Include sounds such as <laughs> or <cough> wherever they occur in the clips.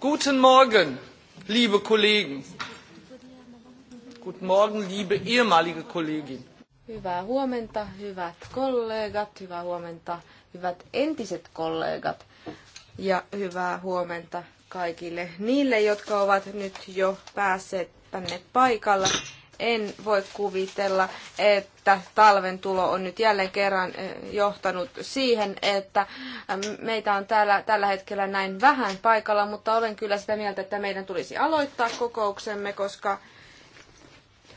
Guten Morgen, liebe Kollegen. Guten Morgen, liebe ehemalige Kollegin. Hyvää huomenta, hyvät kollegat, hyvää huomenta, hyvät entiset kollegat ja hyvää huomenta kaikille niille, jotka ovat nyt jo päässeet tänne paikalle en voi kuvitella, että talven tulo on nyt jälleen kerran eh, johtanut siihen, että meitä on täällä tällä hetkellä näin vähän paikalla, mutta olen kyllä sitä mieltä, että meidän tulisi aloittaa kokouksemme, koska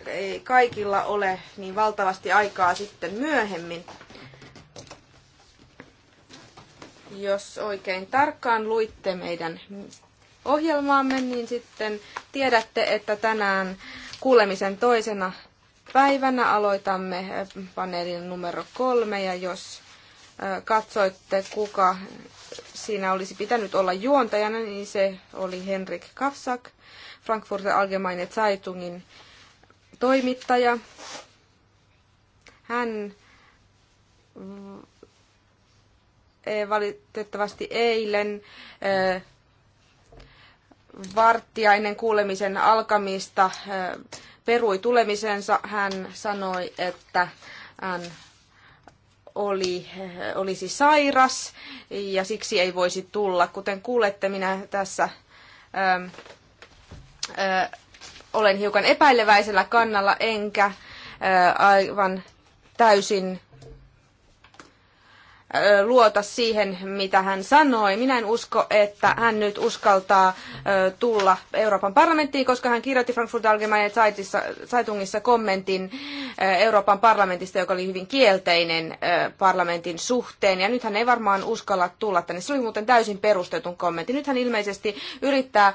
ei kaikilla ole niin valtavasti aikaa sitten myöhemmin. Jos oikein tarkkaan luitte meidän ohjelmaamme, niin sitten tiedätte, että tänään kuulemisen toisena päivänä aloitamme eh, paneelin numero kolme, ja jos eh, katsoitte, kuka siinä olisi pitänyt olla juontajana, niin se oli Henrik Kafsak, Frankfurter Allgemeine Zeitungin toimittaja. Hän eh, valitettavasti eilen ennen kuulemisen alkamista eh, perui tulemisensa. Hän sanoi, että hän oli, eh, olisi sairas ja siksi ei voisi tulla. Kuten kuulette, minä tässä ö, ehm, ö, eh, olen hiukan epäileväisellä kannalla, enkä ö, aivan täysin luota siihen, mitä hän sanoi. Minä en usko, että hän nyt uskaltaa tulla Euroopan parlamenttiin, koska hän kirjoitti Frankfurt Allgemeine Zeitungissa kommentin Euroopan parlamentista, joka oli hyvin kielteinen parlamentin suhteen. Ja nyt hän ei varmaan uskalla tulla tänne. Se oli muuten täysin perustetun kommentti. Nyt hän ilmeisesti yrittää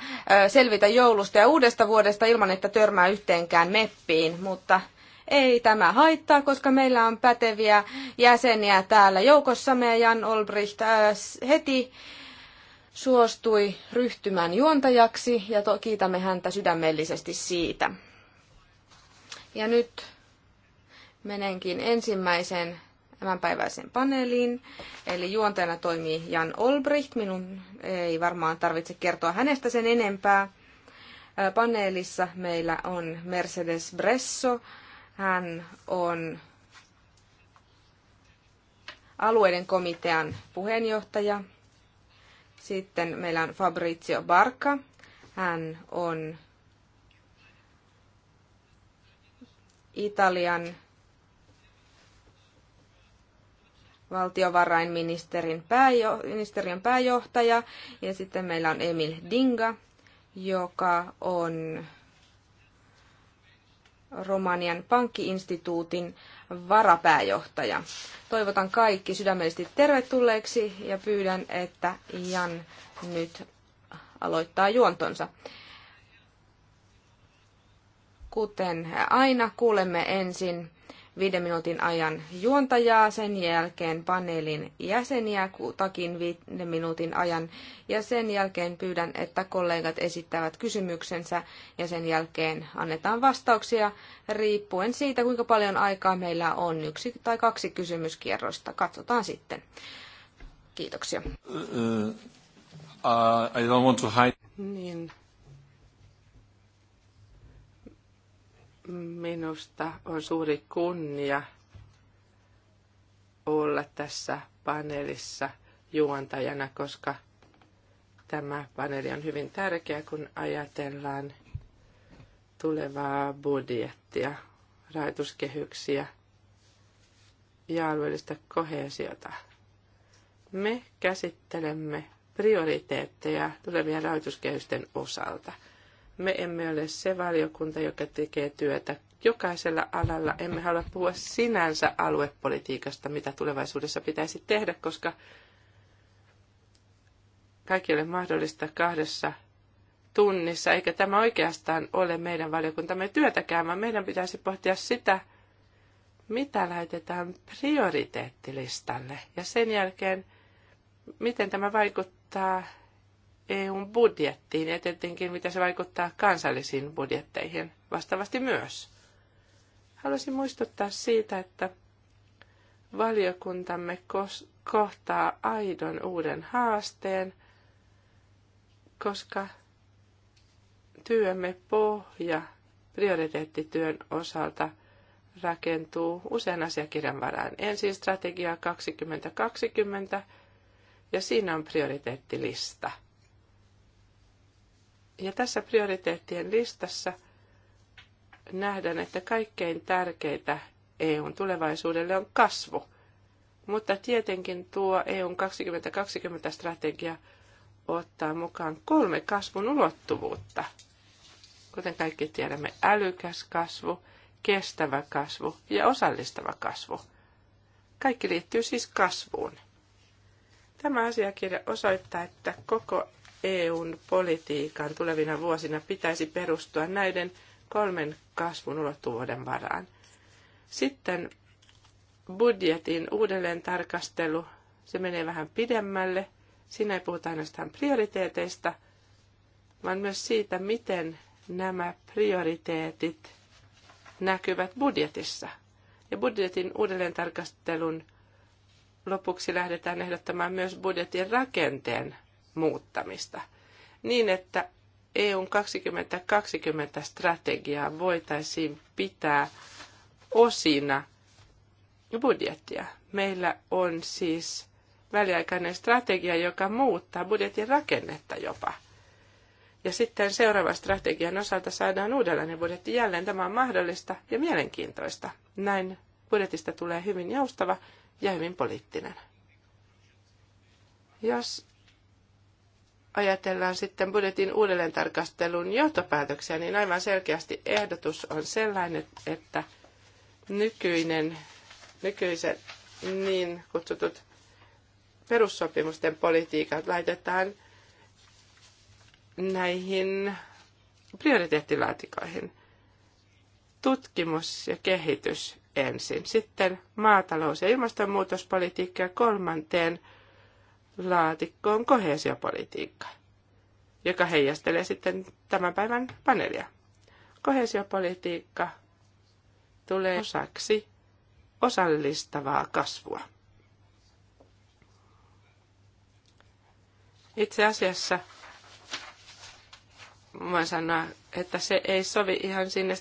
selvitä joulusta ja uudesta vuodesta ilman, että törmää yhteenkään meppiin, mutta ei tämä haittaa, koska meillä on päteviä jäseniä täällä joukossamme ja Jan Olbricht äh, heti suostui ryhtymään juontajaksi ja to, kiitämme häntä sydämellisesti siitä. Ja nyt menenkin ensimmäiseen tämänpäiväiseen paneeliin. Eli juontajana toimii Jan Olbricht. Minun ei varmaan tarvitse kertoa hänestä sen enempää. Äh, paneelissa meillä on Mercedes Bresso, hän on alueiden komitean puheenjohtaja. Sitten meillä on Fabrizio Barca. Hän on Italian valtiovarainministerin pääjo- ministeriön pääjohtaja. Ja sitten meillä on Emil Dinga, joka on Romanian pankkiinstituutin varapääjohtaja. Toivotan kaikki sydämellisesti tervetulleeksi ja pyydän, että Jan nyt aloittaa juontonsa. Kuten aina, kuulemme ensin viiden minuutin ajan juontajaa, sen jälkeen paneelin jäseniä kutakin viiden minuutin ajan ja sen jälkeen pyydän, että kollegat esittävät kysymyksensä ja sen jälkeen annetaan vastauksia riippuen siitä, kuinka paljon aikaa meillä on yksi tai kaksi kysymyskierrosta. Katsotaan sitten. Kiitoksia. Uh, uh, I don't want to hide. Niin, Minusta on suuri kunnia olla tässä paneelissa juontajana, koska tämä paneeli on hyvin tärkeä, kun ajatellaan tulevaa budjettia, rahoituskehyksiä ja alueellista kohesiota. Me käsittelemme prioriteetteja tulevien rahoituskehysten osalta – me emme ole se valiokunta, joka tekee työtä jokaisella alalla. Emme halua puhua sinänsä aluepolitiikasta, mitä tulevaisuudessa pitäisi tehdä, koska kaikille mahdollista kahdessa tunnissa, eikä tämä oikeastaan ole meidän valiokuntamme työtäkään, vaan meidän pitäisi pohtia sitä, mitä laitetaan prioriteettilistalle ja sen jälkeen, miten tämä vaikuttaa eu budjettiin ja tietenkin mitä se vaikuttaa kansallisiin budjetteihin vastaavasti myös. Haluaisin muistuttaa siitä, että valiokuntamme kohtaa aidon uuden haasteen, koska työmme pohja prioriteettityön osalta rakentuu usean asiakirjan varaan. Ensin strategia 2020 ja siinä on prioriteettilista – ja tässä prioriteettien listassa nähdään, että kaikkein tärkeintä EUn tulevaisuudelle on kasvu. Mutta tietenkin tuo EUn 2020-strategia ottaa mukaan kolme kasvun ulottuvuutta. Kuten kaikki tiedämme, älykäs kasvu, kestävä kasvu ja osallistava kasvu. Kaikki liittyy siis kasvuun. Tämä asiakirja osoittaa, että koko EUn politiikan tulevina vuosina pitäisi perustua näiden kolmen kasvun ulottuvuuden varaan. Sitten budjetin uudelleen tarkastelu, se menee vähän pidemmälle. Siinä ei puhuta ainoastaan prioriteeteista, vaan myös siitä, miten nämä prioriteetit näkyvät budjetissa. Ja budjetin uudelleen tarkastelun lopuksi lähdetään ehdottamaan myös budjetin rakenteen muuttamista niin, että EUn 2020-strategiaa voitaisiin pitää osina budjettia. Meillä on siis väliaikainen strategia, joka muuttaa budjetin rakennetta jopa. Ja sitten seuraavan strategian osalta saadaan uudenlainen budjetti jälleen. Tämä on mahdollista ja mielenkiintoista. Näin budjetista tulee hyvin joustava ja hyvin poliittinen. Jos ajatellaan sitten budjetin uudelleentarkastelun johtopäätöksiä, niin aivan selkeästi ehdotus on sellainen, että nykyinen, nykyisen niin kutsutut perussopimusten politiikat laitetaan näihin prioriteettilaatikoihin. Tutkimus ja kehitys ensin, sitten maatalous- ja ilmastonmuutospolitiikka ja kolmanteen – laatikkoon kohesiopolitiikka, joka heijastelee sitten tämän päivän paneelia. Kohesiopolitiikka tulee osaksi osallistavaa kasvua. Itse asiassa voin sanoa, että se ei sovi ihan sinne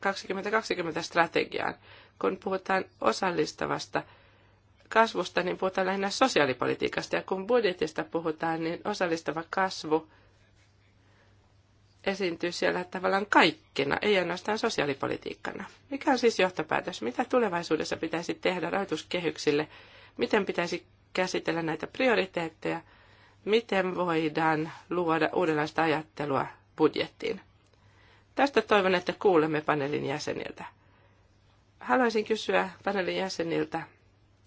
2020 strategiaan, kun puhutaan osallistavasta – kasvusta, niin puhutaan lähinnä sosiaalipolitiikasta. Ja kun budjetista puhutaan, niin osallistava kasvu esiintyy siellä tavallaan kaikkina, ei ainoastaan sosiaalipolitiikkana. Mikä on siis johtopäätös? Mitä tulevaisuudessa pitäisi tehdä rahoituskehyksille? Miten pitäisi käsitellä näitä prioriteetteja? Miten voidaan luoda uudenlaista ajattelua budjettiin? Tästä toivon, että kuulemme paneelin jäseniltä. Haluaisin kysyä paneelin jäseniltä,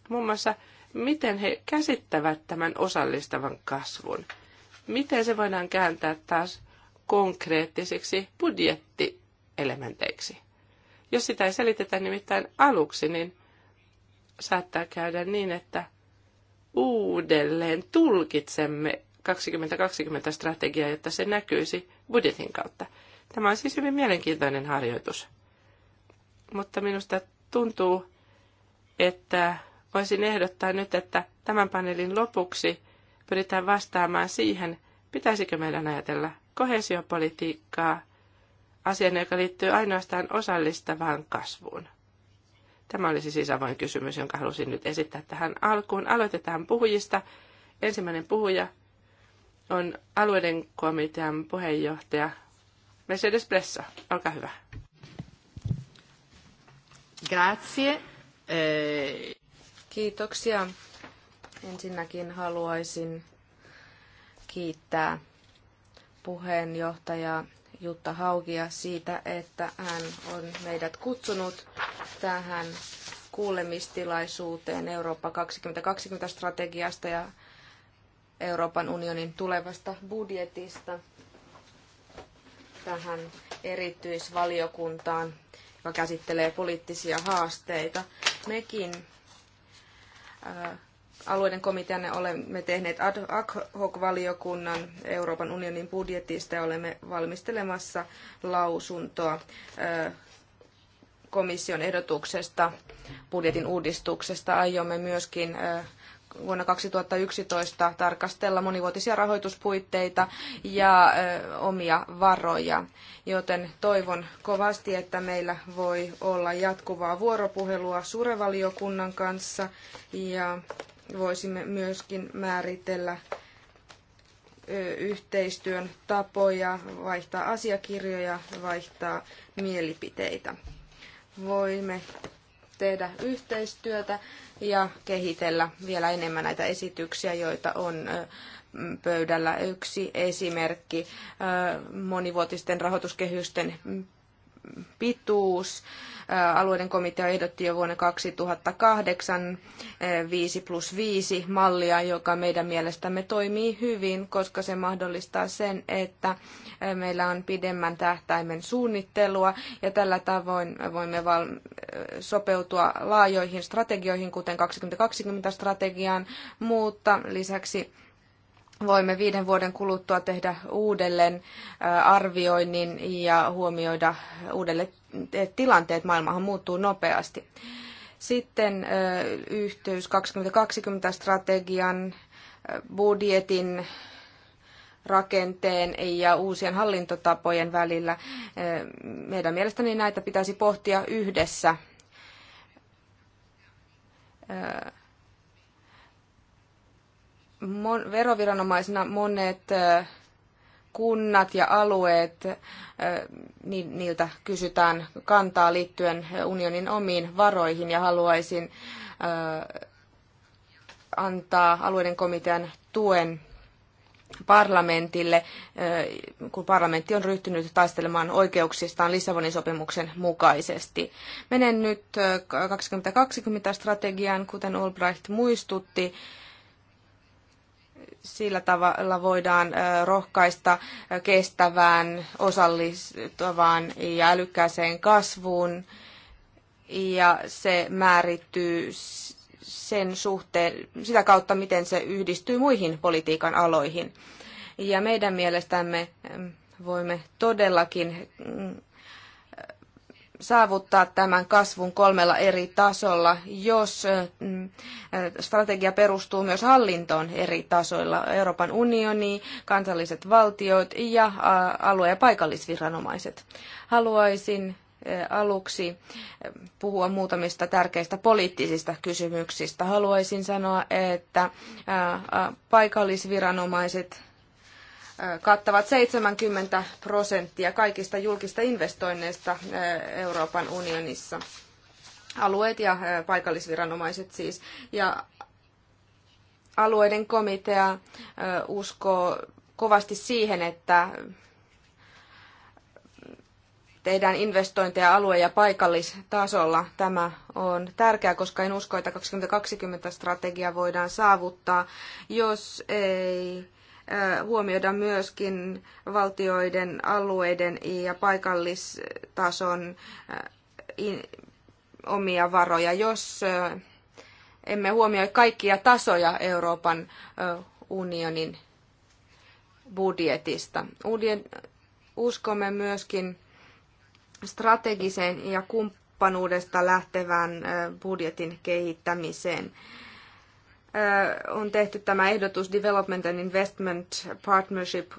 muun muassa, miten he käsittävät tämän osallistavan kasvun. Miten se voidaan kääntää taas konkreettisiksi budjettielementeiksi. Jos sitä ei selitetä nimittäin aluksi, niin saattaa käydä niin, että uudelleen tulkitsemme 2020-strategiaa, jotta se näkyisi budjetin kautta. Tämä on siis hyvin mielenkiintoinen harjoitus. Mutta minusta tuntuu, että Voisin ehdottaa nyt, että tämän paneelin lopuksi pyritään vastaamaan siihen, pitäisikö meidän ajatella kohesiopolitiikkaa asian, joka liittyy ainoastaan osallistavaan kasvuun. Tämä olisi siis avoin kysymys, jonka halusin nyt esittää tähän alkuun. Aloitetaan puhujista. Ensimmäinen puhuja on alueiden komitean puheenjohtaja Mercedes Bresso. Olkaa hyvä. Grazie. Eh, Kiitoksia. Ensinnäkin haluaisin kiittää puheenjohtaja Jutta Haukia siitä, että hän on meidät kutsunut tähän kuulemistilaisuuteen Eurooppa 2020-strategiasta ja Euroopan unionin tulevasta budjetista tähän erityisvaliokuntaan, joka käsittelee poliittisia haasteita. Mekin alueiden komiteanne olemme tehneet ad hoc-valiokunnan Euroopan unionin budjetista ja olemme valmistelemassa lausuntoa komission ehdotuksesta budjetin uudistuksesta. Aiomme myöskin vuonna 2011 tarkastella monivuotisia rahoituspuitteita ja omia varoja. Joten toivon kovasti, että meillä voi olla jatkuvaa vuoropuhelua suurevaliokunnan kanssa ja voisimme myöskin määritellä yhteistyön tapoja, vaihtaa asiakirjoja, vaihtaa mielipiteitä. Voimme tehdä yhteistyötä ja kehitellä vielä enemmän näitä esityksiä, joita on pöydällä. Yksi esimerkki monivuotisten rahoituskehysten pituus. Alueiden komitea ehdotti jo vuonna 2008 viisi plus viisi mallia, joka meidän mielestämme toimii hyvin, koska se mahdollistaa sen, että meillä on pidemmän tähtäimen suunnittelua ja tällä tavoin voimme sopeutua laajoihin strategioihin, kuten 2020 strategiaan, mutta lisäksi voimme viiden vuoden kuluttua tehdä uudelleen arvioinnin ja huomioida uudelle tilanteet. Maailmahan muuttuu nopeasti. Sitten yhteys 2020-strategian, budjetin, rakenteen ja uusien hallintotapojen välillä. Meidän mielestäni näitä pitäisi pohtia yhdessä mon, veroviranomaisena monet kunnat ja alueet, niiltä kysytään kantaa liittyen unionin omiin varoihin ja haluaisin antaa alueiden komitean tuen parlamentille, kun parlamentti on ryhtynyt taistelemaan oikeuksistaan Lissabonin sopimuksen mukaisesti. Menen nyt 2020 strategiaan, kuten Albright muistutti sillä tavalla voidaan rohkaista kestävään, osallistuvaan ja älykkääseen kasvuun. Ja se määrittyy sen suhteen, sitä kautta, miten se yhdistyy muihin politiikan aloihin. Ja meidän mielestämme voimme todellakin saavuttaa tämän kasvun kolmella eri tasolla, jos mm, strategia perustuu myös hallintoon eri tasoilla, Euroopan unioni, kansalliset valtiot ja alue- ja paikallisviranomaiset. Haluaisin aluksi puhua muutamista tärkeistä poliittisista kysymyksistä. Haluaisin sanoa, että paikallisviranomaiset kattavat 70 prosenttia kaikista julkista investoinneista eh, Euroopan unionissa. Alueet ja eh, paikallisviranomaiset siis. Ja alueiden komitea eh, uskoo kovasti siihen, että tehdään investointeja alue- ja paikallistasolla. Tämä on tärkeää, koska en usko, että 2020 strategia voidaan saavuttaa, jos ei huomioida myöskin valtioiden, alueiden ja paikallistason omia varoja. Jos emme huomioi kaikkia tasoja Euroopan unionin budjetista. Uskomme myöskin strategiseen ja kumppanuudesta lähtevän budjetin kehittämiseen on tehty tämä ehdotus Development and Investment Partnership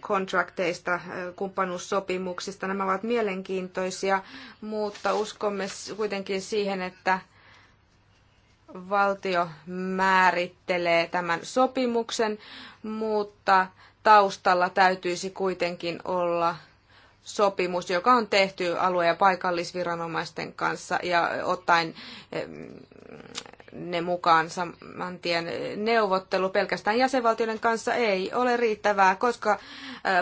kontrakteista, kumppanuussopimuksista. Nämä ovat mielenkiintoisia, mutta uskomme kuitenkin siihen, että valtio määrittelee tämän sopimuksen, mutta taustalla täytyisi kuitenkin olla sopimus, joka on tehty alue- ja paikallisviranomaisten kanssa ja ottaen ne mukaan saman tien neuvottelu pelkästään jäsenvaltioiden kanssa ei ole riittävää, koska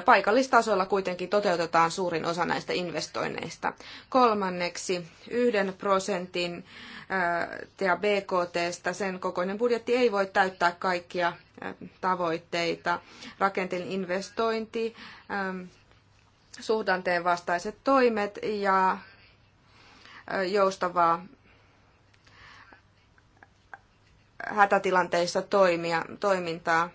paikallistasolla kuitenkin toteutetaan suurin osa näistä investoinneista. Kolmanneksi, yhden prosentin ja BKTstä sen kokoinen budjetti ei voi täyttää kaikkia tavoitteita. Rakenteellinen investointi, suhdanteen vastaiset toimet ja joustavaa hätätilanteissa toimia, toimintaa.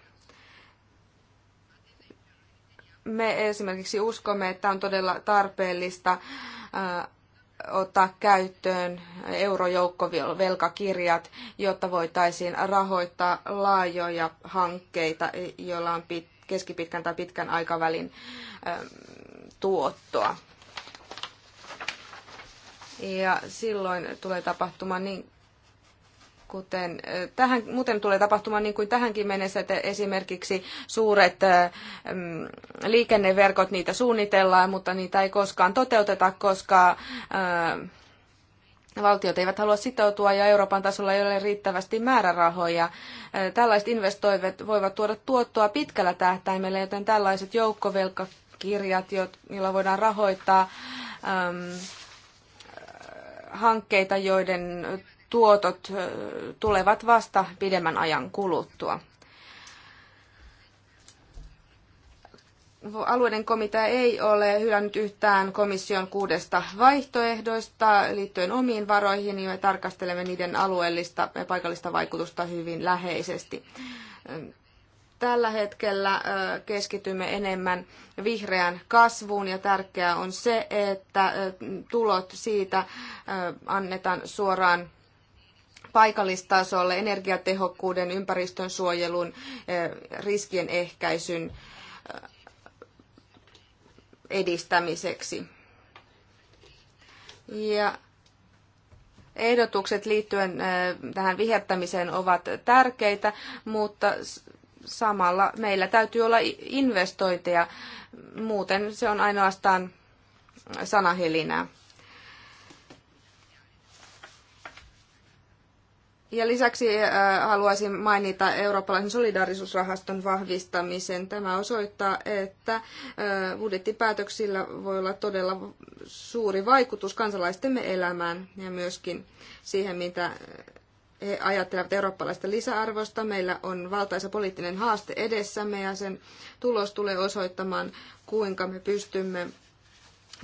Me esimerkiksi uskomme, että on todella tarpeellista äh, ottaa käyttöön eurojoukkovelkakirjat, jotta voitaisiin rahoittaa laajoja hankkeita, joilla on keskipitkän tai pitkän aikavälin ähm, tuottoa. Ja silloin tulee tapahtumaan niin kuten eh, tähän, muuten tulee tapahtumaan niin kuin tähänkin mennessä, että esimerkiksi suuret eh, mm, liikenneverkot, niitä suunnitellaan, mutta niitä ei koskaan toteuteta, koska eh, valtiot eivät halua sitoutua ja Euroopan tasolla ei ole riittävästi määrärahoja. Tällaiset investoivat voivat tuoda tuottoa pitkällä tähtäimellä, joten tällaiset joukkovelkakirjat, joilla voidaan rahoittaa mm, hankkeita, joiden tuotot tulevat vasta pidemmän ajan kuluttua. alueiden komitea ei ole hylännyt yhtään komission kuudesta vaihtoehdosta liittyen omiin varoihin, niin me tarkastelemme niiden alueellista ja paikallista vaikutusta hyvin läheisesti. Tällä hetkellä keskitymme enemmän vihreään kasvuun ja tärkeää on se, että tulot siitä annetaan suoraan paikallistasolle energiatehokkuuden, ympäristön suojelun, eh, riskien ehkäisyn eh, edistämiseksi. Ja ehdotukset liittyen eh, tähän vihertämiseen ovat tärkeitä, mutta samalla meillä täytyy olla investointeja, muuten se on ainoastaan sanahelinää. Ja lisäksi äh, haluaisin mainita eurooppalaisen solidaarisuusrahaston vahvistamisen. Tämä osoittaa, että äh, budjettipäätöksillä voi olla todella suuri vaikutus kansalaistemme elämään ja myöskin siihen, mitä he ajattelevat eurooppalaista lisäarvosta. Meillä on valtaisa poliittinen haaste edessämme ja sen tulos tulee osoittamaan, kuinka me pystymme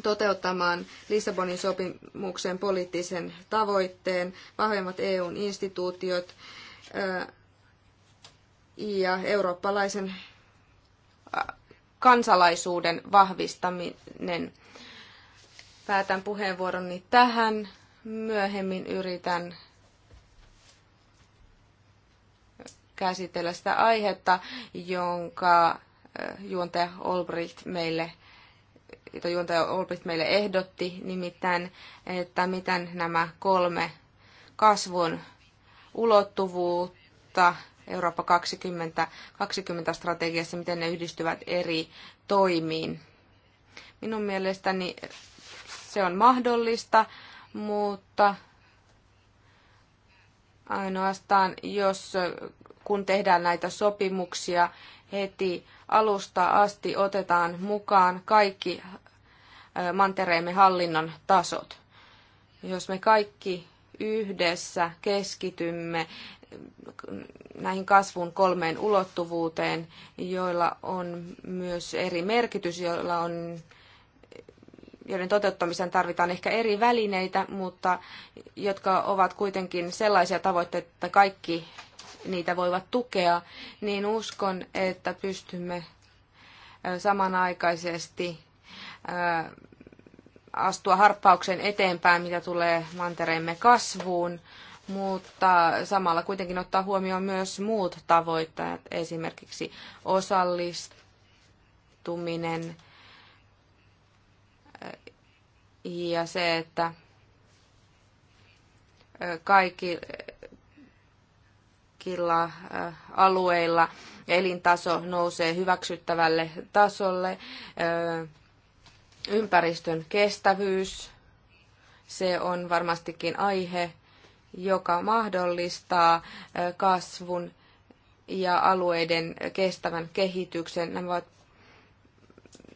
toteuttamaan Lissabonin sopimuksen poliittisen tavoitteen, vahvemmat EUn instituutiot ja eurooppalaisen kansalaisuuden vahvistaminen. Päätän puheenvuoroni tähän. Myöhemmin yritän käsitellä sitä aihetta, jonka juontaja Olbricht meille jota juontaja Olbricht meille ehdotti, nimittäin, että miten nämä kolme kasvun ulottuvuutta Eurooppa 2020, 2020 strategiassa, miten ne yhdistyvät eri toimiin. Minun mielestäni se on mahdollista, mutta ainoastaan jos kun tehdään näitä sopimuksia heti alusta asti otetaan mukaan kaikki mantereemme hallinnon tasot. Jos me kaikki yhdessä keskitymme näihin kasvun kolmeen ulottuvuuteen, joilla on myös eri merkitys, joilla on joiden toteuttamiseen tarvitaan ehkä eri välineitä, mutta jotka ovat kuitenkin sellaisia tavoitteita, että kaikki niitä voivat tukea, niin uskon, että pystymme samanaikaisesti astua harppauksen eteenpäin, mitä tulee mantereemme kasvuun, mutta samalla kuitenkin ottaa huomioon myös muut tavoitteet, esimerkiksi osallistuminen ja se, että kaikki kaikilla äh, alueilla elintaso nousee hyväksyttävälle tasolle. Äh, ympäristön kestävyys, se on varmastikin aihe, joka mahdollistaa äh, kasvun ja alueiden kestävän kehityksen. Nämä ovat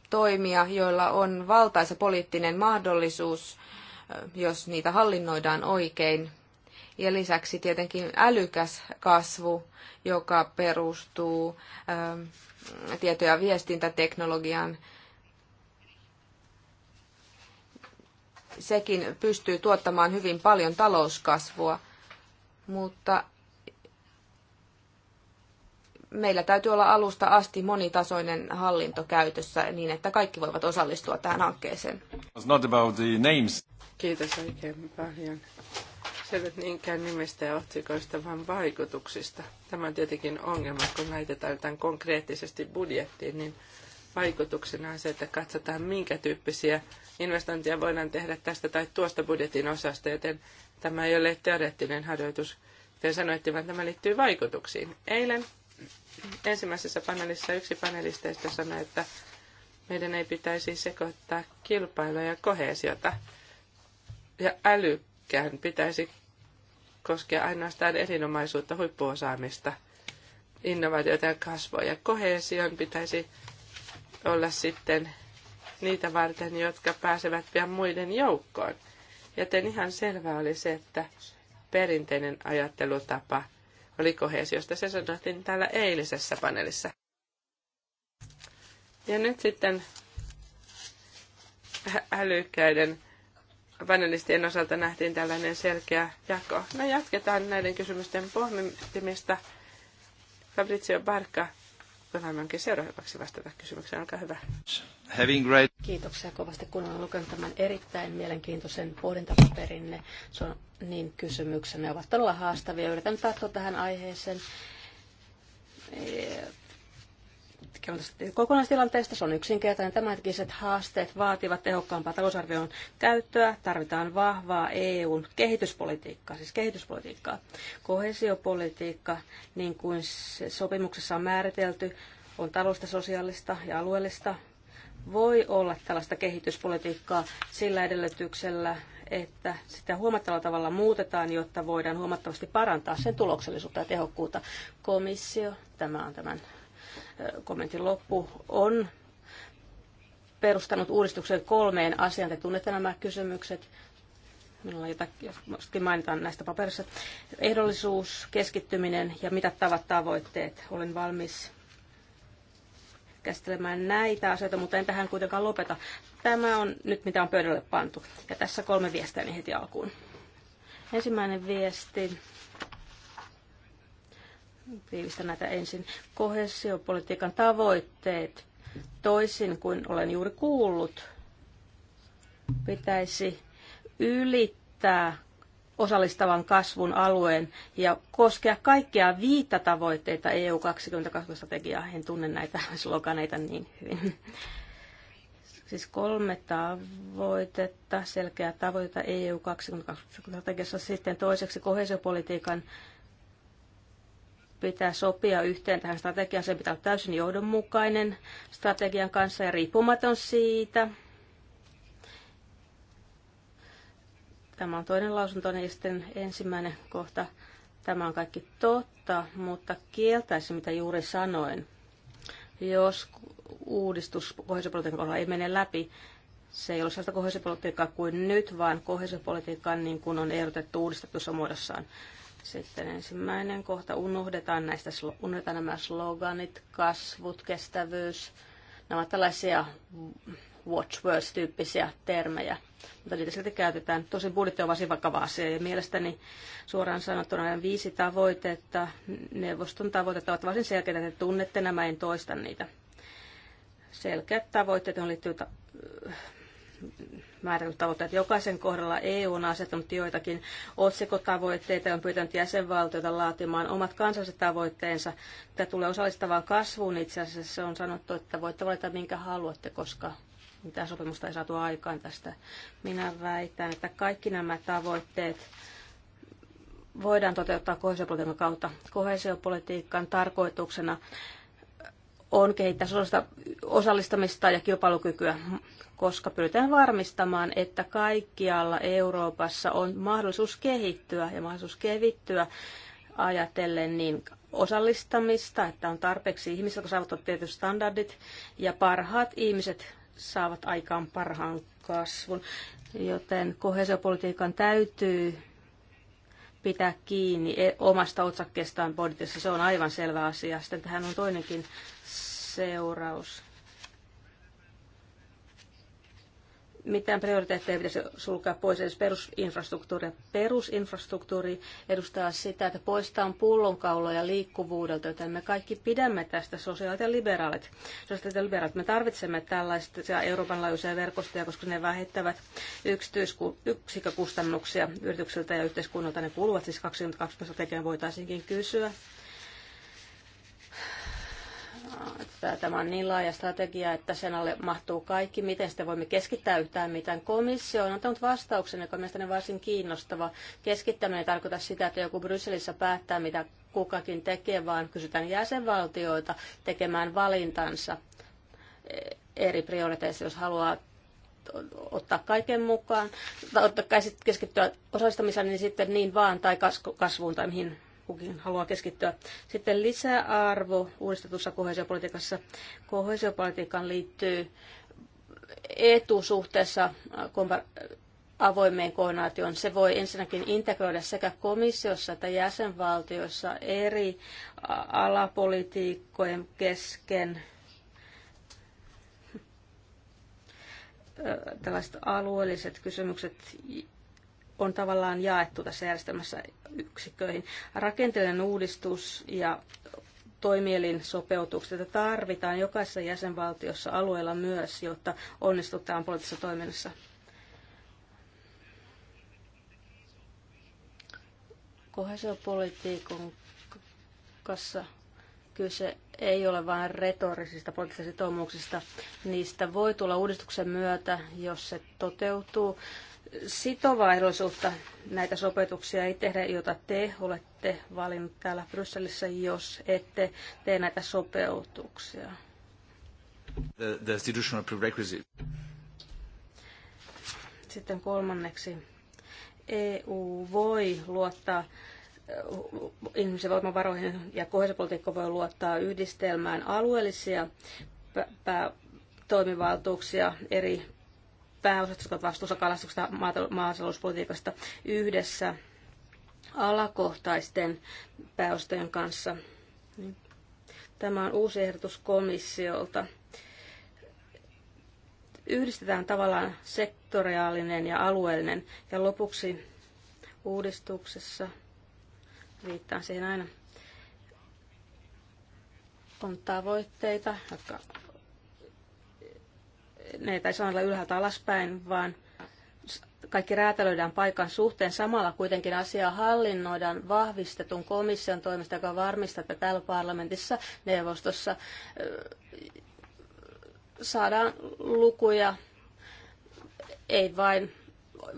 toimia, joilla on valtaisa poliittinen mahdollisuus, jos niitä hallinnoidaan oikein. Ja lisäksi tietenkin älykäs kasvu, joka perustuu ähm, tieto- ja viestintäteknologian sekin pystyy tuottamaan hyvin paljon talouskasvua, mutta meillä täytyy olla alusta asti monitasoinen hallinto käytössä niin, että kaikki voivat osallistua tähän hankkeeseen. It's not about the names. Kiitos oikein paljon. Selvät nyt niinkään nimistä ja otsikoista, vaan vaikutuksista. Tämä on tietenkin ongelma, kun laitetaan jotain konkreettisesti budjettiin, niin vaikutuksena on se, että katsotaan minkä tyyppisiä investointeja voidaan tehdä tästä tai tuosta budjetin osasta, joten tämä ei ole teoreettinen harjoitus, kuten sanoitte, vaan tämä liittyy vaikutuksiin. Eilen ensimmäisessä panelissa yksi panelisteista sanoi, että meidän ei pitäisi sekoittaa kilpailua ja kohesiota ja älykkyyttä kenkään pitäisi koskea ainoastaan erinomaisuutta, huippuosaamista, innovaatioita ja kasvua. Ja kohesion pitäisi olla sitten niitä varten, jotka pääsevät pian muiden joukkoon. Joten ihan selvää oli se, että perinteinen ajattelutapa oli kohesiosta. Se sanottiin täällä eilisessä paneelissa. Ja nyt sitten älykkäiden panelistien osalta nähtiin tällainen selkeä jako. No jatketaan näiden kysymysten pohtimista. Fabrizio Barca Pelaamme onkin seuraavaksi vastata kysymykseen. Olkaa hyvä. Having great... Kiitoksia kovasti, kun olen lukenut tämän erittäin mielenkiintoisen pohdintapaperinne. Se on niin kysymyksenne ovat todella haastavia. Yritän tarttua tähän aiheeseen kokonaistilanteesta. Se on yksinkertainen. Tämänhetkiset haasteet vaativat tehokkaampaa talousarvion käyttöä. Tarvitaan vahvaa EUn kehityspolitiikkaa, siis kehityspolitiikkaa. Kohesiopolitiikka, niin kuin se sopimuksessa on määritelty, on talousta sosiaalista ja alueellista. Voi olla tällaista kehityspolitiikkaa sillä edellytyksellä, että sitä huomattavalla tavalla muutetaan, jotta voidaan huomattavasti parantaa sen tuloksellisuutta ja tehokkuutta. Komissio, tämä on tämän kommentin loppu, on perustanut uudistuksen kolmeen asiaan. Te tunnette nämä kysymykset. Minulla jotakin mainitaan näistä paperissa. Ehdollisuus, keskittyminen ja mitattavat tavoitteet. Olen valmis käsittelemään näitä asioita, mutta en tähän kuitenkaan lopeta. Tämä on nyt mitä on pöydälle pantu. Ja tässä kolme viestiä niin heti alkuun. Ensimmäinen viesti Viivistän näitä ensin. Kohesiopolitiikan tavoitteet, toisin kuin olen juuri kuullut, pitäisi ylittää osallistavan kasvun alueen ja koskea kaikkia viittä tavoitteita EU 2020-strategiaa. En tunne näitä <laughs> sloganeita niin hyvin. Siis kolme tavoitetta, selkeää tavoitetta EU 2020-strategiassa. Sitten toiseksi kohesiopolitiikan pitää sopia yhteen tähän strategiaan. Sen pitää olla täysin johdonmukainen strategian kanssa ja riippumaton siitä. Tämä on toinen lausunto, ja niin sitten ensimmäinen kohta. Tämä on kaikki totta, mutta kieltäisi mitä juuri sanoin. Jos uudistus kohdallisuuspolitiikan kohdalla ei mene läpi, se ei ole sellaista kohdallisuuspolitiikkaa kuin nyt, vaan kohdallisuuspolitiikkaa niin kuin on ehdotettu uudistetussa muodossaan. Sitten ensimmäinen kohta, unohdetaan, näistä, unohdetaan nämä sloganit, kasvut, kestävyys. Nämä ovat tällaisia watchwords-tyyppisiä termejä, mutta niitä silti käytetään. Tosin budjetti on varsin vakava asia ja mielestäni suoraan sanottuna on viisi tavoitetta. Neuvoston tavoitteet ovat varsin selkeitä, että tunnette nämä, en toista niitä. Selkeät tavoitteet on liittyy ta- määrännyt tavoitteet. Jokaisen kohdalla EU on asettanut joitakin otsikotavoitteita ja on pyytänyt jäsenvaltioita laatimaan omat kansalliset tavoitteensa. Tämä tulee osallistavaan kasvuun itse asiassa. Se on sanottu, että voitte valita minkä haluatte, koska mitään sopimusta ei saatu aikaan tästä. Minä väitän, että kaikki nämä tavoitteet voidaan toteuttaa kohesiopolitiikan kautta. Kohesiopolitiikan tarkoituksena on kehittää osallistamista ja kilpailukykyä, koska pyritään varmistamaan, että kaikkialla Euroopassa on mahdollisuus kehittyä ja mahdollisuus kevittyä ajatellen niin osallistamista, että on tarpeeksi ihmisiä, jotka saavat tietyt standardit ja parhaat ihmiset saavat aikaan parhaan kasvun. Joten kohesiopolitiikan täytyy pitää kiinni e, omasta otsakkeestaan poditessa. Se on aivan selvä asia. Sitten tähän on toinenkin seuraus. mitään prioriteetteja pitäisi sulkea pois, edes perusinfrastruktuuri. Perusinfrastruktuuri edustaa sitä, että poistaa pullonkauloja liikkuvuudelta, joten me kaikki pidämme tästä sosiaalit ja liberaalit. Sosiaalit ja liberaalit. Me tarvitsemme tällaisia Euroopan laajuisia verkostoja, koska ne vähentävät yksikkökustannuksia yrityksiltä ja yhteiskunnalta. Ne kuluvat siis 22 prosenttia voitaisiinkin kysyä että tämä on niin laaja strategia, että sen alle mahtuu kaikki. Miten sitä voimme keskittää yhtään mitään? Komissio on antanut vastauksen, joka on mielestäni varsin kiinnostava. Keskittäminen ei tarkoita sitä, että joku Brysselissä päättää, mitä kukakin tekee, vaan kysytään jäsenvaltioita tekemään valintansa e, eri prioriteissa, jos haluaa ottaa kaiken mukaan, tai ottaa keskittyä osallistamiseen, niin sitten niin vaan, tai kasvuun tai mihin kukin haluaa keskittyä. Sitten lisäarvo uudistetussa kohesiopolitiikassa. Kohesiopolitiikkaan liittyy etusuhteessa avoimeen koordinaatioon. Se voi ensinnäkin integroida sekä komissiossa että jäsenvaltioissa eri alapolitiikkojen kesken tällaiset alueelliset kysymykset on tavallaan jaettu tässä järjestelmässä yksikköihin. Rakenteellinen uudistus ja toimielin sopeutukset tarvitaan jokaisessa jäsenvaltiossa alueella myös, jotta onnistutaan poliittisessa toiminnassa. Kohesiopolitiikon kanssa kyse ei ole vain retorisista poliittisista sitoumuksista. Niistä voi tulla uudistuksen myötä, jos se toteutuu sitovaa ehdollisuutta näitä sopetuksia ei tehdä, joita te olette valinnut täällä Brysselissä, jos ette tee näitä sopeutuksia. The, the institutional prerequisite. Sitten kolmanneksi. EU voi luottaa eh, ihmisen voimavaroihin ja kohdallisuuspolitiikka voi luottaa yhdistelmään alueellisia pää- toimivaltuuksia eri pääosat, jotka ovat vastuussa kalastuksesta maatalouspolitiikasta yhdessä alakohtaisten pääostojen kanssa. Tämä on uusi ehdotus komissiolta. Yhdistetään tavallaan sektoriaalinen ja alueellinen. Ja lopuksi uudistuksessa, viittaan siihen aina, on tavoitteita, jotka ne ei taisi olla ylhäältä alaspäin, vaan kaikki räätälöidään paikan suhteen. Samalla kuitenkin asiaa hallinnoidaan vahvistetun komission toimesta, joka varmistaa, että täällä parlamentissa, neuvostossa saadaan lukuja, ei vain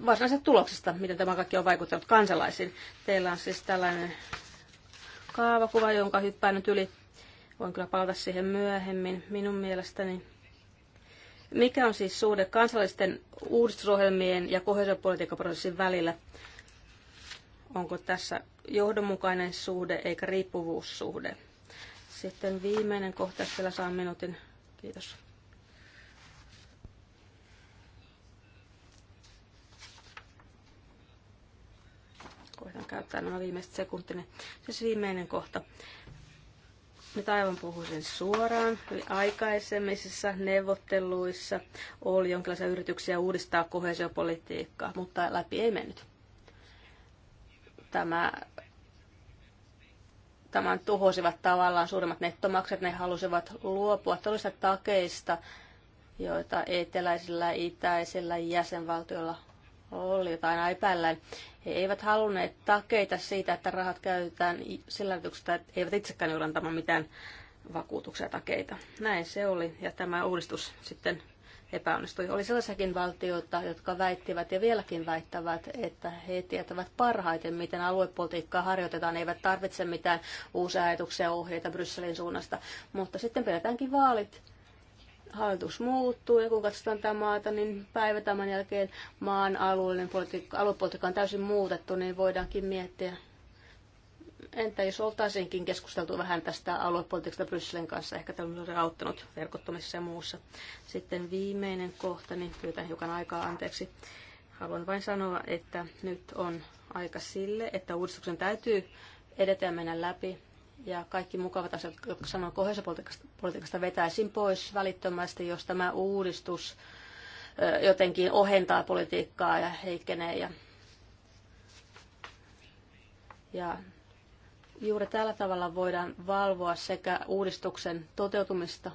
varsinaisesta tuloksesta, miten tämä kaikki on vaikuttanut kansalaisiin. Teillä on siis tällainen kaavakuva, jonka hyppään nyt yli. Voin kyllä palata siihen myöhemmin. Minun mielestäni mikä on siis suhde kansallisten uudistusohjelmien ja kohesiopolitiikkaprosessin välillä? Onko tässä johdonmukainen suhde eikä riippuvuussuhde? Sitten viimeinen kohta, siellä saan minuutin. Kiitos. Koitan käyttää nämä viimeiset sekuntini. Siis viimeinen kohta. Nyt aivan puhuisin suoraan. Aikaisemmissa neuvotteluissa oli jonkinlaisia yrityksiä uudistaa kohesiopolitiikkaa, mutta läpi ei mennyt. Tämä tämän tuhosivat tavallaan suurimmat nettomakset, Ne halusivat luopua todellisista takeista, joita eteläisillä, itäisillä jäsenvaltioilla oli jotain epäillä. He eivät halunneet takeita siitä, että rahat käytetään sillä että eivät itsekään joudu antamaan mitään vakuutuksia takeita. Näin se oli, ja tämä uudistus sitten epäonnistui. Oli sellaisiakin valtioita, jotka väittivät ja vieläkin väittävät, että he tietävät parhaiten, miten aluepolitiikkaa harjoitetaan. he eivät tarvitse mitään uusia ajatuksia ohjeita Brysselin suunnasta. Mutta sitten pidetäänkin vaalit hallitus muuttuu ja kun katsotaan tätä maata, niin päivä tämän jälkeen maan alueellinen politiikka, aluepolitiikka on täysin muutettu, niin voidaankin miettiä, entä jos oltaisiinkin keskusteltu vähän tästä aluepolitiikasta Brysselin kanssa, ehkä tämä olisi auttanut verkottumisessa ja muussa. Sitten viimeinen kohta, niin pyytän hiukan aikaa anteeksi. Haluan vain sanoa, että nyt on aika sille, että uudistuksen täytyy edetä ja mennä läpi ja kaikki mukavat asiat, jotka sanon kohesiopolitiikasta, vetäisin pois välittömästi, jos tämä uudistus jotenkin ohentaa politiikkaa ja heikkenee. Ja, ja juuri tällä tavalla voidaan valvoa sekä uudistuksen toteutumista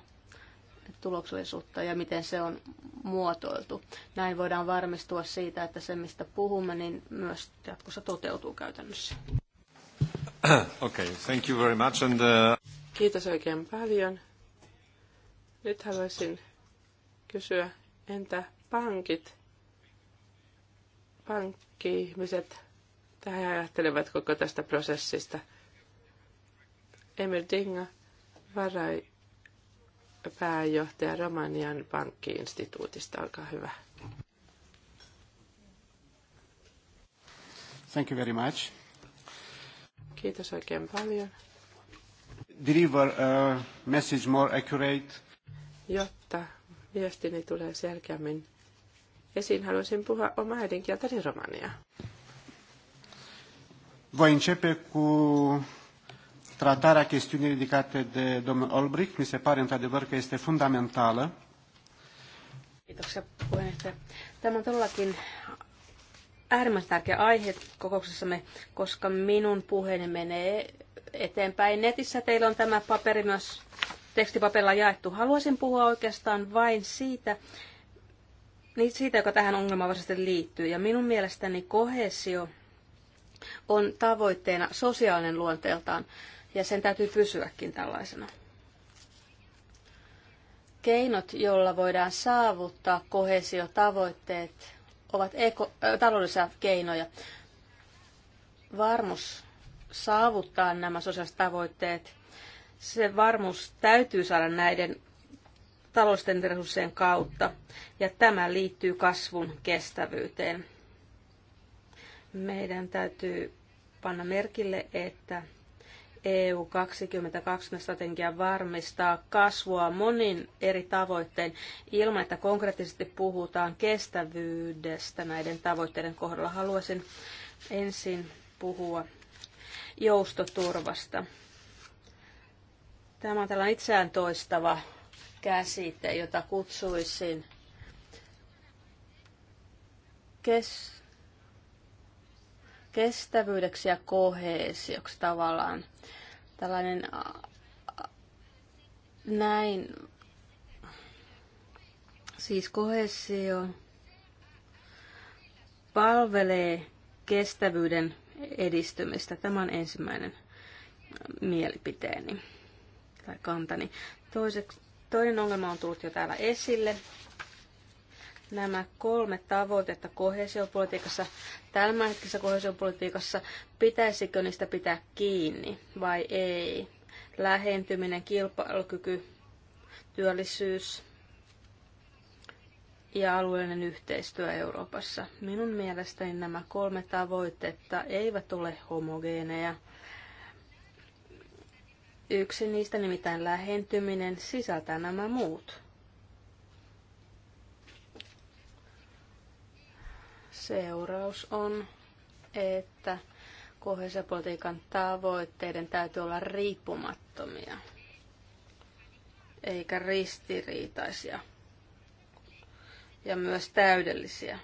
tuloksellisuutta ja miten se on muotoiltu. Näin voidaan varmistua siitä, että se mistä puhumme, niin myös jatkossa toteutuu käytännössä. <coughs> okay, thank you very much. And, uh... Kiitos oikein paljon. Nyt haluaisin kysyä, entä pankit? Pankki-ihmiset, tähän ajattelevat koko tästä prosessista. Emil Dinga, varai pääjohtaja Romanian pankkiinstituutista, olkaa hyvä. Thank you very much. Kiitos oikein paljon. Deliver a message more accurate. Jotta viestini tulee selkeämmin esiin, haluaisin puhua omaa äidinkieltäni romania. Voi începe cu tratarea chestiunii ridicate de domnul Olbrich. Mi se pare într-adevăr că este fundamentală. Kiitoksia puheenjohtaja. Tämä on todellakin äärimmäisen tärkeä aihe kokouksessamme, koska minun puheeni menee eteenpäin netissä. Teillä on tämä paperi myös tekstipaperilla jaettu. Haluaisin puhua oikeastaan vain siitä, niin siitä, joka tähän ongelmavaraisesti liittyy. Ja minun mielestäni kohesio on tavoitteena sosiaalinen luonteeltaan, ja sen täytyy pysyäkin tällaisena. Keinot, joilla voidaan saavuttaa kohesiotavoitteet, ovat eko, taloudellisia keinoja. Varmuus saavuttaa nämä sosiaaliset tavoitteet. Se varmuus täytyy saada näiden taloudellisten resurssien kautta, ja tämä liittyy kasvun kestävyyteen. Meidän täytyy panna merkille, että EU 2020 strategia varmistaa kasvua monin eri tavoitteen ilman, että konkreettisesti puhutaan kestävyydestä näiden tavoitteiden kohdalla. Haluaisin ensin puhua joustoturvasta. Tämä on tällainen itseään toistava käsite, jota kutsuisin kes- kestävyydeksi ja koheesioksi tavallaan. Tällainen näin, siis kohesio palvelee kestävyyden edistymistä. Tämä on ensimmäinen mielipiteeni tai kantani. Toiseksi, toinen ongelma on tullut jo täällä esille, nämä kolme tavoitetta kohesiopolitiikassa, tämänhetkisessä kohesiopolitiikassa, pitäisikö niistä pitää kiinni vai ei? Lähentyminen, kilpailukyky, työllisyys ja alueellinen yhteistyö Euroopassa. Minun mielestäni nämä kolme tavoitetta eivät ole homogeeneja. Yksi niistä, nimittäin lähentyminen, sisältää nämä muut. Seuraus on, että kohesiopolitiikan tavoitteiden täytyy olla riippumattomia eikä ristiriitaisia ja myös täydellisiä.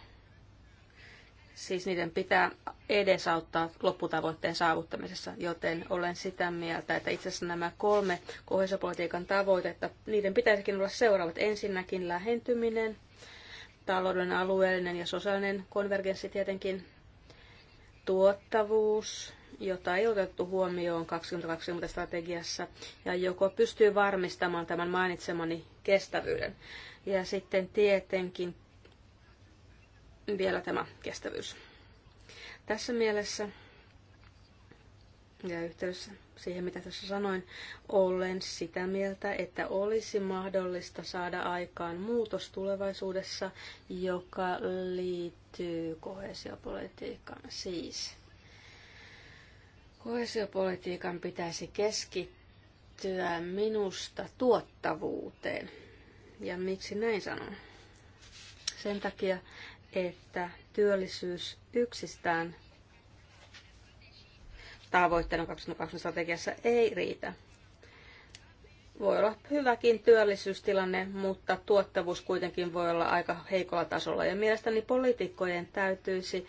Siis niiden pitää edesauttaa lopputavoitteen saavuttamisessa, joten olen sitä mieltä, että itse asiassa nämä kolme kohesapolitiikan tavoitetta, niiden pitäisikin olla seuraavat. Ensinnäkin lähentyminen, talouden alueellinen ja sosiaalinen konvergenssi tietenkin, tuottavuus, jota ei otettu huomioon 2020-strategiassa, ja joko pystyy varmistamaan tämän mainitsemani kestävyyden. Ja sitten tietenkin vielä tämä kestävyys. Tässä mielessä ja yhteydessä siihen, mitä tässä sanoin, olen sitä mieltä, että olisi mahdollista saada aikaan muutos tulevaisuudessa, joka liittyy kohesiopolitiikkaan. Siis kohesiopolitiikan pitäisi keskittyä minusta tuottavuuteen. Ja miksi näin sanon? Sen takia, että työllisyys yksistään – tavoitteena 2020 strategiassa ei riitä. Voi olla hyväkin työllisyystilanne, mutta tuottavuus kuitenkin voi olla aika heikolla tasolla. Ja mielestäni poliitikkojen täytyisi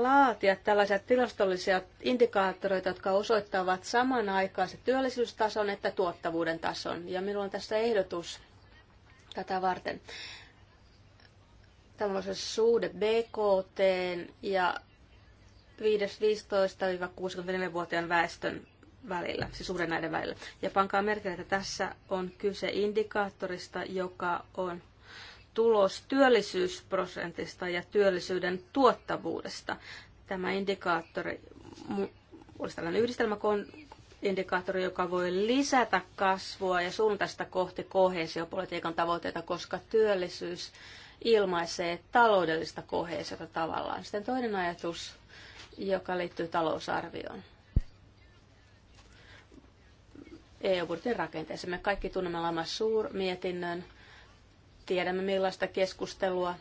laatia tällaisia tilastollisia indikaattoreita, jotka osoittavat aikaan se työllisyystason että tuottavuuden tason. Ja minulla on tässä ehdotus tätä varten. Tämä on se suhde BKT ja 5-15-64-vuotiaan väestön välillä, siis suhde näiden välillä. Ja pankaa merkille, että tässä on kyse indikaattorista, joka on tulos työllisyysprosentista ja työllisyyden tuottavuudesta. Tämä indikaattori olisi tällainen yhdistelmäindikaattori, joka voi lisätä kasvua ja suuntaista kohti kohesiopolitiikan tavoitteita, koska työllisyys ilmaisee taloudellista kohesiota tavallaan. Sitten toinen ajatus joka liittyy talousarvioon. EU-budjetin rakenteeseen. Me kaikki tunnemme Lama suur Tiedämme, millaista keskustelua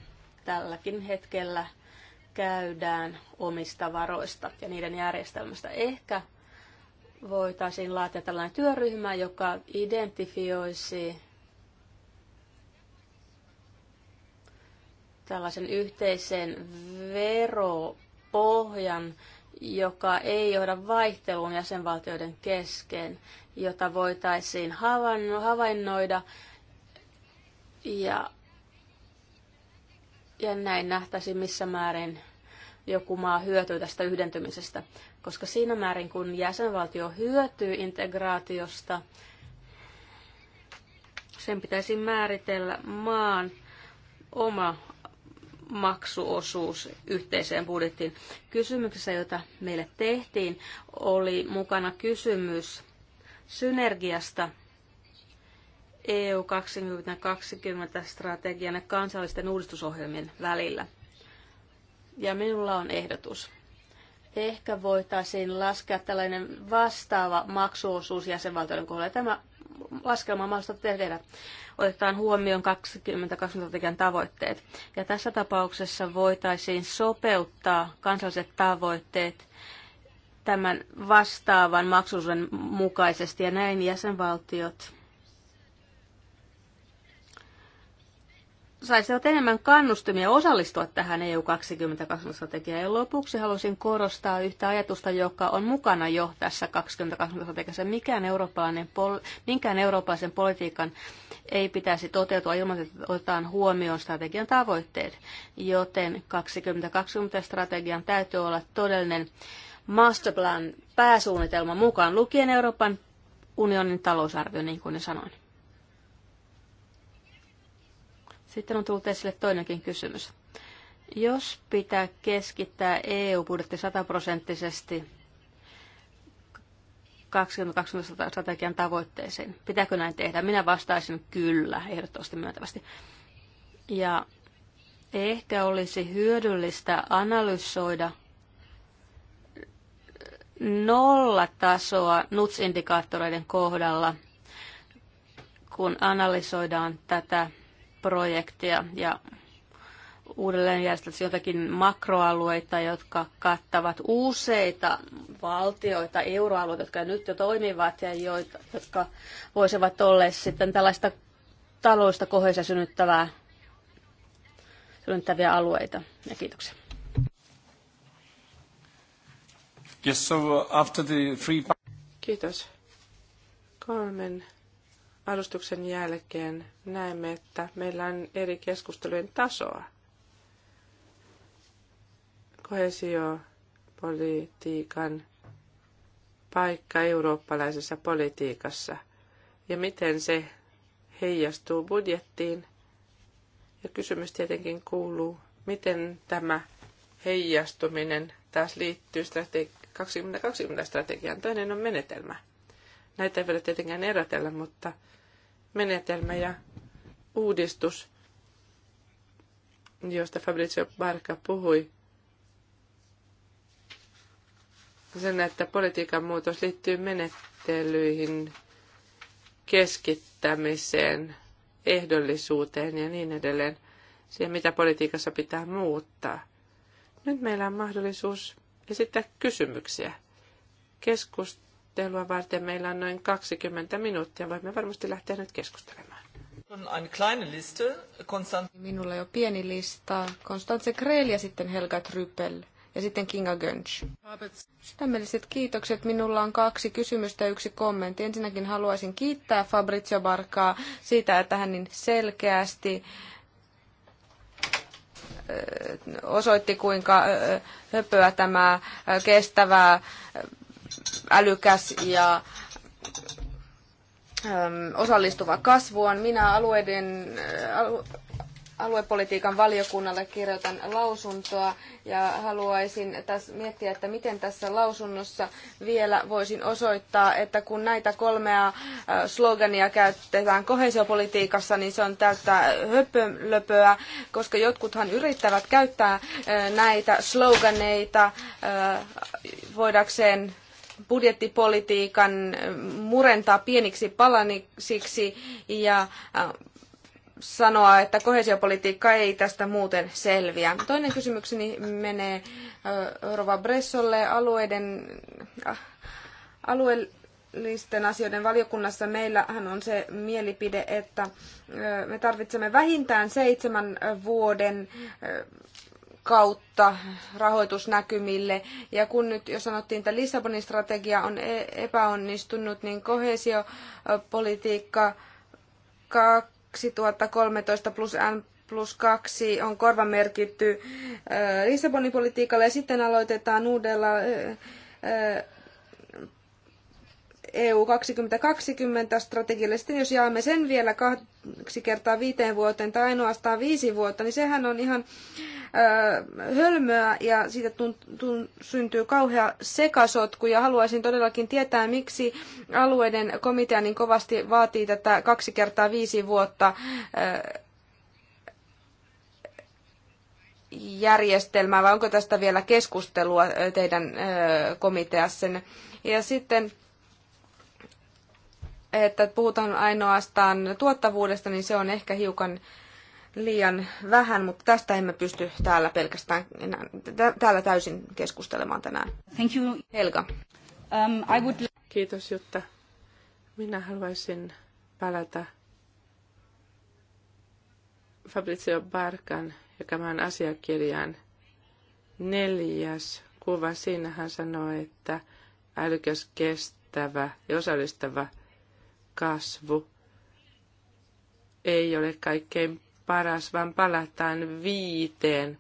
tälläkin hetkellä käydään omista varoista ja niiden järjestelmästä. Ehkä voitaisiin laatia tällainen työryhmä, joka identifioisi tällaisen yhteisen vero pohjan, joka ei johda vaihteluun jäsenvaltioiden kesken, jota voitaisiin havainnoida ja, ja näin nähtäisiin missä määrin joku maa hyötyy tästä yhdentymisestä, koska siinä määrin kun jäsenvaltio hyötyy integraatiosta, sen pitäisi määritellä maan oma maksuosuus yhteiseen budjettiin. Kysymyksessä, jota meille tehtiin, oli mukana kysymys synergiasta EU 2020 strategian ja kansallisten uudistusohjelmien välillä. Ja minulla on ehdotus. Ehkä voitaisiin laskea tällainen vastaava maksuosuus jäsenvaltioiden kohdalla. Tämä on mahdollista tehdä. Otetaan huomioon 2020 tavoitteet. Ja tässä tapauksessa voitaisiin sopeuttaa kansalliset tavoitteet tämän vastaavan maksuisen mukaisesti ja näin jäsenvaltiot saisivat enemmän kannustumia osallistua tähän EU 2020 strategiaan. Ja lopuksi haluaisin korostaa yhtä ajatusta, joka on mukana jo tässä 2020 strategiassa. Mikään eurooppalainen, minkään eurooppalaisen politiikan ei pitäisi toteutua ilman, että otetaan huomioon strategian tavoitteet. Joten 2020 strategian täytyy olla todellinen masterplan pääsuunnitelma mukaan lukien Euroopan unionin talousarvio, niin kuin sanoin. Sitten on tullut esille toinenkin kysymys. Jos pitää keskittää EU-budjetti sataprosenttisesti 2020 strategian tavoitteisiin, pitääkö näin tehdä? Minä vastaisin kyllä, ehdottomasti myöntävästi. Ja ehkä olisi hyödyllistä analysoida nollatasoa NUTS-indikaattoreiden kohdalla, kun analysoidaan tätä projektia ja uudelleen järjestelisi jotakin makroalueita, jotka kattavat useita valtioita, euroalueita, jotka nyt jo toimivat ja joita, jotka voisivat olla sitten tällaista taloudellista kohdassa synnyttävää, synnyttäviä alueita. Ja kiitoksia. Yes, so uh, after the three... Kiitos. Carmen alustuksen jälkeen näemme, että meillä on eri keskustelujen tasoa. Kohesiopolitiikan paikka eurooppalaisessa politiikassa ja miten se heijastuu budjettiin. Ja kysymys tietenkin kuuluu, miten tämä heijastuminen taas liittyy strategi- 2020 strategiaan. Toinen on menetelmä. Näitä ei voida tietenkään erotella, mutta menetelmä ja uudistus, josta Fabrizio Barca puhui, sen, että politiikan muutos liittyy menettelyihin, keskittämiseen, ehdollisuuteen ja niin edelleen, siihen mitä politiikassa pitää muuttaa. Nyt meillä on mahdollisuus esittää kysymyksiä, keskustella keskustelua varten meillä on noin 20 minuuttia. Voimme varmasti lähteä nyt keskustelemaan. Minulla on jo pieni lista. Konstantse Kreel ja sitten Helga Trypel ja sitten Kinga Gönch. Sydämelliset kiitokset. Minulla on kaksi kysymystä ja yksi kommentti. Ensinnäkin haluaisin kiittää Fabrizio Barkaa siitä, että hän niin selkeästi osoitti, kuinka höpöä tämä kestävää älykäs ja ähm, osallistuva kasvu on. Minä alueiden, äh, aluepolitiikan valiokunnalle kirjoitan lausuntoa ja haluaisin tässä miettiä, että miten tässä lausunnossa vielä voisin osoittaa, että kun näitä kolmea äh, slogania käytetään kohesiopolitiikassa, niin se on täyttä höpölöpöä, koska jotkuthan yrittävät käyttää äh, näitä sloganeita voidakseen budjettipolitiikan murentaa pieniksi palanisiksi ja äh, sanoa, että kohesiopolitiikka ei tästä muuten selviä. Toinen kysymykseni menee äh, Rova Bressolle alueiden, äh, alueellisten asioiden valiokunnassa. Meillähän on se mielipide, että me tarvitsemme vähintään seitsemän vuoden kautta rahoitusnäkymille. Ja kun nyt jo sanottiin, että Lissabonin strategia on e- epäonnistunut, niin kohesiopolitiikka 2013 plus N plus 2 on korvamerkitty Lissabonin politiikalle ja sitten aloitetaan uudella EU 2020 strategialle. Sitten jos jaamme sen vielä kaksi kertaa viiteen vuoteen tai ainoastaan viisi vuotta, niin sehän on ihan ö, hölmöä ja siitä tun, tun, syntyy kauhea sekasotku. Ja haluaisin todellakin tietää, miksi alueiden komitea niin kovasti vaatii tätä kaksi kertaa viisi vuotta ö, järjestelmää, vai onko tästä vielä keskustelua teidän komiteassanne? Ja sitten että puhutaan ainoastaan tuottavuudesta, niin se on ehkä hiukan liian vähän, mutta tästä emme pysty täällä pelkästään enää, täällä täysin keskustelemaan tänään. Thank you. Helga. Um, I would... Kiitos Jutta. Minä haluaisin palata Fabrizio Barkan jakamaan asiakirjan neljäs kuva. Siinä hän sanoi, että älykäs, kestävä ja osallistava – kasvu ei ole kaikkein paras, vaan palataan viiteen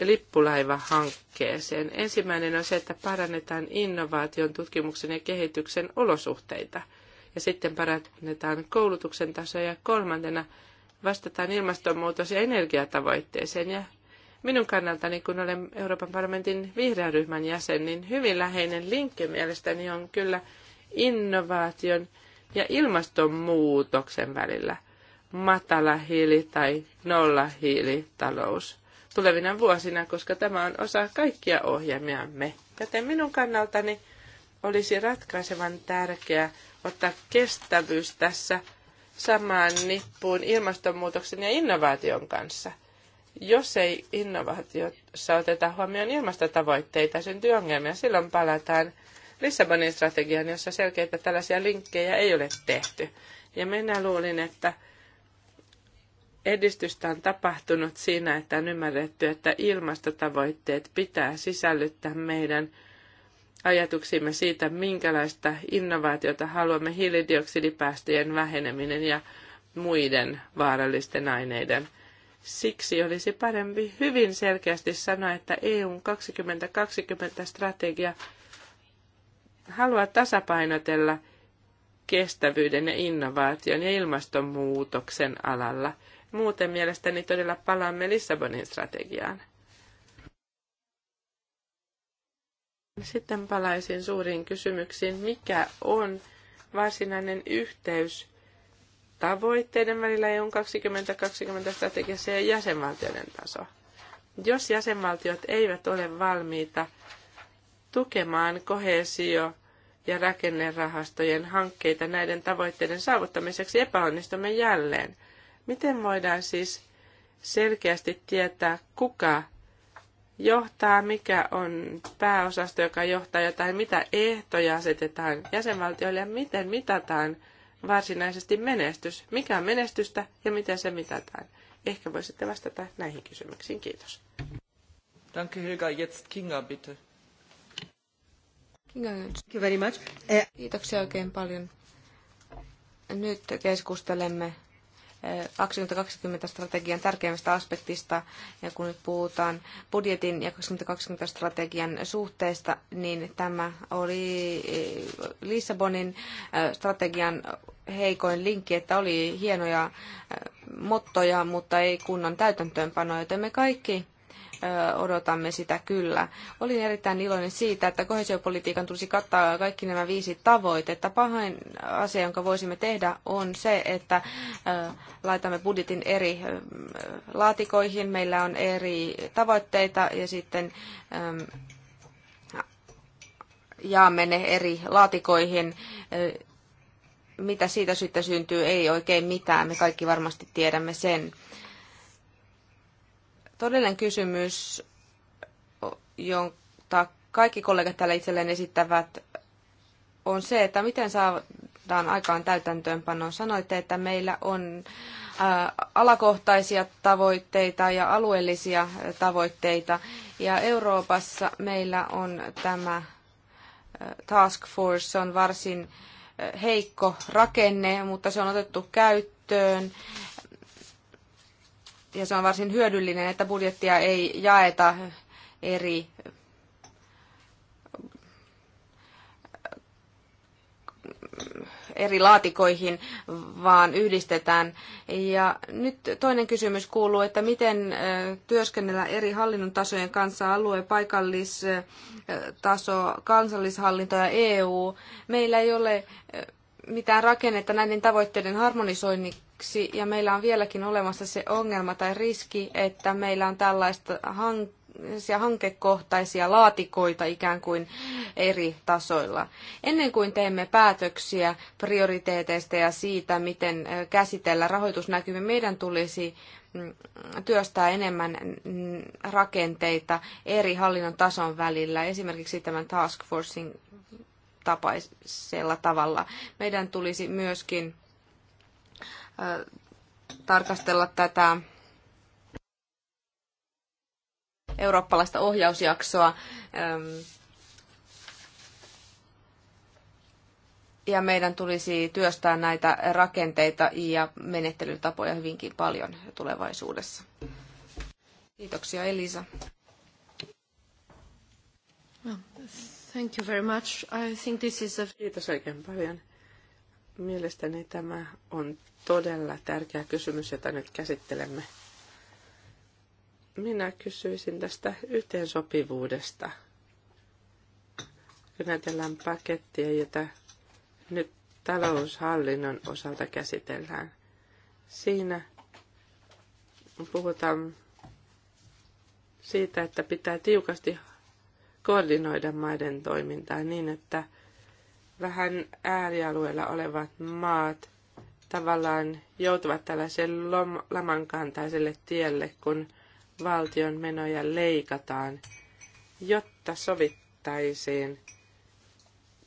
lippulaivahankkeeseen. Ensimmäinen on se, että parannetaan innovaation, tutkimuksen ja kehityksen olosuhteita. Ja sitten parannetaan koulutuksen tasoa ja kolmantena vastataan ilmastonmuutos- ja energiatavoitteeseen. Ja minun kannaltani, kun olen Euroopan parlamentin vihreän ryhmän jäsen, niin hyvin läheinen linkki mielestäni on kyllä – innovaation ja ilmastonmuutoksen välillä matala hiili tai nolla hiilitalous tulevina vuosina, koska tämä on osa kaikkia ohjelmiamme. Joten minun kannaltani olisi ratkaisevan tärkeää ottaa kestävyys tässä samaan nippuun ilmastonmuutoksen ja innovaation kanssa. Jos ei innovaatiossa oteta huomioon ilmastotavoitteita, syntyy ongelmia. Silloin palataan Lissabonin strategian, jossa selkeitä tällaisia linkkejä ei ole tehty. Ja minä luulin, että edistystä on tapahtunut siinä, että on ymmärretty, että ilmastotavoitteet pitää sisällyttää meidän ajatuksimme siitä, minkälaista innovaatiota haluamme hiilidioksidipäästöjen väheneminen ja muiden vaarallisten aineiden. Siksi olisi parempi hyvin selkeästi sanoa, että EUn 2020 strategia haluaa tasapainotella kestävyyden ja innovaation ja ilmastonmuutoksen alalla. Muuten mielestäni todella palaamme Lissabonin strategiaan. Sitten palaisin suuriin kysymyksiin. Mikä on varsinainen yhteys tavoitteiden välillä EU 2020 strategiassa ja jäsenvaltioiden taso? Jos jäsenvaltiot eivät ole valmiita tukemaan kohesio ja rakennerahastojen hankkeita näiden tavoitteiden saavuttamiseksi epäonnistumme jälleen. Miten voidaan siis selkeästi tietää, kuka johtaa, mikä on pääosasto, joka johtaa jotain, mitä ehtoja asetetaan jäsenvaltioille ja miten mitataan varsinaisesti menestys, mikä on menestystä ja miten se mitataan. Ehkä voisitte vastata näihin kysymyksiin. Kiitos. Danke Helga, jetzt Kinga bitte. Kiitoksia oikein paljon. Nyt keskustelemme 2020 eh, strategian tärkeimmästä aspektista, ja kun nyt puhutaan budjetin ja 2020 strategian suhteesta, niin tämä oli eh, Lissabonin eh, strategian heikoin linkki, että oli hienoja mottoja, mutta ei kunnon täytäntöönpanoja joten me kaikki odotamme sitä kyllä. Olin erittäin iloinen siitä, että kohesiopolitiikan tulisi kattaa kaikki nämä viisi tavoitetta. Pahin asia, jonka voisimme tehdä, on se, että laitamme budjetin eri laatikoihin. Meillä on eri tavoitteita ja sitten jaamme ne eri laatikoihin mitä siitä sitten syntyy, ei oikein mitään. Me kaikki varmasti tiedämme sen. Todellinen kysymys, jonka kaikki kollegat täällä itselleen esittävät, on se, että miten saadaan aikaan täytäntöönpano. Sanoitte, että meillä on alakohtaisia tavoitteita ja alueellisia tavoitteita. Ja Euroopassa meillä on tämä task force, se on varsin heikko rakenne, mutta se on otettu käyttöön ja se on varsin hyödyllinen, että budjettia ei jaeta eri eri laatikoihin, vaan yhdistetään. Ja nyt toinen kysymys kuuluu, että miten työskennellä eri hallinnon tasojen kanssa, alue, paikallistaso, kansallishallinto ja EU. Meillä ei ole mitään rakennetta näiden tavoitteiden harmonisoinnin yksi ja meillä on vieläkin olemassa se ongelma tai riski, että meillä on tällaista hanketta, hankekohtaisia laatikoita ikään kuin eri tasoilla. Ennen kuin teemme päätöksiä prioriteeteista ja siitä, miten käsitellä rahoitusnäkymiä, meidän tulisi mm, työstää enemmän mm, rakenteita eri hallinnon tason välillä, esimerkiksi tämän task forcing tapaisella tavalla. Meidän tulisi myöskin tarkastella tätä eurooppalaista ohjausjaksoa. Ja meidän tulisi työstää näitä rakenteita ja menettelytapoja hyvinkin paljon tulevaisuudessa. Kiitoksia Elisa. Thank you very much. I think this is a... Kiitos oikein paljon. Mielestäni tämä on todella tärkeä kysymys, jota nyt käsittelemme. Minä kysyisin tästä yhteensopivuudesta. Kun ajatellaan pakettia, jota nyt taloushallinnon osalta käsitellään. Siinä puhutaan siitä, että pitää tiukasti koordinoida maiden toimintaa niin, että vähän äärialueella olevat maat tavallaan joutuvat tällaisen lom- tielle, kun valtion menoja leikataan, jotta sovittaisiin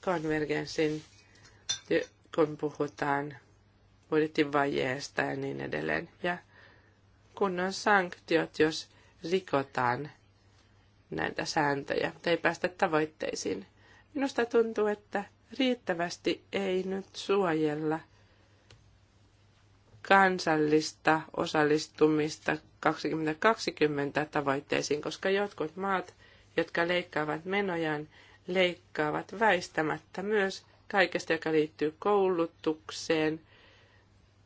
konvergenssin, kun puhutaan budjettivajeesta ja niin edelleen. Ja kun on sanktiot, jos rikotaan näitä sääntöjä ei päästä tavoitteisiin. Minusta tuntuu, että riittävästi ei nyt suojella kansallista osallistumista 2020 tavoitteisiin, koska jotkut maat, jotka leikkaavat menojaan, leikkaavat väistämättä myös kaikesta, joka liittyy koulutukseen,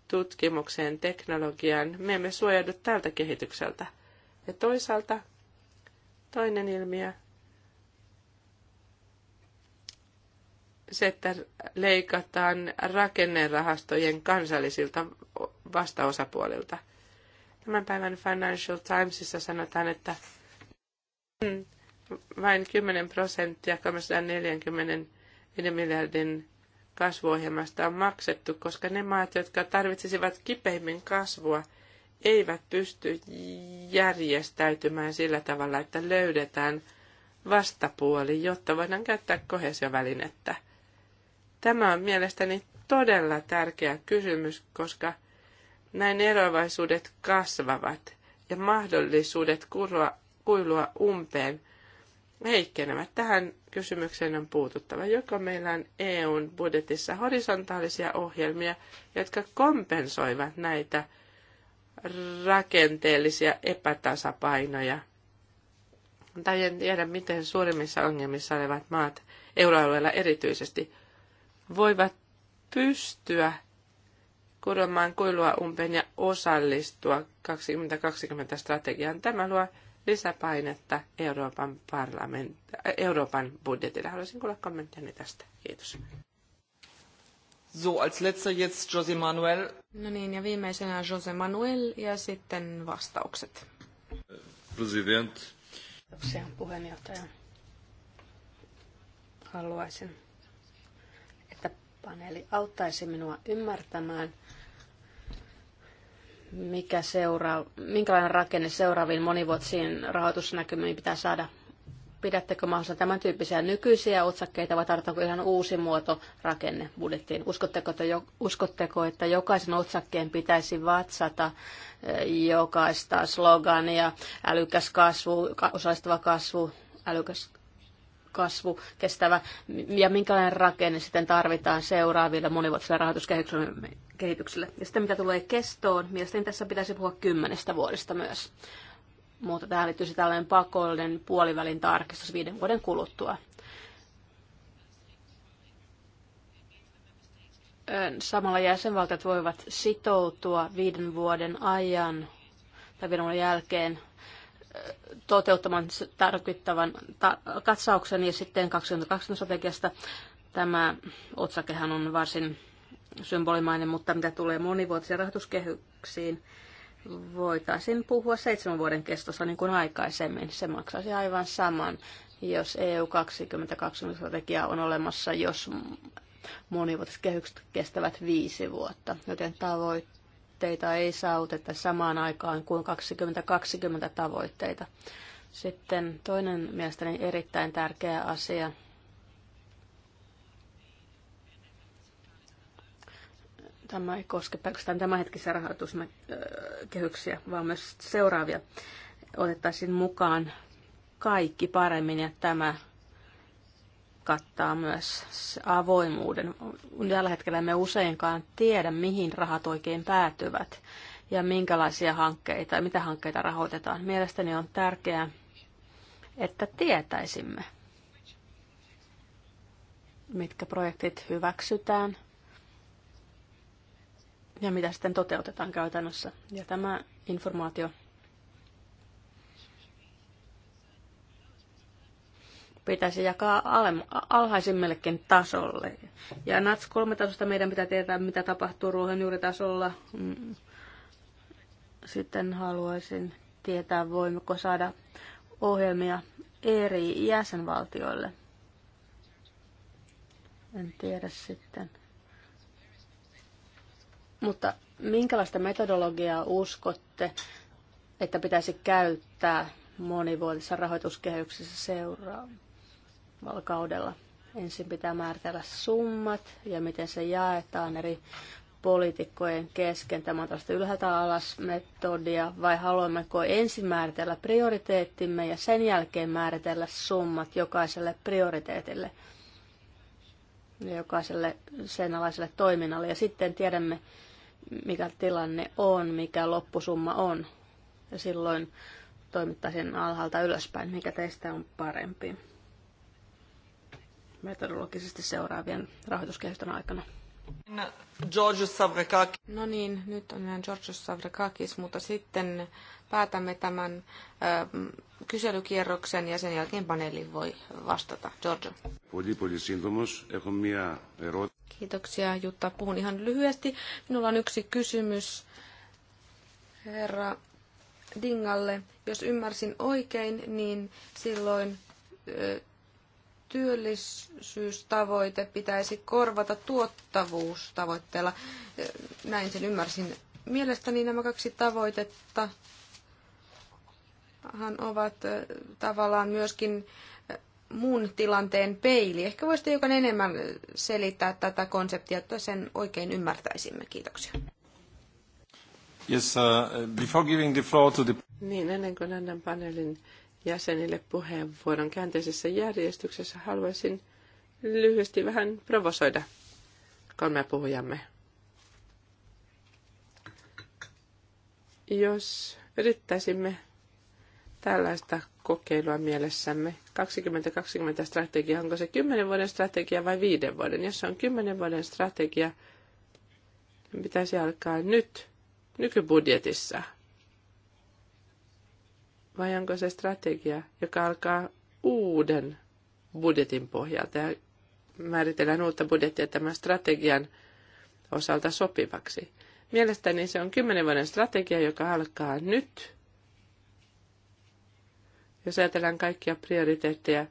tutkimukseen, teknologiaan. Me emme suojaudu tältä kehitykseltä. Ja toisaalta toinen ilmiö, se, että leikataan rakennerahastojen kansallisilta vastaosapuolilta. Tämän päivän Financial Timesissa sanotaan, että mm, vain 10 prosenttia 340 miljardin kasvuohjelmasta on maksettu, koska ne maat, jotka tarvitsisivat kipeimmin kasvua, eivät pysty järjestäytymään sillä tavalla, että löydetään vastapuoli, jotta voidaan käyttää kohesiovälinettä. Tämä on mielestäni todella tärkeä kysymys, koska näin eroavaisuudet kasvavat ja mahdollisuudet kurua, kuilua umpeen heikkenevät. Tähän kysymykseen on puututtava. Joko meillä on EUn budjetissa horisontaalisia ohjelmia, jotka kompensoivat näitä rakenteellisia epätasapainoja. Tai en tiedä, miten suurimmissa ongelmissa olevat maat euroalueella erityisesti voivat pystyä kuromaan kuilua umpeen ja osallistua 2020 strategiaan. Tämä luo lisäpainetta Euroopan, parlament, äh, Euroopan budjetille. Haluaisin kuulla kommenttiani tästä. Kiitos. So, als letzter jetzt Jose Manuel. No niin, ja viimeisenä Jose Manuel ja sitten vastaukset. President. Kiitoksia puheenjohtaja. Haluaisin paneeli auttaisi minua ymmärtämään, mikä seura, minkälainen rakenne seuraaviin monivuotisiin rahoitusnäkymiin pitää saada pidättekö mahdollista tämän tyyppisiä nykyisiä otsakkeita vai tarvitaanko ihan uusi muoto rakenne budjettiin? Uskotteko, että jo, uskotteko, että jokaisen otsakkeen pitäisi vatsata eh, jokaista slogania, älykäs kasvu, osallistava kasvu, älykäs kasvu kestävä ja minkälainen rakenne sitten tarvitaan seuraaville monivuotisille rahoituskehitykselle. Ja sitten mitä tulee kestoon, mielestäni tässä pitäisi puhua kymmenestä vuodesta myös. Mutta tähän liittyisi tällainen pakollinen puolivälin tarkistus viiden vuoden kuluttua. Samalla jäsenvaltiot voivat sitoutua viiden vuoden ajan tai viiden vuoden jälkeen toteuttamaan tarvittavan katsauksen ja sitten 2020 strategiasta tämä otsakehan on varsin symbolimainen, mutta mitä tulee monivuotisiin rahoituskehyksiin, voitaisiin puhua seitsemän vuoden kestossa niin kuin aikaisemmin. Se maksaisi aivan saman, jos EU 2020 strategia on olemassa, jos monivuotiset kehykset kestävät viisi vuotta, joten tavoitteet tavoitteita ei saavuteta samaan aikaan kuin 2020 tavoitteita. Sitten toinen mielestäni erittäin tärkeä asia tämä ei koske pelkästään tämänhetkisiä rahoituskehyksiä, vaan myös seuraavia otettaisiin mukaan kaikki paremmin ja tämä kattaa myös avoimuuden. Tällä hetkellä me useinkaan tiedä, mihin rahat oikein päätyvät ja minkälaisia hankkeita ja mitä hankkeita rahoitetaan. Mielestäni on tärkeää, että tietäisimme, mitkä projektit hyväksytään ja mitä sitten toteutetaan käytännössä. Ja tämä informaatio pitäisi jakaa alhaisimmallekin tasolle. Ja NATS 3 tasosta meidän pitää tietää, mitä tapahtuu ruohonjuuritasolla. Mm. Sitten haluaisin tietää, voimmeko saada ohjelmia eri jäsenvaltioille. En tiedä sitten. Mutta minkälaista metodologiaa uskotte, että pitäisi käyttää monivuotisessa rahoituskehyksessä seuraavaksi? kaudella. Ensin pitää määritellä summat ja miten se jaetaan eri poliitikkojen kesken. Tämä on tällaista ylhäältä alas metodia, vai haluammeko ensin määritellä prioriteettimme ja sen jälkeen määritellä summat jokaiselle prioriteetille ja jokaiselle sen alaiselle toiminnalle. Ja sitten tiedämme, mikä tilanne on, mikä loppusumma on. Ja silloin toimittaisin alhaalta ylöspäin, mikä teistä on parempi metodologisesti seuraavien rahoituskehysten aikana. Georgios Savrakakis. No niin, nyt on enää George Savrakakis, mutta sitten päätämme tämän ö, ähm, kyselykierroksen ja sen jälkeen paneeli voi vastata. George. Kiitoksia Jutta. Puhun ihan lyhyesti. Minulla on yksi kysymys herra Dingalle. Jos ymmärsin oikein, niin silloin ö, äh, työllisyystavoite pitäisi korvata tuottavuustavoitteella. Näin sen ymmärsin. Mielestäni nämä kaksi tavoitetta ovat tavallaan myöskin mun tilanteen peili. Ehkä voisitte hiukan enemmän selittää tätä konseptia, että sen oikein ymmärtäisimme. Kiitoksia. Yes, uh, before giving the floor to the... Niin, ennen kuin annan paneelin jäsenille puheenvuoron käänteisessä järjestyksessä. Haluaisin lyhyesti vähän provosoida kolme puhujamme. Jos yrittäisimme tällaista kokeilua mielessämme, 2020 strategia, onko se 10 vuoden strategia vai 5 vuoden? Jos se on 10 vuoden strategia, niin pitäisi alkaa nyt nykybudjetissa – vai onko se strategia, joka alkaa uuden budjetin pohjalta ja määritellään uutta budjettia tämän strategian osalta sopivaksi. Mielestäni se on kymmenen vuoden strategia, joka alkaa nyt. Jos ajatellaan kaikkia prioriteetteja,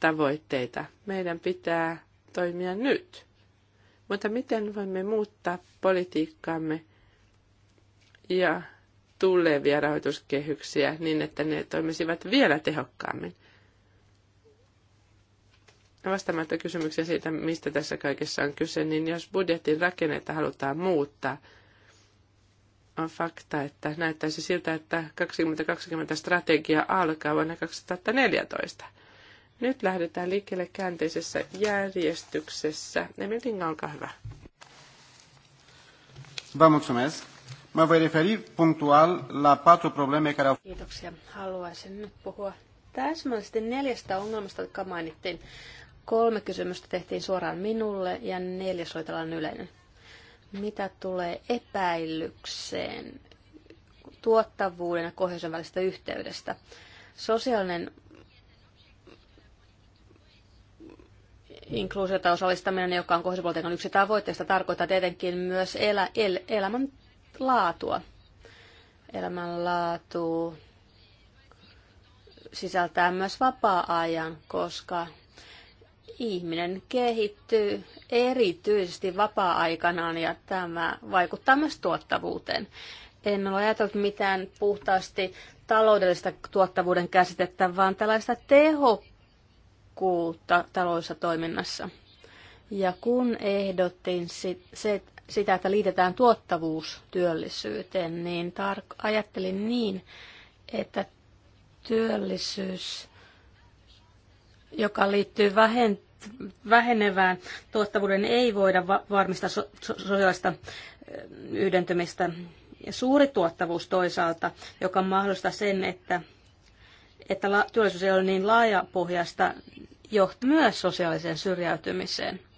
tavoitteita, meidän pitää toimia nyt. Mutta miten voimme muuttaa politiikkaamme ja tulevia rahoituskehyksiä niin, että ne toimisivat vielä tehokkaammin. Vastaamatta kysymykseen siitä, mistä tässä kaikessa on kyse, niin jos budjetin rakennetta halutaan muuttaa, on fakta, että näyttäisi siltä, että 2020 strategia alkaa vuonna 2014. Nyt lähdetään liikkeelle käänteisessä järjestyksessä. Emil Ringa, olkaa hyvä. Vamos, mulțumesc. Mä voi referi puntual la patru probleme care au... Kiitoksia. Haluaisin nyt puhua täsmällisesti neljästä ongelmasta, jotka mainittiin. Kolme kysymystä tehtiin suoraan minulle ja neljäs soitellaan yleinen. Mitä tulee epäilykseen tuottavuuden ja kohdisen välisestä yhteydestä? Sosiaalinen inkluusiota osallistaminen, joka on kohdisopolitiikan yksi tavoitteista, tarkoittaa tietenkin myös elä, el, elämän laatua. laatu sisältää myös vapaa-ajan, koska ihminen kehittyy erityisesti vapaa-aikanaan ja tämä vaikuttaa myös tuottavuuteen. En ole ajatellut mitään puhtaasti taloudellista tuottavuuden käsitettä, vaan tällaista tehokkuutta taloudellisessa toiminnassa. Ja kun ehdotin sit, se, sitä, että liitetään tuottavuus työllisyyteen, niin tar- ajattelin niin, että työllisyys, joka liittyy vähen- vähenevään tuottavuuden, ei voida va- varmistaa so- so- sosiaalista yhdentymistä. Ja suuri tuottavuus toisaalta, joka mahdollistaa sen, että, että la- työllisyys ei ole niin laajapohjasta, johtaa myös sosiaaliseen syrjäytymiseen –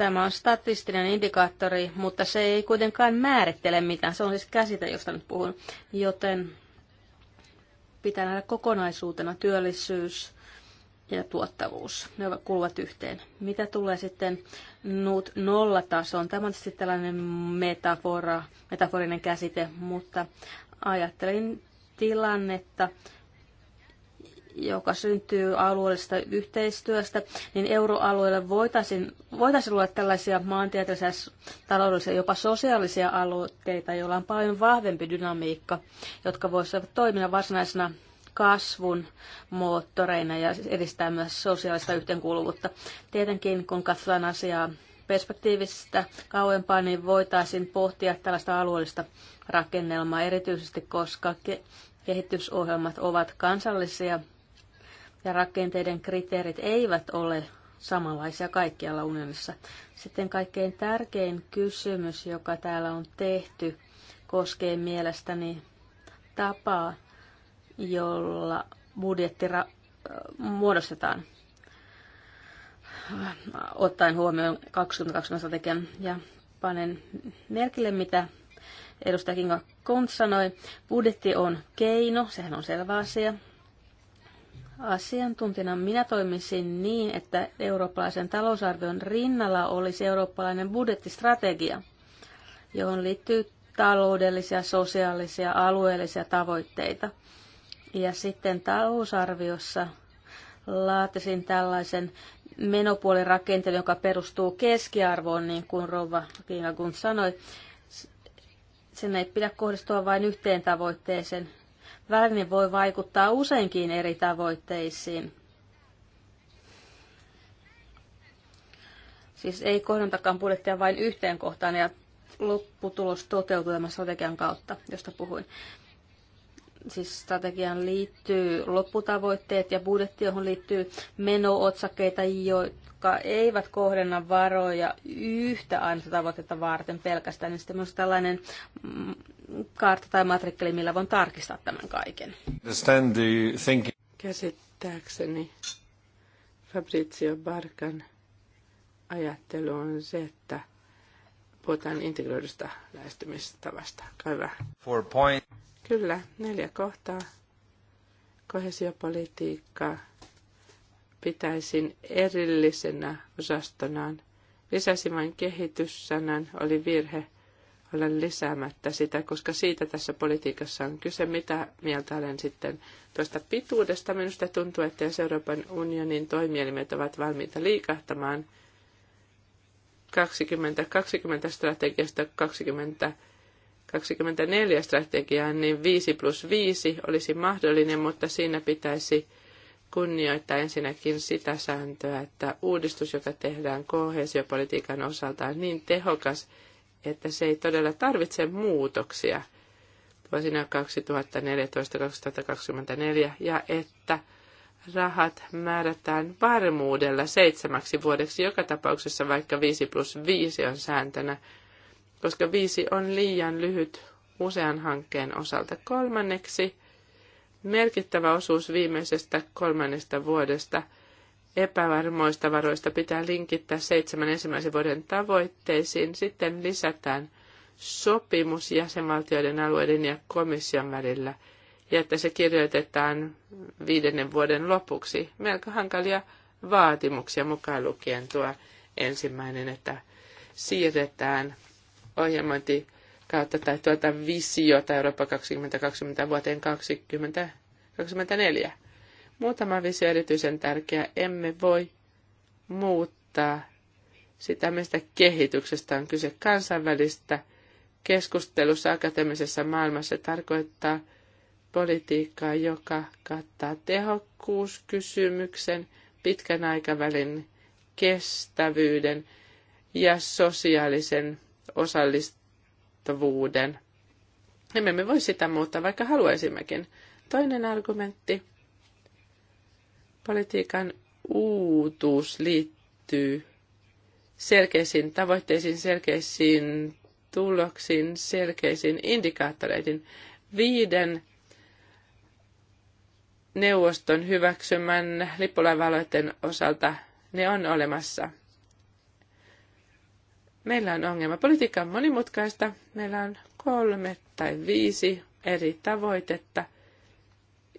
Tämä on statistinen indikaattori, mutta se ei kuitenkaan määrittele mitään. Se on siis käsite, josta nyt puhun. Joten pitää nähdä kokonaisuutena työllisyys ja tuottavuus. Ne kuuluvat yhteen. Mitä tulee sitten nuut nollatasoon? Tämä on sitten tällainen metafora, metaforinen käsite, mutta ajattelin tilannetta, joka syntyy alueellisesta yhteistyöstä, niin euroalueelle voitaisiin, voitaisiin luoda tällaisia maantieteellisiä, taloudellisia, jopa sosiaalisia aloitteita, joilla on paljon vahvempi dynamiikka, jotka voisivat toimia varsinaisena kasvun moottoreina ja edistää myös sosiaalista yhteenkuuluvuutta. Tietenkin, kun katsotaan asiaa perspektiivistä kauempaa, niin voitaisiin pohtia tällaista alueellista rakennelmaa erityisesti, koska kehitysohjelmat ovat kansallisia ja rakenteiden kriteerit eivät ole samanlaisia kaikkialla unionissa. Sitten kaikkein tärkein kysymys, joka täällä on tehty, koskee mielestäni tapaa, jolla budjetti muodostetaan ottaen huomioon 2020 strategian ja panen merkille, mitä edustaja Kinga Kont sanoi. Budjetti on keino, sehän on selvä asia. Asiantuntijana minä toimisin niin, että eurooppalaisen talousarvion rinnalla olisi eurooppalainen budjettistrategia, johon liittyy taloudellisia, sosiaalisia, alueellisia tavoitteita. Ja sitten talousarviossa laatisin tällaisen menopuolen rakenteen, joka perustuu keskiarvoon, niin kuin Rova Kiinagun sanoi. Sen ei pidä kohdistua vain yhteen tavoitteeseen, väline voi vaikuttaa useinkin eri tavoitteisiin. Siis ei kohdantakaan budjettia vain yhteen kohtaan ja lopputulos toteutuu tämän strategian kautta, josta puhuin. Siis strategian liittyy lopputavoitteet ja budjetti, johon liittyy meno-otsakkeita, jotka eivät kohdenna varoja yhtä ainoa tavoitetta varten pelkästään. Niin sitten myös tällainen kartta tai matrikkeli, millä voin tarkistaa tämän kaiken. Käsittääkseni Fabrizio Barkan ajattelu on se, että puhutaan integroidusta lähestymistavasta. Hyvä. Four point. Kyllä, neljä kohtaa. Kohesiopolitiikkaa pitäisin erillisenä osastonaan. Lisäsi vain kehityssanan, oli virhe – olla lisäämättä sitä, koska siitä tässä politiikassa on kyse, mitä mieltä olen sitten tuosta pituudesta. Minusta tuntuu, että jos Euroopan unionin toimielimet ovat valmiita liikahtamaan 2020 strategiasta 20 24 strategiaan, niin 5 plus 5 olisi mahdollinen, mutta siinä pitäisi kunnioittaa ensinnäkin sitä sääntöä, että uudistus, joka tehdään kohesiopolitiikan osalta, on niin tehokas, että se ei todella tarvitse muutoksia vuosina 2014-2024 ja että rahat määrätään varmuudella seitsemäksi vuodeksi joka tapauksessa, vaikka 5 plus 5 on sääntönä, koska 5 on liian lyhyt usean hankkeen osalta kolmanneksi. Merkittävä osuus viimeisestä kolmannesta vuodesta – epävarmoista varoista pitää linkittää seitsemän ensimmäisen vuoden tavoitteisiin. Sitten lisätään sopimus jäsenvaltioiden alueiden ja komission välillä ja että se kirjoitetaan viidennen vuoden lopuksi. Melko hankalia vaatimuksia mukaan lukien tuo ensimmäinen, että siirretään ohjelmointi kautta tai tuota visiota Eurooppa 2020 vuoteen 2024. Muutama visio erityisen tärkeä. Emme voi muuttaa sitä, mistä kehityksestä on kyse kansainvälistä keskustelussa akateemisessa maailmassa. tarkoittaa politiikkaa, joka kattaa tehokkuuskysymyksen, pitkän aikavälin kestävyyden ja sosiaalisen osallistuvuuden. Emme me voi sitä muuttaa, vaikka haluaisimmekin. Toinen argumentti – Politiikan uutuus liittyy selkeisiin tavoitteisiin, selkeisiin tuloksiin, selkeisiin indikaattoreihin. Viiden neuvoston hyväksymän lippulaivaloiden osalta ne on olemassa. Meillä on ongelma. Politiikka on monimutkaista. Meillä on kolme tai viisi eri tavoitetta –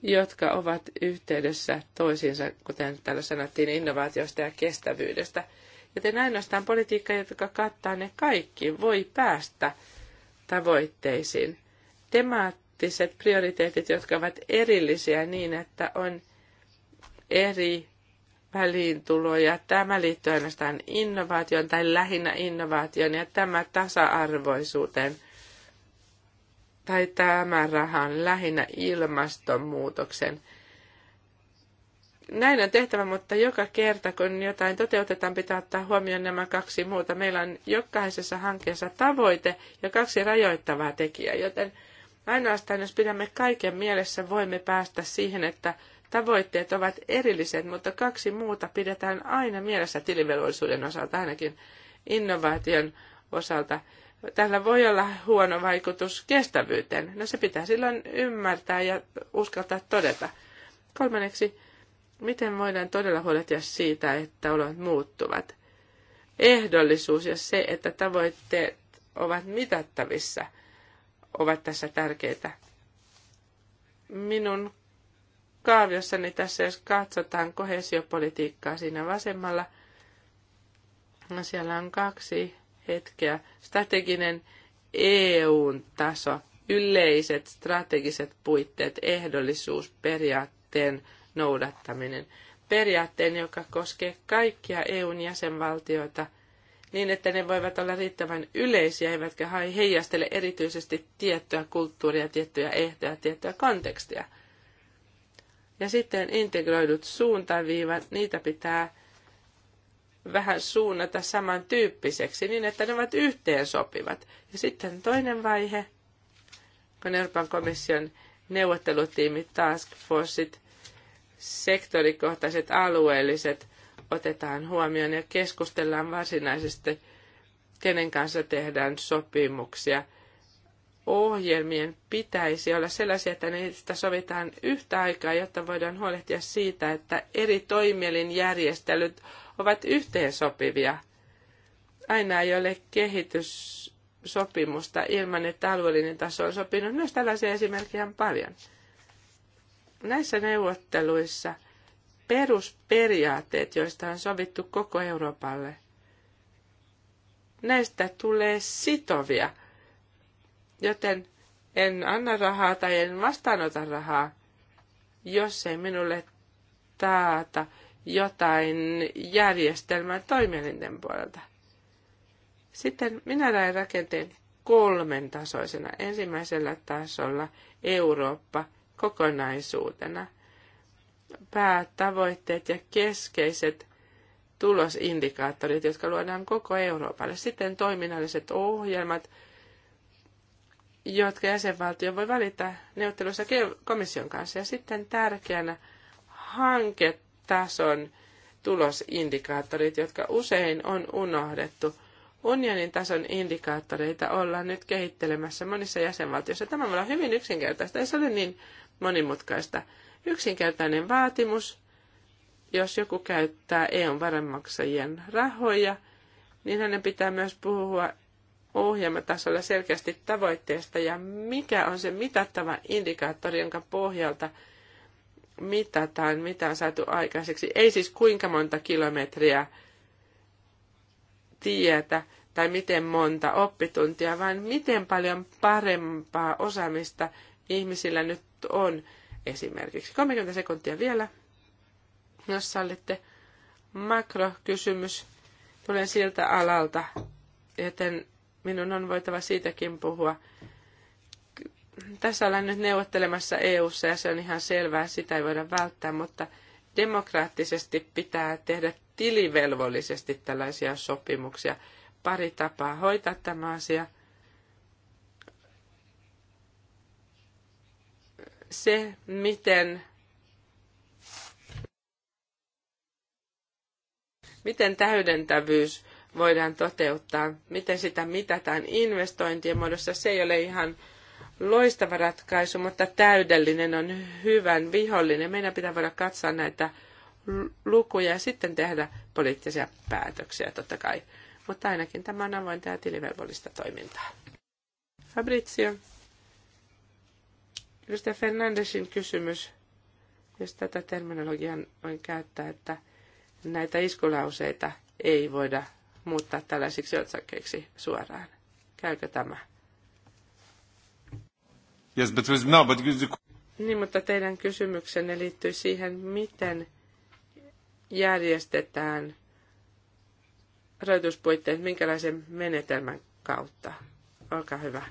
jotka ovat yhteydessä toisiinsa, kuten täällä sanottiin, innovaatiosta ja kestävyydestä. Joten ainoastaan politiikka, joka kattaa ne kaikki, voi päästä tavoitteisiin. Temaattiset prioriteetit, jotka ovat erillisiä niin, että on eri väliintuloja. Tämä liittyy ainoastaan innovaatioon tai lähinnä innovaatioon ja tämä tasa-arvoisuuteen – tai tämä raha on lähinnä ilmastonmuutoksen. Näin on tehtävä, mutta joka kerta kun jotain toteutetaan, pitää ottaa huomioon nämä kaksi muuta. Meillä on jokaisessa hankkeessa tavoite ja kaksi rajoittavaa tekijää, joten ainoastaan jos pidämme kaiken mielessä, voimme päästä siihen, että tavoitteet ovat erilliset, mutta kaksi muuta pidetään aina mielessä tilivelvollisuuden osalta, ainakin innovaation osalta tällä voi olla huono vaikutus kestävyyteen. No se pitää silloin ymmärtää ja uskaltaa todeta. Kolmanneksi, miten voidaan todella huolehtia siitä, että olot muuttuvat? Ehdollisuus ja se, että tavoitteet ovat mitattavissa, ovat tässä tärkeitä. Minun kaaviossani tässä, jos katsotaan kohesiopolitiikkaa siinä vasemmalla, no siellä on kaksi hetkeä. Strateginen eu taso, yleiset strategiset puitteet, ehdollisuus, periaatteen noudattaminen. Periaatteen, joka koskee kaikkia EUn jäsenvaltioita niin, että ne voivat olla riittävän yleisiä, eivätkä heijastele erityisesti tiettyä kulttuuria, tiettyjä ehtoja, tiettyä kontekstia. Ja sitten integroidut suuntaviivat, niitä pitää vähän suunnata samantyyppiseksi niin, että ne ovat yhteen sopivat. Ja sitten toinen vaihe, kun Euroopan komission neuvottelutiimit, task forceit, sektorikohtaiset alueelliset otetaan huomioon ja keskustellaan varsinaisesti, kenen kanssa tehdään sopimuksia. Ohjelmien pitäisi olla sellaisia, että niistä sovitaan yhtä aikaa, jotta voidaan huolehtia siitä, että eri toimielin järjestelyt ovat yhteensopivia. Aina ei ole kehityssopimusta ilman, että alueellinen taso on sopinut. Myös tällaisia esimerkkejä on paljon. Näissä neuvotteluissa perusperiaatteet, joista on sovittu koko Euroopalle, näistä tulee sitovia, joten en anna rahaa tai en vastaanota rahaa, jos ei minulle taata jotain järjestelmää toimielinten puolelta. Sitten minä näin rakenteen kolmen tasoisena. Ensimmäisellä tasolla Eurooppa kokonaisuutena. Päätavoitteet ja keskeiset tulosindikaattorit, jotka luodaan koko Euroopalle. Sitten toiminnalliset ohjelmat, jotka jäsenvaltio voi valita neuvotteluissa komission kanssa. Ja sitten tärkeänä hanket tason tulosindikaattorit, jotka usein on unohdettu. Unionin tason indikaattoreita ollaan nyt kehittelemässä monissa jäsenvaltioissa. Tämä voi olla hyvin yksinkertaista, ei se ole niin monimutkaista. Yksinkertainen vaatimus, jos joku käyttää EUn varanmaksajien rahoja, niin hänen pitää myös puhua ohjelmatasolla selkeästi tavoitteesta ja mikä on se mitattava indikaattori, jonka pohjalta – mitataan, mitä on saatu aikaiseksi. Ei siis kuinka monta kilometriä tietä tai miten monta oppituntia, vaan miten paljon parempaa osaamista ihmisillä nyt on esimerkiksi. 30 sekuntia vielä, jos sallitte. Makrokysymys tulee siltä alalta, joten minun on voitava siitäkin puhua. Tässä ollaan nyt neuvottelemassa EU:ssa ja se on ihan selvää, sitä ei voida välttää, mutta demokraattisesti pitää tehdä tilivelvollisesti tällaisia sopimuksia. Pari tapaa hoitaa tämä asia. Se, miten miten täydentävyys voidaan toteuttaa, miten sitä mitataan investointien muodossa, se ei ole ihan loistava ratkaisu, mutta täydellinen on hyvän vihollinen. Meidän pitää voida katsoa näitä lukuja ja sitten tehdä poliittisia päätöksiä totta kai. Mutta ainakin tämä on avointa ja tilivelvollista toimintaa. Fabrizio. Edustaja Fernandesin kysymys, jos tätä terminologiaa voin käyttää, että näitä iskulauseita ei voida muuttaa tällaisiksi otsakkeiksi suoraan. Käykö tämä? Yes, but with, no, but... Niin, mutta teidän kysymyksenne liittyy siihen, miten järjestetään rajoituspuitteet, minkälaisen menetelmän kautta. Olkaa hyvä.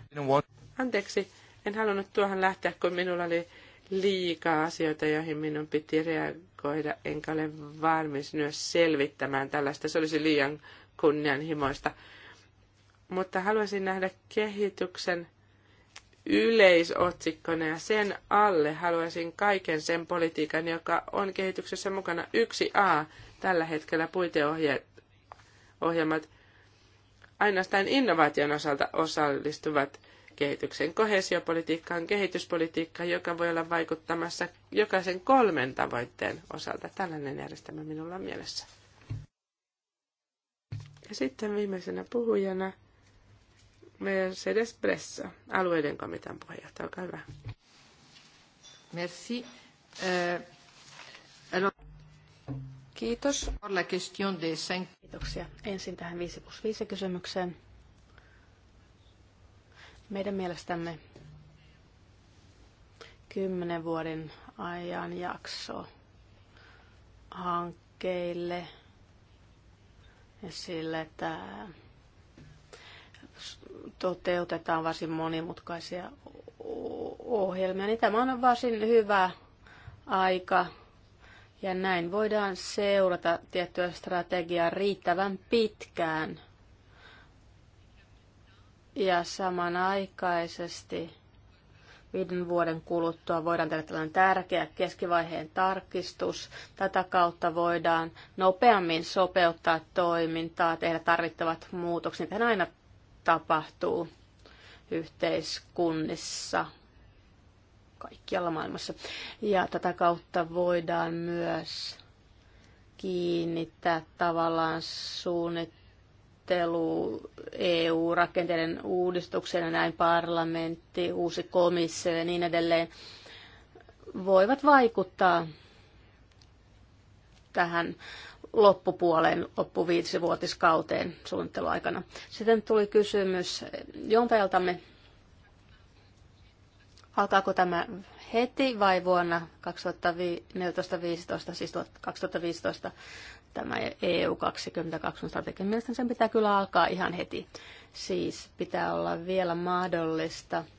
Anteeksi, en halunnut tuohon lähteä, kun minulla oli liikaa asioita, joihin minun piti reagoida, enkä ole valmis myös selvittämään tällaista. Se olisi liian kunnianhimoista. Mutta haluaisin nähdä kehityksen yleisotsikkona ja sen alle haluaisin kaiken sen politiikan, joka on kehityksessä mukana. Yksi a tällä hetkellä puiteohjelmat ainoastaan innovaation osalta osallistuvat kehityksen kohesiopolitiikkaan, kehityspolitiikkaan, kehityspolitiikka, joka voi olla vaikuttamassa jokaisen kolmen tavoitteen osalta. Tällainen järjestelmä minulla on mielessä. Ja sitten viimeisenä puhujana Mercedes Bressa, alueiden komitean puheenjohtaja. Olkaa hyvä. Merci. Euh, alors... Kiitos. La question de Kiitoksia. Ensin tähän 5 plus 5 kysymykseen. Meidän mielestämme 10 vuoden ajan jakso hankkeille ja sille, että toteutetaan varsin monimutkaisia ohjelmia, niin tämä on varsin hyvä aika ja näin voidaan seurata tiettyä strategiaa riittävän pitkään ja samanaikaisesti viiden vuoden kuluttua voidaan tehdä tällainen tärkeä keskivaiheen tarkistus. Tätä kautta voidaan nopeammin sopeuttaa toimintaa, tehdä tarvittavat muutokset. Tehdään aina tapahtuu yhteiskunnissa kaikkialla maailmassa. Ja tätä kautta voidaan myös kiinnittää tavallaan suunnittelu EU-rakenteiden ja näin parlamentti, uusi komissio ja niin edelleen, voivat vaikuttaa tähän loppupuoleen, loppuviitsivuotiskauteen suunnitteluaikana. Sitten tuli kysymys jontajaltamme, alkaako tämä heti vai vuonna 2014-2015, siis 2015 tämä EU 22 strategia. Mielestäni sen pitää kyllä alkaa ihan heti. Siis pitää olla vielä mahdollista –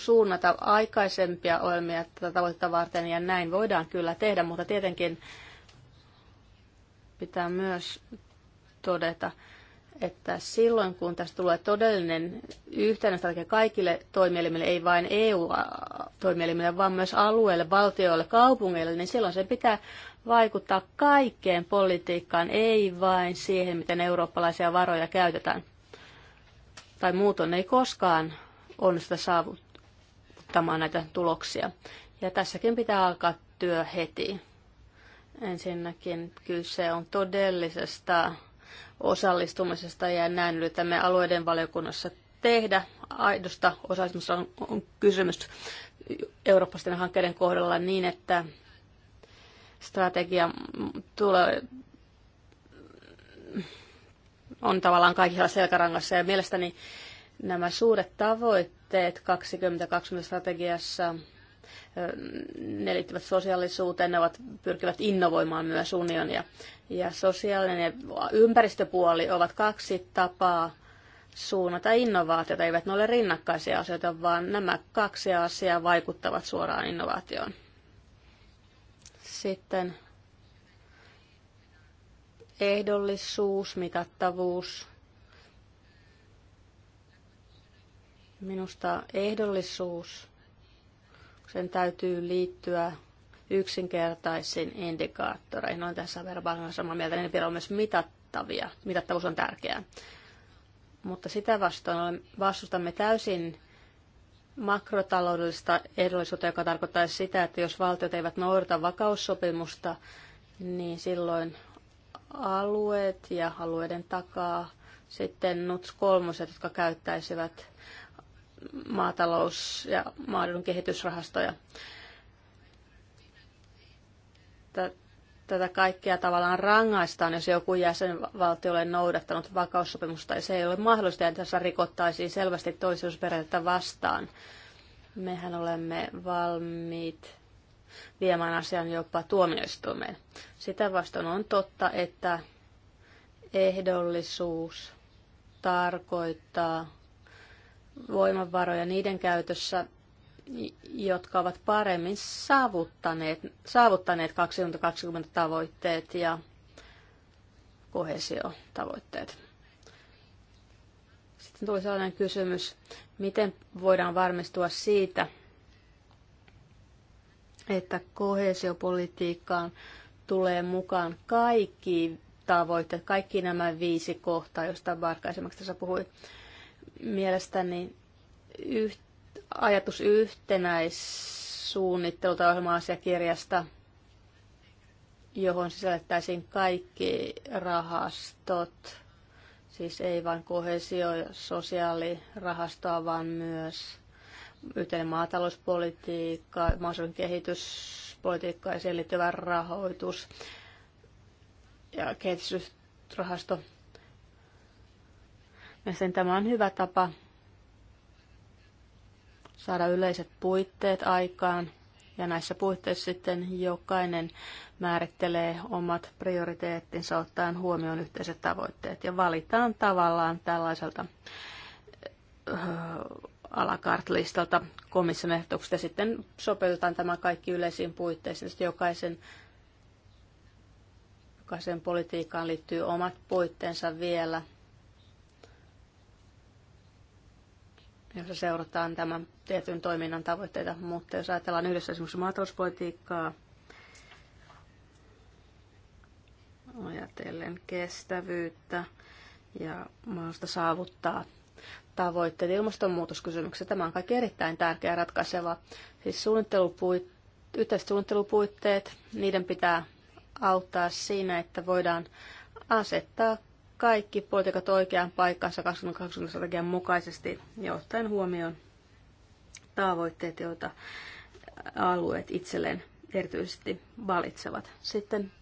suunnata aikaisempia ohjelmia tätä tavoitetta varten, ja näin voidaan kyllä tehdä, mutta tietenkin pitää myös todeta, että silloin kun tästä tulee todellinen yhteinen strategia kaikille toimielimille, ei vain EU-toimielimille, vaan myös alueille, valtioille, kaupungeille, niin silloin se pitää vaikuttaa kaikkeen politiikkaan, ei vain siihen, miten eurooppalaisia varoja käytetään. Tai muuton ei koskaan onnistuta saavuttaa odottamaan näitä tuloksia. Ja tässäkin pitää alkaa työ heti. Ensinnäkin kyse on todellisesta osallistumisesta ja näin yritämme alueiden valiokunnassa tehdä. Aidosta osallistumisesta on, on kysymys eurooppalaisten hankkeiden kohdalla niin, että strategia tulee on tavallaan kaikilla selkärangassa ja mielestäni nämä suuret tavoitteet tavoitteet 2020 strategiassa ne liittyvät sosiaalisuuteen, ne ovat, pyrkivät innovoimaan myös unionia. Ja sosiaalinen ja ympäristöpuoli ovat kaksi tapaa suunnata innovaatiota. Eivät ne ole rinnakkaisia asioita, vaan nämä kaksi asiaa vaikuttavat suoraan innovaatioon. Sitten ehdollisuus, mitattavuus, Minusta ehdollisuus, sen täytyy liittyä yksinkertaisiin indikaattoreihin. Noin tässä verran samaa mieltä, niin vielä on myös mitattavia. Mitattavuus on tärkeää. Mutta sitä vastoin vastustamme täysin makrotaloudellista ehdollisuutta, joka tarkoittaisi sitä, että jos valtiot eivät noudata vakaussopimusta, niin silloin alueet ja alueiden takaa sitten NUTS kolmoset, jotka käyttäisivät maatalous- ja maaseudun kehitysrahastoja. Tätä kaikkea tavallaan rangaistaan, jos joku jäsenvaltio ei noudattanut vakaussopimusta, ja se ei ole mahdollista, että tässä rikottaisiin selvästi toisuusperiaatetta vastaan. Mehän olemme valmiit viemään asian jopa tuomioistuimeen. Sitä vastaan on totta, että ehdollisuus tarkoittaa voimavaroja niiden käytössä, jotka ovat paremmin saavuttaneet, saavuttaneet 2020 tavoitteet ja kohesiotavoitteet. Sitten tuli sellainen kysymys, miten voidaan varmistua siitä, että kohesiopolitiikkaan tulee mukaan kaikki tavoitteet, kaikki nämä viisi kohtaa, joista Barka esimerkiksi tässä puhui. Mielestäni yht, ajatus yhtenäissuunnittelulta ohjelma-asiakirjasta, johon sisällettäisiin kaikki rahastot, siis ei vain kohesio- ja sosiaalirahastoa, vaan myös yhteinen maatalouspolitiikka, maaseudun kehityspolitiikka ja siihen liittyvä rahoitus ja kehitysrahasto ja sen tämä on hyvä tapa saada yleiset puitteet aikaan. Ja näissä puitteissa sitten jokainen määrittelee omat prioriteettinsa ottaen huomioon yhteiset tavoitteet. Ja valitaan tavallaan tällaiselta äh, alakartlistalta komission ehdotukset ja sitten sopeutetaan tämä kaikki yleisiin puitteisiin. Sitten jokaisen, jokaisen politiikkaan liittyy omat puitteensa vielä – jossa seurataan tämän tietyn toiminnan tavoitteita. Mutta jos ajatellaan yhdessä esimerkiksi maatalouspolitiikkaa, ajatellen kestävyyttä ja mahdollista saavuttaa tavoitteet ilmastonmuutoskysymyksessä. Tämä on kaikki erittäin tärkeä ja ratkaiseva. Siis suunnittelupuit, yhteiset suunnittelupuitteet, niiden pitää auttaa siinä, että voidaan asettaa kaikki politiikat oikeaan paikkaansa 2020 strategian mukaisesti ja ottaen huomioon tavoitteet, joita alueet itselleen erityisesti valitsevat. Sitten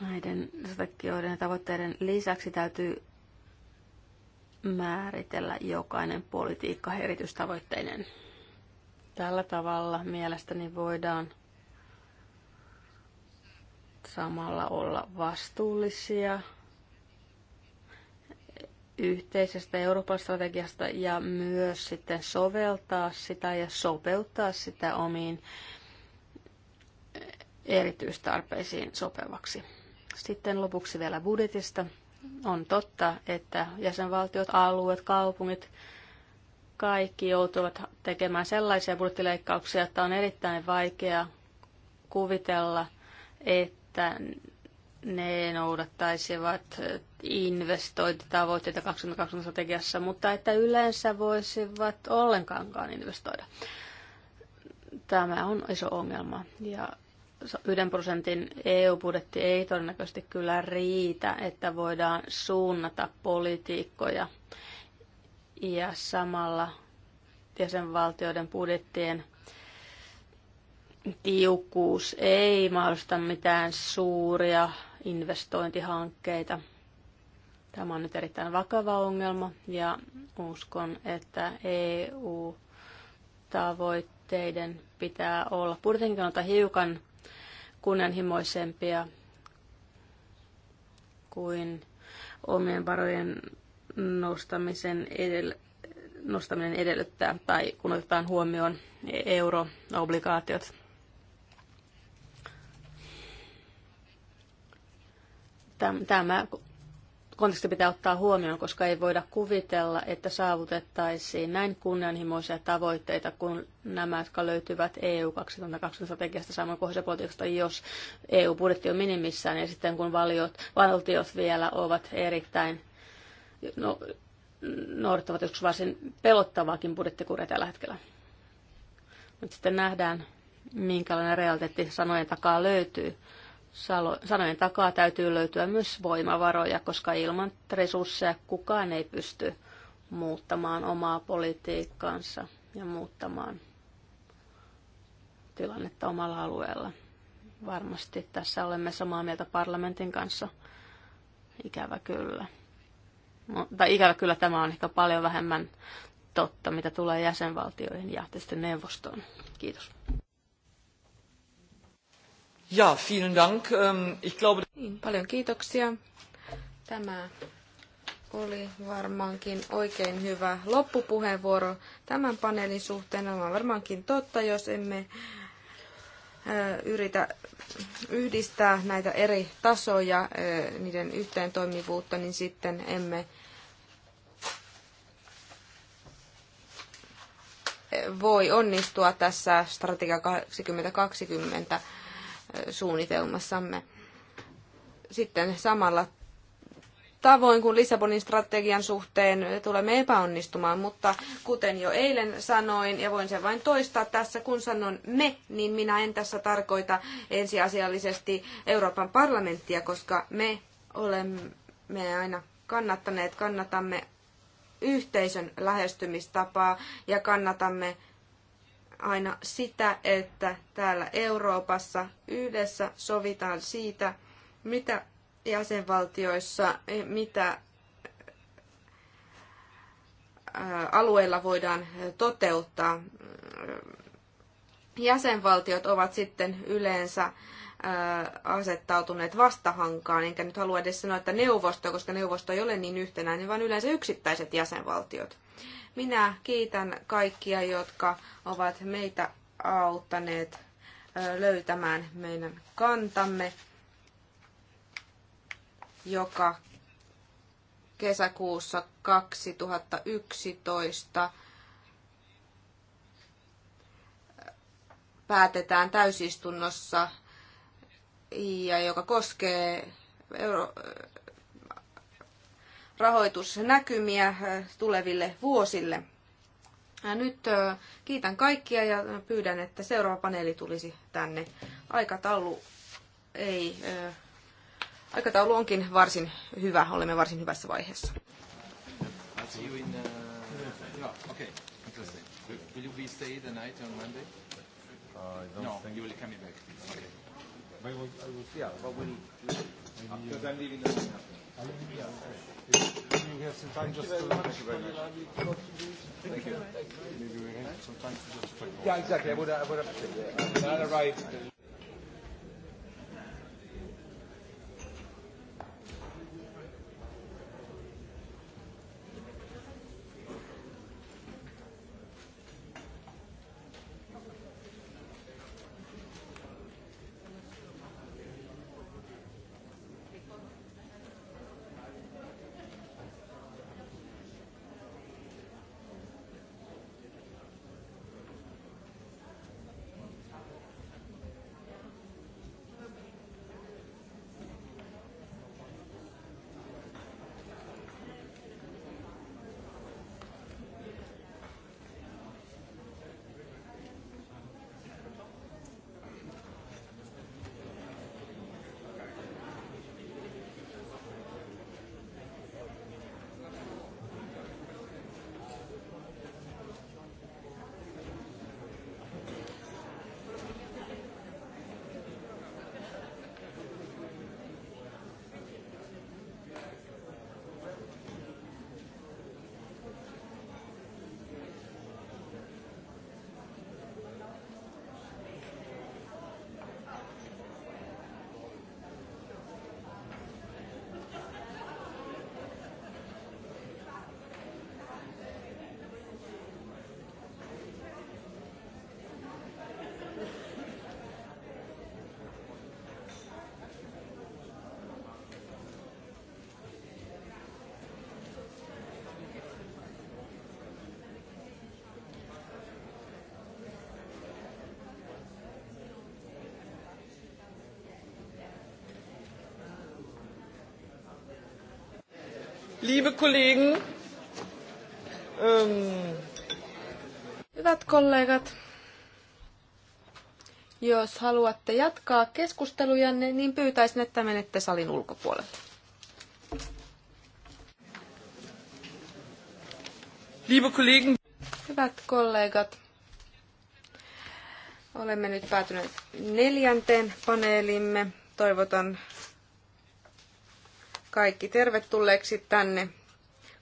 näiden strategioiden ja tavoitteiden lisäksi täytyy määritellä jokainen politiikka erityistavoitteinen. Tällä tavalla mielestäni voidaan samalla olla vastuullisia yhteisestä Euroopan strategiasta ja myös sitten soveltaa sitä ja sopeuttaa sitä omiin erityistarpeisiin sopevaksi. Sitten lopuksi vielä budjetista. On totta, että jäsenvaltiot, alueet, kaupungit, kaikki joutuvat tekemään sellaisia budjettileikkauksia, että on erittäin vaikea kuvitella, että että ne noudattaisivat investointitavoitteita 2020 strategiassa, mutta että yleensä voisivat ollenkaankaan investoida. Tämä on iso ongelma. Ja yhden prosentin EU-budjetti ei todennäköisesti kyllä riitä, että voidaan suunnata politiikkoja ja samalla jäsenvaltioiden budjettien tiukkuus ei mahdollista mitään suuria investointihankkeita. Tämä on nyt erittäin vakava ongelma ja uskon, että EU-tavoitteiden pitää olla kuitenkin kannalta hiukan kunnianhimoisempia kuin omien varojen nostamisen edellä, nostaminen edellyttää tai kun otetaan huomioon e- euroobligaatiot. Tämä konteksti pitää ottaa huomioon, koska ei voida kuvitella, että saavutettaisiin näin kunnianhimoisia tavoitteita kuin nämä, jotka löytyvät EU 2020 strategiasta samoin kohdassa jos EU-budjetti on minimissään ja sitten kun valiot, valtiot vielä ovat erittäin, no, noudattavat joskus varsin pelottavaakin budjettikuria tällä hetkellä. Nyt sitten nähdään, minkälainen realiteetti sanojen takaa löytyy sanojen takaa täytyy löytyä myös voimavaroja, koska ilman resursseja kukaan ei pysty muuttamaan omaa politiikkaansa ja muuttamaan tilannetta omalla alueella. Varmasti tässä olemme samaa mieltä parlamentin kanssa. Ikävä kyllä. No, tai ikävä kyllä tämä on ehkä paljon vähemmän totta, mitä tulee jäsenvaltioihin ja tietysti neuvostoon. Kiitos. Ja, vielen Dank. Ähm, ich glaube... Niin, paljon kiitoksia. Tämä oli varmaankin oikein hyvä loppupuheenvuoro tämän paneelin suhteen. On varmaankin totta, jos emme äh, yritä yhdistää näitä eri tasoja, äh, niiden yhteen toimivuutta, niin sitten emme äh, voi onnistua tässä strategia 2020 suunnitelmassamme. Sitten samalla tavoin kuin Lissabonin strategian suhteen tulemme epäonnistumaan, mutta kuten jo eilen sanoin, ja voin sen vain toistaa tässä, kun sanon me, niin minä en tässä tarkoita ensiasiallisesti Euroopan parlamenttia, koska me olemme aina kannattaneet, kannatamme yhteisön lähestymistapaa ja kannatamme aina sitä, että täällä Euroopassa yhdessä sovitaan siitä, mitä jäsenvaltioissa, eh, mitä eh, alueilla voidaan toteuttaa. Jäsenvaltiot ovat sitten yleensä eh, asettautuneet vastahankaan, enkä nyt halua edes sanoa, että neuvosto, koska neuvosto ei ole niin yhtenäinen, vaan yleensä yksittäiset jäsenvaltiot. Minä kiitän kaikkia, jotka ovat meitä auttaneet löytämään meidän kantamme, joka kesäkuussa 2011 päätetään täysistunnossa ja joka koskee Euro- rahoitusnäkymiä äh, tuleville vuosille. Äh, nyt äh, kiitän kaikkia ja pyydän, että seuraava paneeli tulisi tänne. Aikataulu, ei, aikataulu onkin varsin hyvä, olemme varsin hyvässä vaiheessa. Uh, will stay the night on Monday? Uh, I don't no, think you will come back. Okay. I will, yeah, but we'll, uh, uh, because I'm leaving the morning after. Hallelujah. You have some time just to... Thank you very much. Thank you. Maybe we have some time to just... Yeah, exactly. I would have... I would have... I arrived... Liebe Kollegen, ähm, Hyvät kollegat, jos haluatte jatkaa keskustelujanne, niin pyytäisin, että menette salin ulkopuolelle. Liebe Kollegen, Hyvät kollegat, olemme nyt päätyneet neljänteen paneelimme. Toivotan kaikki tervetulleeksi tänne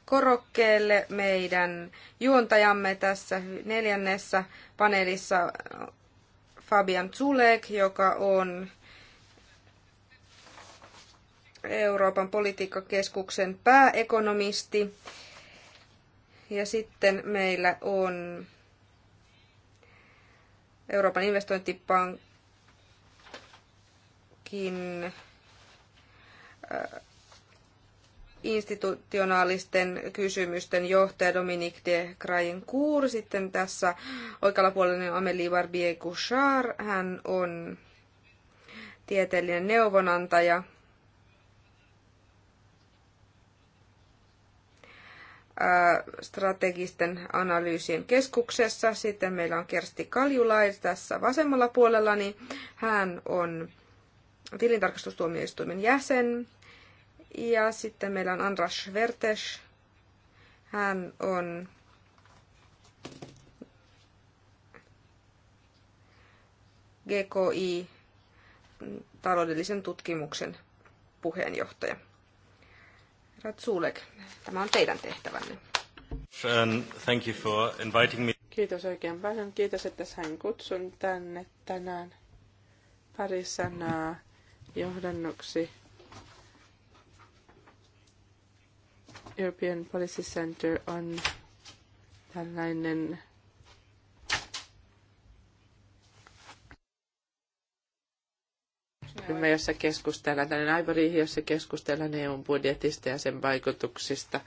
korokkeelle. Meidän juontajamme tässä neljännessä paneelissa Fabian Zulek, joka on Euroopan politiikkakeskuksen pääekonomisti. Ja sitten meillä on Euroopan investointipankin institutionaalisten kysymysten johtaja Dominique de Krajen Kuur. Sitten tässä oikealla puolella on Amélie Barbier Gouchard. Hän on tieteellinen neuvonantaja. strategisten analyysien keskuksessa. Sitten meillä on Kersti Kaljulais tässä vasemmalla puolella, niin hän on tilintarkastustuomioistuimen jäsen. Ja sitten meillä on Andras Vertes. Hän on GKI taloudellisen tutkimuksen puheenjohtaja. Ratsulek, tämä on teidän tehtävänne. Thank you for inviting me. Kiitos oikein paljon. Kiitos, että sain kutsun tänne tänään. Pari sanaa johdannoksi European Policy Center on tällainen ryhmä, jossa keskustellaan, tällainen aivoriihi, jossa keskustellaan EUn budjetista ja sen vaikutuksista,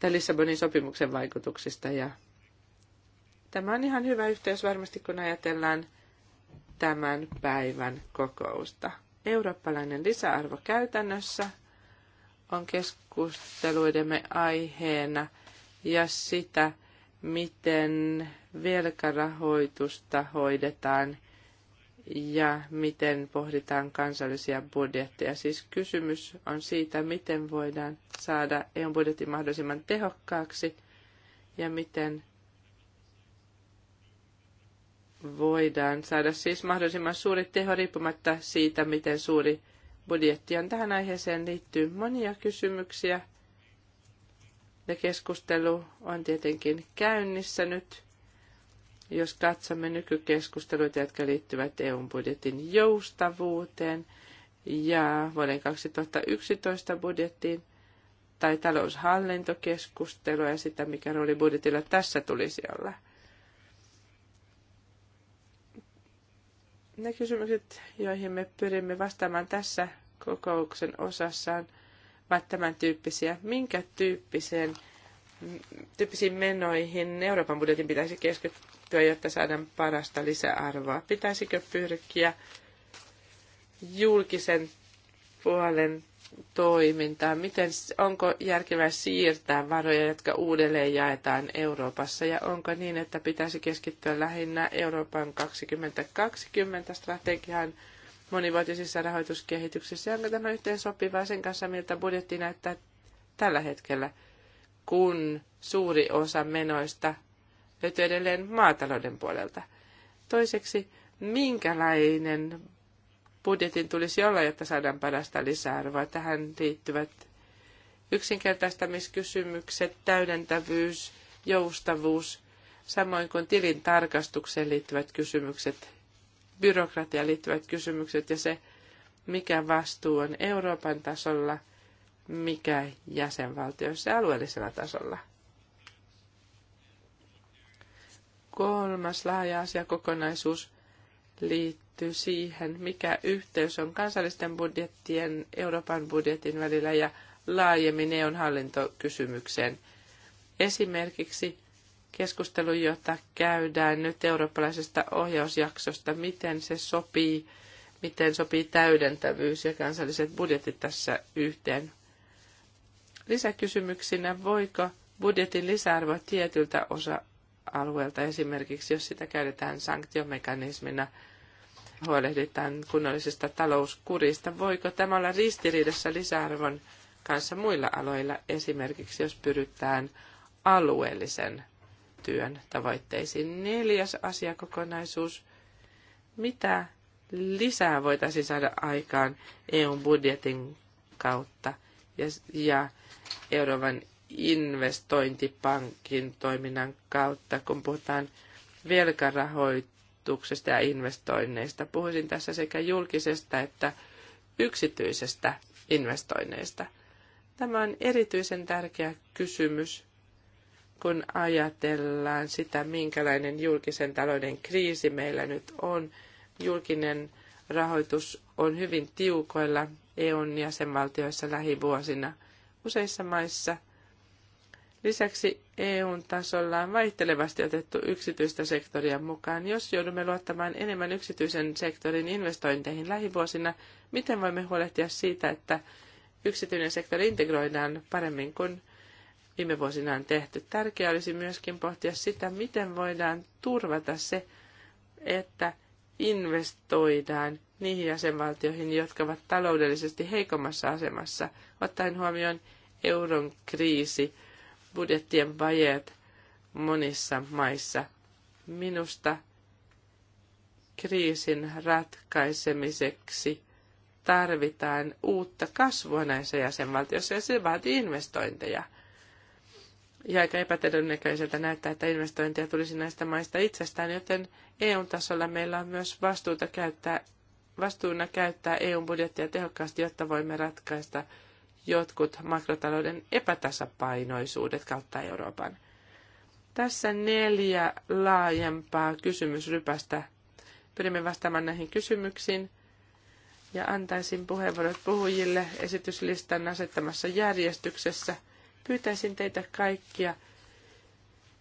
tai Lissabonin sopimuksen vaikutuksista. Ja tämä on ihan hyvä yhteys varmasti, kun ajatellaan tämän päivän kokousta. Eurooppalainen lisäarvo käytännössä – on keskusteluidemme aiheena ja sitä, miten velkarahoitusta hoidetaan ja miten pohditaan kansallisia budjetteja. Siis kysymys on siitä, miten voidaan saada EUn budjetti mahdollisimman tehokkaaksi ja miten voidaan saada siis mahdollisimman suuri teho riippumatta siitä, miten suuri budjettiin. Tähän aiheeseen liittyy monia kysymyksiä. Ja keskustelu on tietenkin käynnissä nyt. Jos katsomme nykykeskusteluita, jotka liittyvät eu budjetin joustavuuteen ja vuoden 2011 budjettiin, tai taloushallintokeskustelua ja sitä, mikä rooli budjetilla tässä tulisi olla – Ne kysymykset, joihin me pyrimme vastaamaan tässä kokouksen osassaan, ovat tämän tyyppisiä. Minkä tyyppiseen, tyyppisiin menoihin Euroopan budjetin pitäisi keskittyä, jotta saadaan parasta lisäarvoa? Pitäisikö pyrkiä julkisen puolen toimintaa? Miten, onko järkevää siirtää varoja, jotka uudelleen jaetaan Euroopassa? Ja onko niin, että pitäisi keskittyä lähinnä Euroopan 2020 strategiaan monivuotisissa rahoituskehityksissä? Onko tämä yhteen sopivaa sen kanssa, miltä budjetti näyttää tällä hetkellä, kun suuri osa menoista löytyy edelleen maatalouden puolelta? Toiseksi, minkälainen budjetin tulisi olla, jotta saadaan parasta lisäarvoa. Tähän liittyvät yksinkertaistamiskysymykset, täydentävyys, joustavuus, samoin kuin tilin tarkastukseen liittyvät kysymykset, byrokratiaan liittyvät kysymykset ja se, mikä vastuu on Euroopan tasolla, mikä jäsenvaltioissa ja alueellisella tasolla. Kolmas laaja asiakokonaisuus liittyy liittyy siihen, mikä yhteys on kansallisten budjettien, Euroopan budjetin välillä ja laajemmin EUn hallintokysymykseen. Esimerkiksi keskustelu, jota käydään nyt eurooppalaisesta ohjausjaksosta, miten se sopii, miten sopii täydentävyys ja kansalliset budjetit tässä yhteen. Lisäkysymyksinä, voiko budjetin lisäarvo tietyltä osa-alueelta, esimerkiksi jos sitä käytetään sanktiomekanismina – huolehditaan kunnollisesta talouskurista. Voiko tämä olla ristiriidassa lisäarvon kanssa muilla aloilla, esimerkiksi jos pyritään alueellisen työn tavoitteisiin? Neljäs asiakokonaisuus. Mitä lisää voitaisiin saada aikaan EU-budjetin kautta ja, ja Euroopan investointipankin toiminnan kautta, kun puhutaan velkarahoit koulutuksesta ja investoinneista. Puhuisin tässä sekä julkisesta että yksityisestä investoinneista. Tämä on erityisen tärkeä kysymys, kun ajatellaan sitä, minkälainen julkisen talouden kriisi meillä nyt on. Julkinen rahoitus on hyvin tiukoilla EUn jäsenvaltioissa lähivuosina useissa maissa. Lisäksi EUn tasolla on vaihtelevasti otettu yksityistä sektoria mukaan. Jos joudumme luottamaan enemmän yksityisen sektorin investointeihin lähivuosina, miten voimme huolehtia siitä, että yksityinen sektori integroidaan paremmin kuin viime vuosina on tehty? Tärkeää olisi myöskin pohtia sitä, miten voidaan turvata se, että investoidaan niihin jäsenvaltioihin, jotka ovat taloudellisesti heikommassa asemassa, ottaen huomioon euron kriisi – budjettien vajeet monissa maissa. Minusta kriisin ratkaisemiseksi tarvitaan uutta kasvua näissä jäsenvaltioissa ja se vaatii investointeja. Ja aika epätodennäköiseltä näyttää, että investointeja tulisi näistä maista itsestään, joten EU-tasolla meillä on myös vastuuta käyttää, vastuuna käyttää EU-budjettia tehokkaasti, jotta voimme ratkaista – jotkut makrotalouden epätasapainoisuudet kautta Euroopan. Tässä neljä laajempaa kysymysrypästä. Pyrimme vastaamaan näihin kysymyksiin ja antaisin puheenvuorot puhujille esityslistan asettamassa järjestyksessä. Pyytäisin teitä kaikkia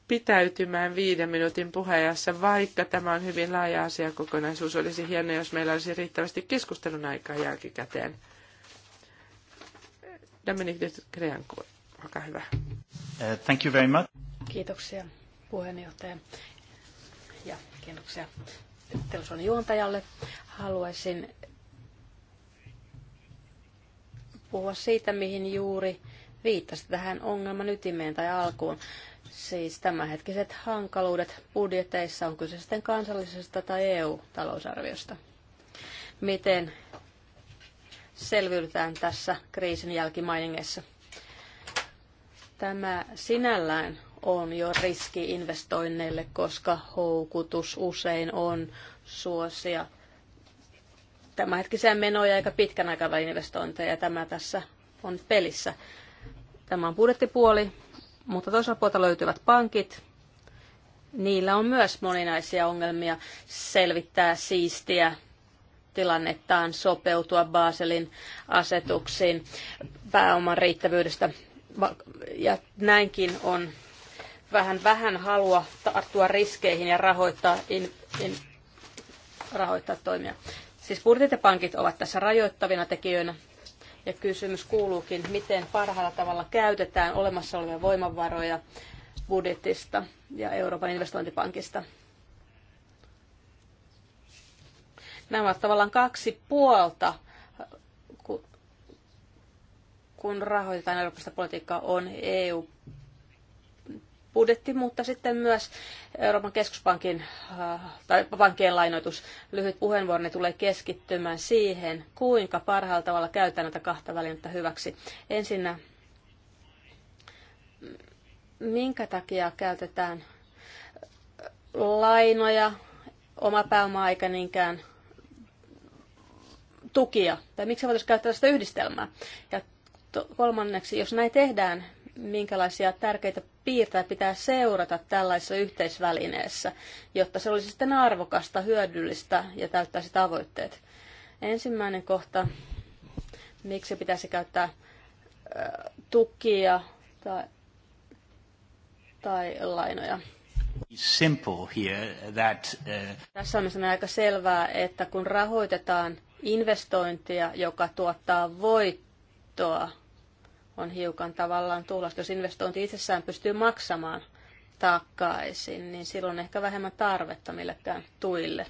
pitäytymään viiden minuutin puheessa, vaikka tämä on hyvin laaja asiakokonaisuus. Olisi hienoa, jos meillä olisi riittävästi keskustelun aikaa jälkikäteen. Dominic de Creancourt, olkaa hyvä. Uh, thank you very much. Kiitoksia puheenjohtaja ja kiitoksia Telson juontajalle. Haluaisin puhua siitä, mihin juuri viittasi tähän ongelman ytimeen tai alkuun. Siis tämänhetkiset hankaluudet budjeteissa on kyse sitten kansallisesta tai EU-talousarviosta. Miten selviydytään tässä kriisin jälkimainingeissa. Tämä sinällään on jo riski investoinneille, koska houkutus usein on suosia tämänhetkisiä menoja eikä pitkän aikavälin investointeja. Tämä tässä on pelissä. Tämä on budjettipuoli, mutta toisaalta puolta löytyvät pankit. Niillä on myös moninaisia ongelmia selvittää siistiä tilannettaan sopeutua Baselin asetuksiin pääoman riittävyydestä. Ja näinkin on vähän vähän halua tarttua riskeihin ja rahoittaa, in, in, rahoittaa toimia. Siis budjetit ja pankit ovat tässä rajoittavina tekijöinä. Ja kysymys kuuluukin, miten parhaalla tavalla käytetään olemassa olevia voimavaroja budjetista ja Euroopan investointipankista Nämä ovat tavallaan kaksi puolta, kun rahoitetaan eurooppalaista politiikkaa, on EU budjetti, mutta sitten myös Euroopan keskuspankin äh, tai pankkien lainoitus. Lyhyt puheenvuoroni tulee keskittymään siihen, kuinka parhaalla tavalla käytetään näitä kahta välinettä hyväksi. Ensinnä, minkä takia käytetään lainoja, oma pääoma aika niinkään tukia, tai miksi voitaisiin käyttää tästä yhdistelmää. Ja kolmanneksi, jos näin tehdään, minkälaisia tärkeitä piirteitä pitää seurata tällaisessa yhteisvälineessä, jotta se olisi sitten arvokasta, hyödyllistä ja täyttäisi tavoitteet. Ensimmäinen kohta, miksi pitäisi käyttää tukia tai, tai lainoja. Simple here that, uh... Tässä on aika selvää, että kun rahoitetaan investointia, joka tuottaa voittoa, on hiukan tavallaan tuulasta. Jos investointi itsessään pystyy maksamaan takaisin, niin silloin ehkä vähemmän tarvetta millekään tuille.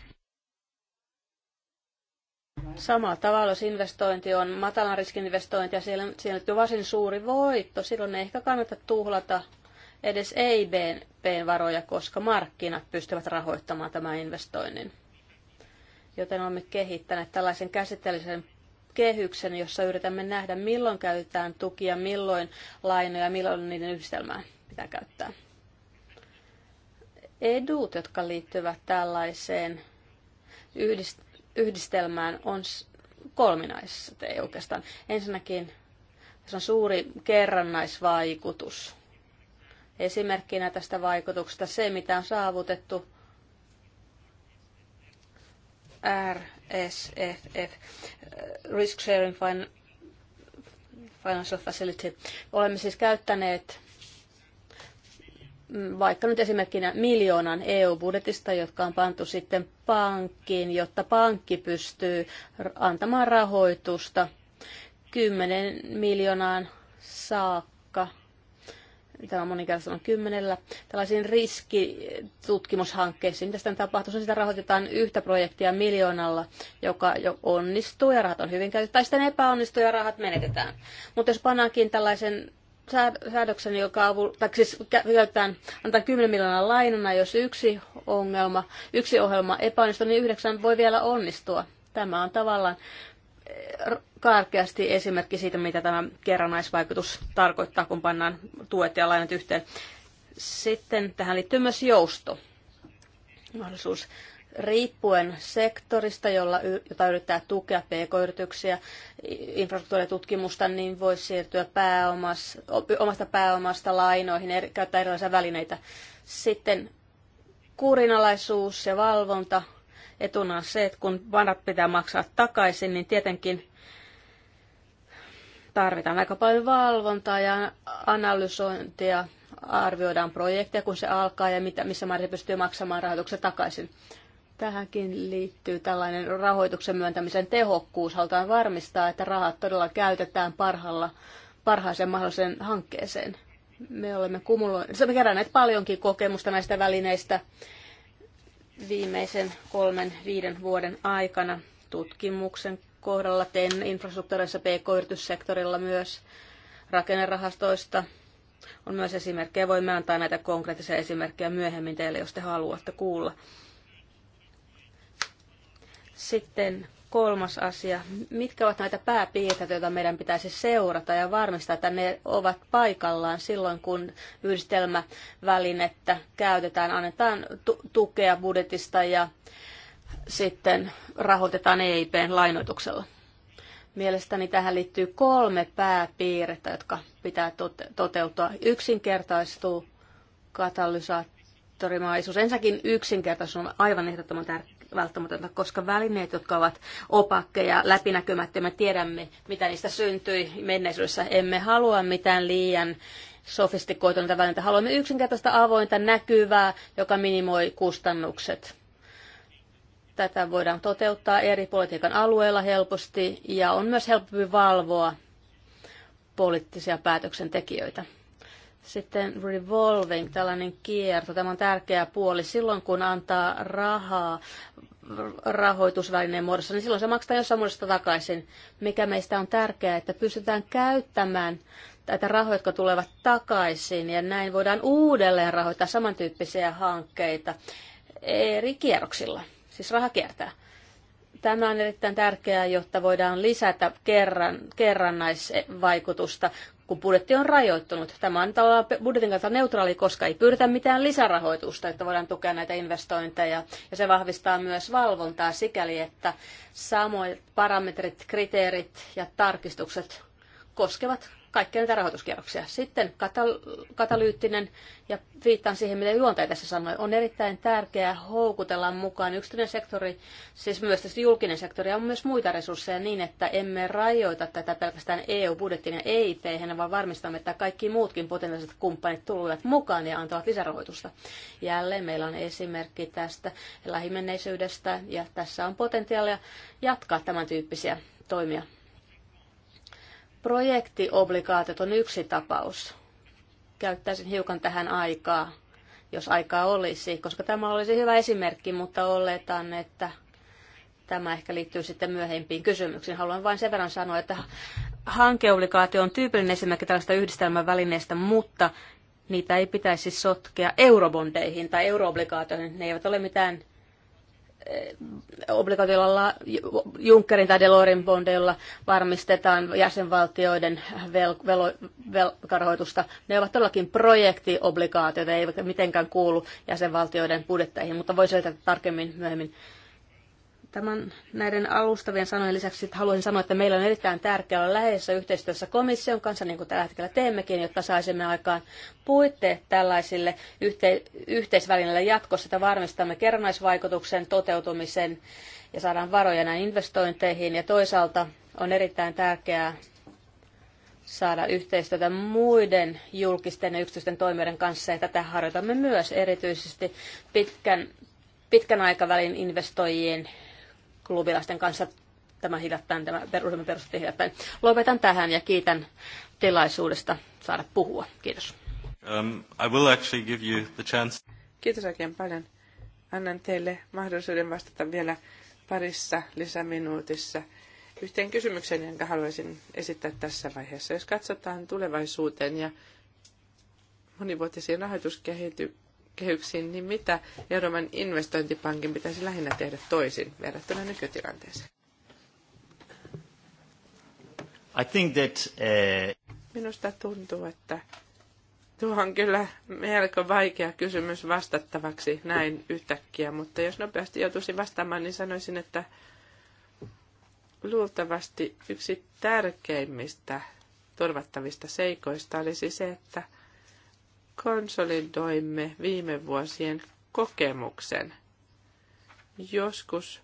Samalla tavalla, jos investointi on matalan riskin investointi ja siellä, siellä on varsin suuri voitto, silloin ei ehkä kannata tuhlata edes EIBn varoja, koska markkinat pystyvät rahoittamaan tämän investoinnin joten olemme kehittäneet tällaisen käsitteellisen kehyksen, jossa yritämme nähdä, milloin käytetään tukia, milloin lainoja, milloin niiden yhdistelmää pitää käyttää. Edut, jotka liittyvät tällaiseen yhdistelmään, on kolminaisessa, ei oikeastaan. Ensinnäkin se on suuri kerrannaisvaikutus. Esimerkkinä tästä vaikutuksesta se, mitä on saavutettu – RSFF, Risk Sharing Financial Facility. Olemme siis käyttäneet mm, vaikka nyt esimerkkinä miljoonan EU-budjetista, jotka on pantu sitten pankkiin, jotta pankki pystyy antamaan rahoitusta 10 miljoonaan saakka tämä on moninkertaistunut kymmenellä, tällaisiin riskitutkimushankkeisiin. Mitä sitten tapahtuu? Sitä rahoitetaan yhtä projektia miljoonalla, joka jo onnistuu ja rahat on hyvin käytetty, tai sitten epäonnistuu ja rahat menetetään. Mutta jos pannaankin tällaisen säädöksen, joka avulla, tai siis käytetään, antaa 10 miljoonaa lainana, jos yksi ongelma, yksi ohjelma epäonnistuu, niin yhdeksän voi vielä onnistua. Tämä on tavallaan karkeasti esimerkki siitä, mitä tämä kerranaisvaikutus tarkoittaa, kun pannaan tuet ja lainat yhteen. Sitten tähän liittyy myös jousto. Mahdollisuus riippuen sektorista, jolla, jota yrittää tukea pk-yrityksiä, infrastruktuuritutkimusta, niin voi siirtyä pääomas, omasta pääomasta lainoihin, eri, käyttää erilaisia välineitä. Sitten kurinalaisuus ja valvonta etuna on se, että kun vanat pitää maksaa takaisin, niin tietenkin tarvitaan aika paljon valvontaa ja analysointia, arvioidaan projekteja, kun se alkaa ja mitä, missä määrin se pystyy maksamaan rahoituksen takaisin. Tähänkin liittyy tällainen rahoituksen myöntämisen tehokkuus. Halutaan varmistaa, että rahat todella käytetään parhaalla, parhaaseen mahdolliseen hankkeeseen. Me olemme kumuloineet, me keränneet paljonkin kokemusta näistä välineistä viimeisen kolmen, viiden vuoden aikana tutkimuksen kohdalla tein infrastruktuurissa pk-yrityssektorilla myös rakennerahastoista. On myös esimerkkejä, voimme antaa näitä konkreettisia esimerkkejä myöhemmin teille, jos te haluatte kuulla. Sitten Kolmas asia. Mitkä ovat näitä pääpiirteitä, joita meidän pitäisi seurata ja varmistaa, että ne ovat paikallaan silloin, kun yhdistelmävälinettä käytetään, annetaan tukea budjetista ja sitten rahoitetaan EIPn lainoituksella? Mielestäni tähän liittyy kolme pääpiirrettä, jotka pitää tote- toteutua. Yksinkertaistuu katalysaattorimaisuus. Ensinnäkin yksinkertaisuus on aivan ehdottoman tärkeää välttämätöntä, koska välineet, jotka ovat opakkeja, läpinäkymättömiä, tiedämme, mitä niistä syntyi menneisyydessä. Emme halua mitään liian sofistikoituneita välineitä. Haluamme yksinkertaista avointa näkyvää, joka minimoi kustannukset. Tätä voidaan toteuttaa eri politiikan alueilla helposti ja on myös helpompi valvoa poliittisia päätöksentekijöitä. Sitten revolving, tällainen kierto, tämä on tärkeä puoli. Silloin kun antaa rahaa rahoitusvälineen muodossa, niin silloin se maksetaan jossain muodossa takaisin. Mikä meistä on tärkeää, että pystytään käyttämään näitä rahoja, jotka tulevat takaisin, ja näin voidaan uudelleen rahoittaa samantyyppisiä hankkeita eri kierroksilla, siis raha kiertää. Tämä on erittäin tärkeää, jotta voidaan lisätä kerran, kerrannaisvaikutusta, kun budjetti on rajoittunut. Tämä on tavallaan budjetin kanssa neutraali, koska ei pyydetä mitään lisärahoitusta, että voidaan tukea näitä investointeja. Ja se vahvistaa myös valvontaa sikäli, että samoin parametrit, kriteerit ja tarkistukset koskevat kaikkia näitä rahoituskierroksia. Sitten katal- katalyyttinen, ja viittaan siihen, mitä juontaja tässä sanoi, on erittäin tärkeää houkutella mukaan yksityinen sektori, siis myös tässä julkinen sektori, ja myös muita resursseja niin, että emme rajoita tätä pelkästään EU-budjettiin ja eip vaan varmistamme, että kaikki muutkin potentiaaliset kumppanit tulevat mukaan ja antavat lisärahoitusta. Jälleen meillä on esimerkki tästä lähimenneisyydestä, ja tässä on potentiaalia jatkaa tämän tyyppisiä toimia Projektiobligaatiot on yksi tapaus. Käyttäisin hiukan tähän aikaa, jos aikaa olisi, koska tämä olisi hyvä esimerkki, mutta oletan, että tämä ehkä liittyy sitten myöhempiin kysymyksiin. Haluan vain sen verran sanoa, että hankeobligaatio on tyypillinen esimerkki tällaista yhdistelmävälineestä, mutta niitä ei pitäisi sotkea eurobondeihin tai euroobligaatioihin. Ne eivät ole mitään obligatiolla Junckerin tai Delorin bondeilla varmistetaan jäsenvaltioiden vel, vel, velkarahoitusta. Ne ovat todellakin projektiobligaatioita, eivät mitenkään kuulu jäsenvaltioiden budjetteihin, mutta voisi selittää tarkemmin myöhemmin Tämän näiden alustavien sanojen lisäksi haluaisin sanoa, että meillä on erittäin tärkeää olla läheisessä yhteistyössä komission kanssa, niin kuin tällä hetkellä teemmekin, jotta saisimme aikaan puitteet tällaisille yhte- yhteisvälineille jatkossa, että varmistamme kerrannaisvaikutuksen toteutumisen ja saadaan varoja näin investointeihin. Ja toisaalta on erittäin tärkeää saada yhteistyötä muiden julkisten ja yksityisten toimijoiden kanssa, ja tätä harjoitamme myös erityisesti pitkän, pitkän aikavälin investoijien klubilaisten kanssa tämä hiljattain, tämä perusryhmä perustettiin hiljattain. Lopetan tähän ja kiitän tilaisuudesta saada puhua. Kiitos. Um, I will actually give you the chance. Kiitos oikein paljon. Annan teille mahdollisuuden vastata vielä parissa lisäminuutissa yhteen kysymykseen, jonka haluaisin esittää tässä vaiheessa. Jos katsotaan tulevaisuuteen ja monivuotisiin rahoituskehityksiin, kehyksiin, niin mitä Euroopan investointipankin pitäisi lähinnä tehdä toisin verrattuna nykytilanteeseen? I think that, uh... Minusta tuntuu, että tuo on kyllä melko vaikea kysymys vastattavaksi näin yhtäkkiä, mutta jos nopeasti joutuisin vastaamaan, niin sanoisin, että luultavasti yksi tärkeimmistä turvattavista seikoista olisi se, että – konsolidoimme viime vuosien kokemuksen. Joskus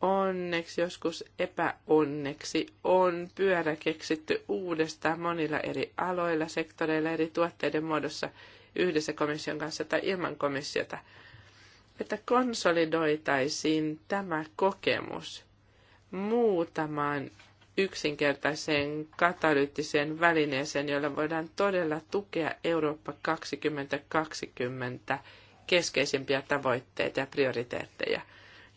onneksi, joskus epäonneksi on pyörä keksitty uudestaan monilla eri aloilla, sektoreilla, eri tuotteiden muodossa yhdessä komission kanssa tai ilman komissiota, että konsolidoitaisiin tämä kokemus muutamaan yksinkertaiseen katalyyttiseen välineeseen, jolla voidaan todella tukea Eurooppa 2020 keskeisimpiä tavoitteita ja prioriteetteja,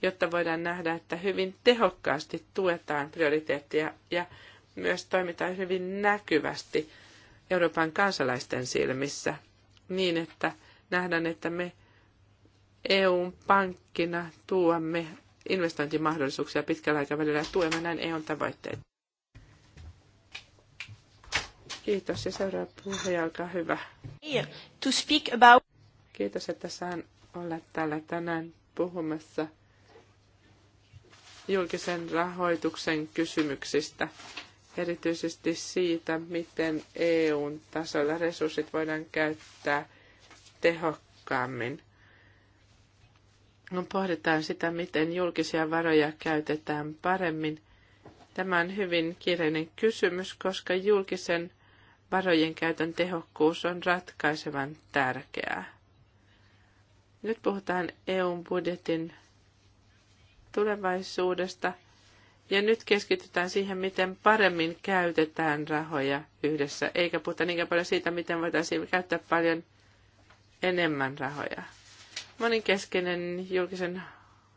jotta voidaan nähdä, että hyvin tehokkaasti tuetaan prioriteetteja ja myös toimitaan hyvin näkyvästi Euroopan kansalaisten silmissä niin, että nähdään, että me EUn pankkina tuomme investointimahdollisuuksia pitkällä aikavälillä ja tuemme näin EUn tavoitteita. Kiitos ja seuraava puhuja, olkaa hyvä. To speak about... Kiitos, että saan olla täällä tänään puhumassa julkisen rahoituksen kysymyksistä, erityisesti siitä, miten EUn tasolla resurssit voidaan käyttää tehokkaammin. No, pohditaan sitä, miten julkisia varoja käytetään paremmin. Tämä on hyvin kiireinen kysymys, koska julkisen varojen käytön tehokkuus on ratkaisevan tärkeää. Nyt puhutaan EUn budjetin tulevaisuudesta ja nyt keskitytään siihen, miten paremmin käytetään rahoja yhdessä, eikä puhuta niinkään paljon siitä, miten voitaisiin käyttää paljon enemmän rahoja. Moninkeskeinen julkisen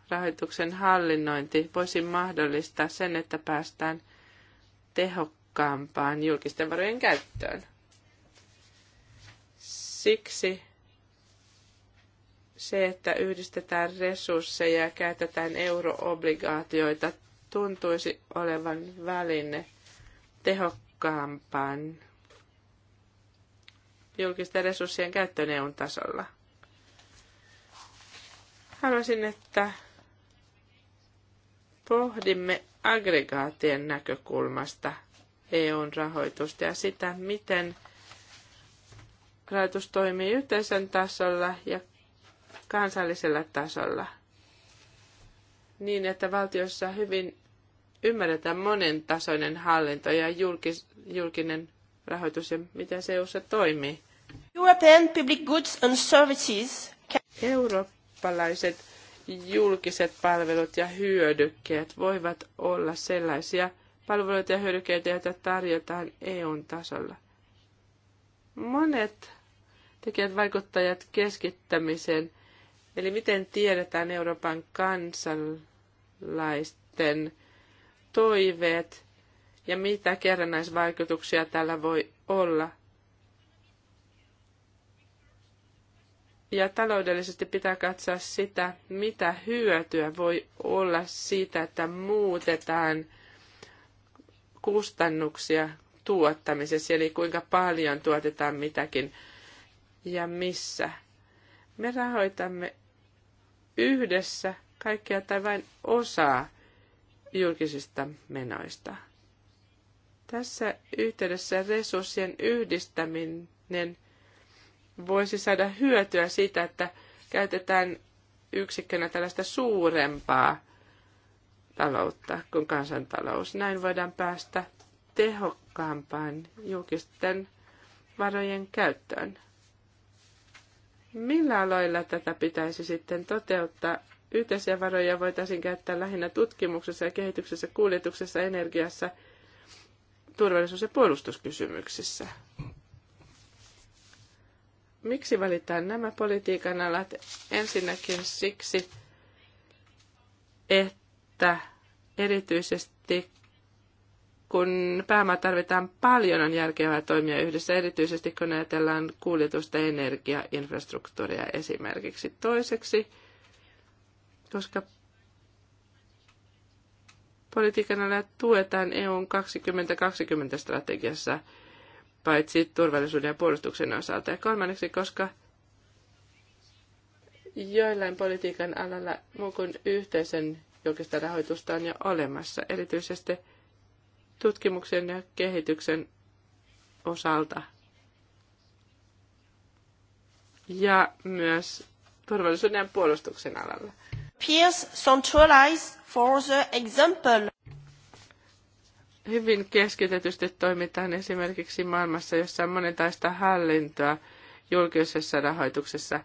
rahoituksen hallinnointi voisi mahdollistaa sen, että päästään tehokkaasti tehokkaampaan julkisten varojen käyttöön. Siksi se, että yhdistetään resursseja ja käytetään euroobligaatioita, tuntuisi olevan väline tehokkaampaan julkisten resurssien käyttöön EUn tasolla. Haluaisin, että pohdimme aggregaatien näkökulmasta – EUn rahoitusta ja sitä, miten rahoitus toimii yhteisön tasolla ja kansallisella tasolla. Niin, että valtiossa hyvin ymmärretään monen tasoinen hallinto ja julkis, julkinen rahoitus ja miten se EUssa toimii. European public goods and services Eurooppalaiset julkiset palvelut ja hyödykkeet voivat olla sellaisia – palveluita ja hyödykkeitä, joita tarjotaan EUn tasolla. Monet tekijät vaikuttajat keskittämiseen, eli miten tiedetään Euroopan kansalaisten toiveet ja mitä kerrannaisvaikutuksia tällä voi olla. Ja taloudellisesti pitää katsoa sitä, mitä hyötyä voi olla siitä, että muutetaan – kustannuksia tuottamisessa, eli kuinka paljon tuotetaan mitäkin ja missä. Me rahoitamme yhdessä kaikkea tai vain osaa julkisista menoista. Tässä yhteydessä resurssien yhdistäminen voisi saada hyötyä siitä, että käytetään yksikkönä tällaista suurempaa taloutta kuin kansantalous. Näin voidaan päästä tehokkaampaan julkisten varojen käyttöön. Millä aloilla tätä pitäisi sitten toteuttaa? Yhteisiä varoja voitaisiin käyttää lähinnä tutkimuksessa ja kehityksessä, kuljetuksessa, energiassa, turvallisuus- ja puolustuskysymyksissä. Miksi valitaan nämä politiikan alat? Ensinnäkin siksi, että Erityisesti kun pääomaa tarvitaan paljon, on järkevää toimia yhdessä, erityisesti kun ajatellaan kuljetusta, energiaa, esimerkiksi toiseksi, koska politiikan tuetaan EUn 2020-strategiassa paitsi turvallisuuden ja puolustuksen osalta. Ja kolmanneksi, koska joillain politiikan alalla muu kuin yhteisen julkista rahoitusta on jo olemassa, erityisesti tutkimuksen ja kehityksen osalta. Ja myös turvallisuuden ja puolustuksen alalla. for the example. Hyvin keskitetysti toimitaan esimerkiksi maailmassa, jossa on monentaista hallintoa julkisessa rahoituksessa.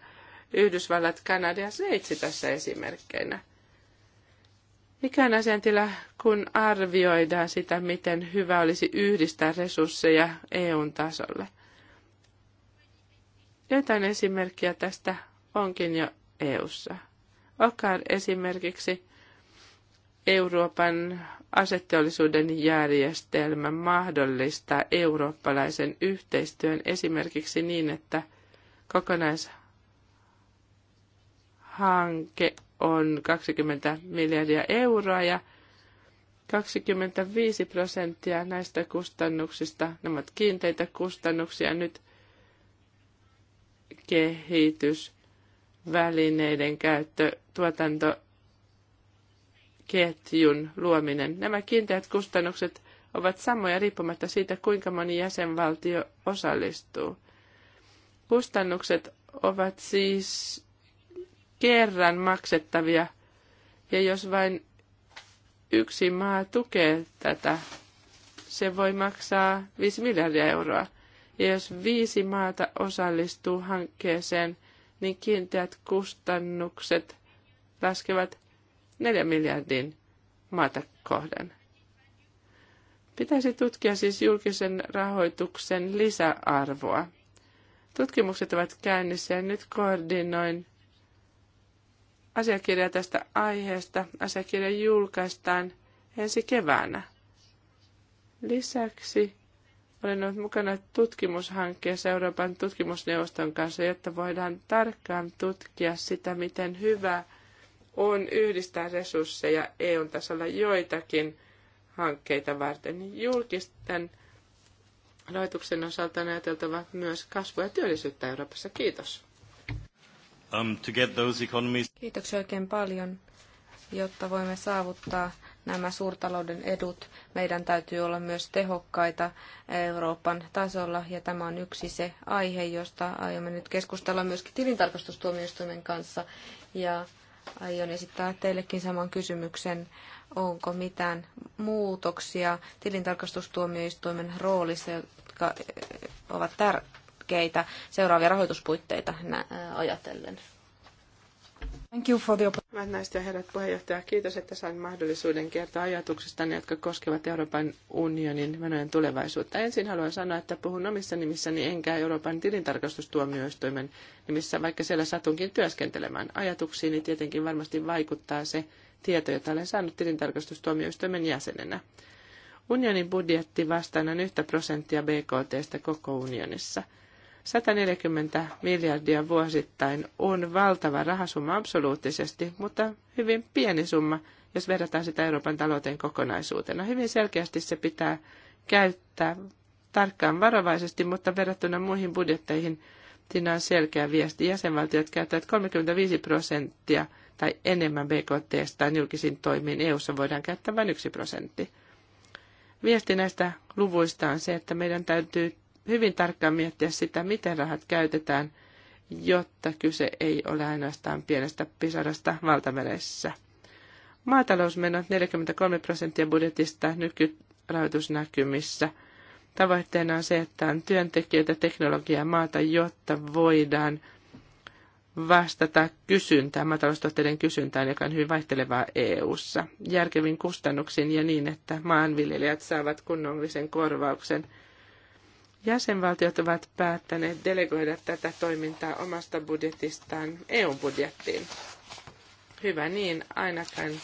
Yhdysvallat, Kanada ja Sveitsi tässä esimerkkeinä – mikä on asiantila, kun arvioidaan sitä, miten hyvä olisi yhdistää resursseja EUn tasolle? Joitain esimerkkiä tästä onkin jo EUssa. Okar esimerkiksi Euroopan asetteollisuuden järjestelmä mahdollistaa eurooppalaisen yhteistyön esimerkiksi niin, että kokonaishanke on 20 miljardia euroa ja 25 prosenttia näistä kustannuksista, nämä ovat kiinteitä kustannuksia nyt kehitysvälineiden käyttö, tuotantoketjun luominen. Nämä kiinteät kustannukset ovat samoja riippumatta siitä, kuinka moni jäsenvaltio osallistuu. Kustannukset ovat siis kerran maksettavia. Ja jos vain yksi maa tukee tätä, se voi maksaa 5 miljardia euroa. Ja jos viisi maata osallistuu hankkeeseen, niin kiinteät kustannukset laskevat 4 miljardin maata kohden. Pitäisi tutkia siis julkisen rahoituksen lisäarvoa. Tutkimukset ovat käynnissä ja nyt koordinoin asiakirja tästä aiheesta. Asiakirja julkaistaan ensi keväänä. Lisäksi olen ollut mukana tutkimushankkeessa Euroopan tutkimusneuvoston kanssa, jotta voidaan tarkkaan tutkia sitä, miten hyvä on yhdistää resursseja EUn tasolla joitakin hankkeita varten. Julkisten rahoituksen osalta on ajateltava myös kasvua ja työllisyyttä Euroopassa. Kiitos um, to get those economies. Kiitoksia oikein paljon. Jotta voimme saavuttaa nämä suurtalouden edut, meidän täytyy olla myös tehokkaita Euroopan tasolla, ja tämä on yksi se aihe, josta aiomme nyt keskustella myöskin tilintarkastustuomioistuimen kanssa, ja aion esittää teillekin saman kysymyksen, onko mitään muutoksia tilintarkastustuomioistuimen roolissa, jotka eh, eh, ovat tärkeitä? tärkeitä seuraavia rahoituspuitteita äh, ajatellen. Thank you for the naiset ja herrat puheenjohtaja, kiitos, että sain mahdollisuuden kertoa ajatuksistani, jotka koskevat Euroopan unionin menojen tulevaisuutta. Ensin haluan sanoa, että puhun omissa nimissäni enkä Euroopan tilintarkastustuomioistuimen nimissä, vaikka siellä satunkin työskentelemään. ajatuksiin, niin tietenkin varmasti vaikuttaa se tieto, jota olen saanut tilintarkastustuomioistuimen jäsenenä. Unionin budjetti vastaan on yhtä prosenttia BKTstä koko unionissa – 140 miljardia vuosittain on valtava rahasumma absoluuttisesti, mutta hyvin pieni summa, jos verrataan sitä Euroopan talouteen kokonaisuutena. Hyvin selkeästi se pitää käyttää tarkkaan varovaisesti, mutta verrattuna muihin budjetteihin siinä on selkeä viesti. Jäsenvaltiot käyttävät 35 prosenttia tai enemmän tai julkisiin toimiin. EU-ssa voidaan käyttää vain 1 prosentti. Viesti näistä luvuista on se, että meidän täytyy hyvin tarkkaan miettiä sitä, miten rahat käytetään, jotta kyse ei ole ainoastaan pienestä pisarasta valtameressä. Maatalousmenot 43 prosenttia budjetista nykyrahoitusnäkymissä. Tavoitteena on se, että on työntekijöitä, teknologiaa maata, jotta voidaan vastata kysyntään, maataloustuotteiden kysyntään, joka on hyvin vaihtelevaa EU-ssa, järkevin kustannuksin ja niin, että maanviljelijät saavat kunnollisen korvauksen – Jäsenvaltiot ovat päättäneet delegoida tätä toimintaa omasta budjetistaan EU-budjettiin. Hyvä niin, ainakaan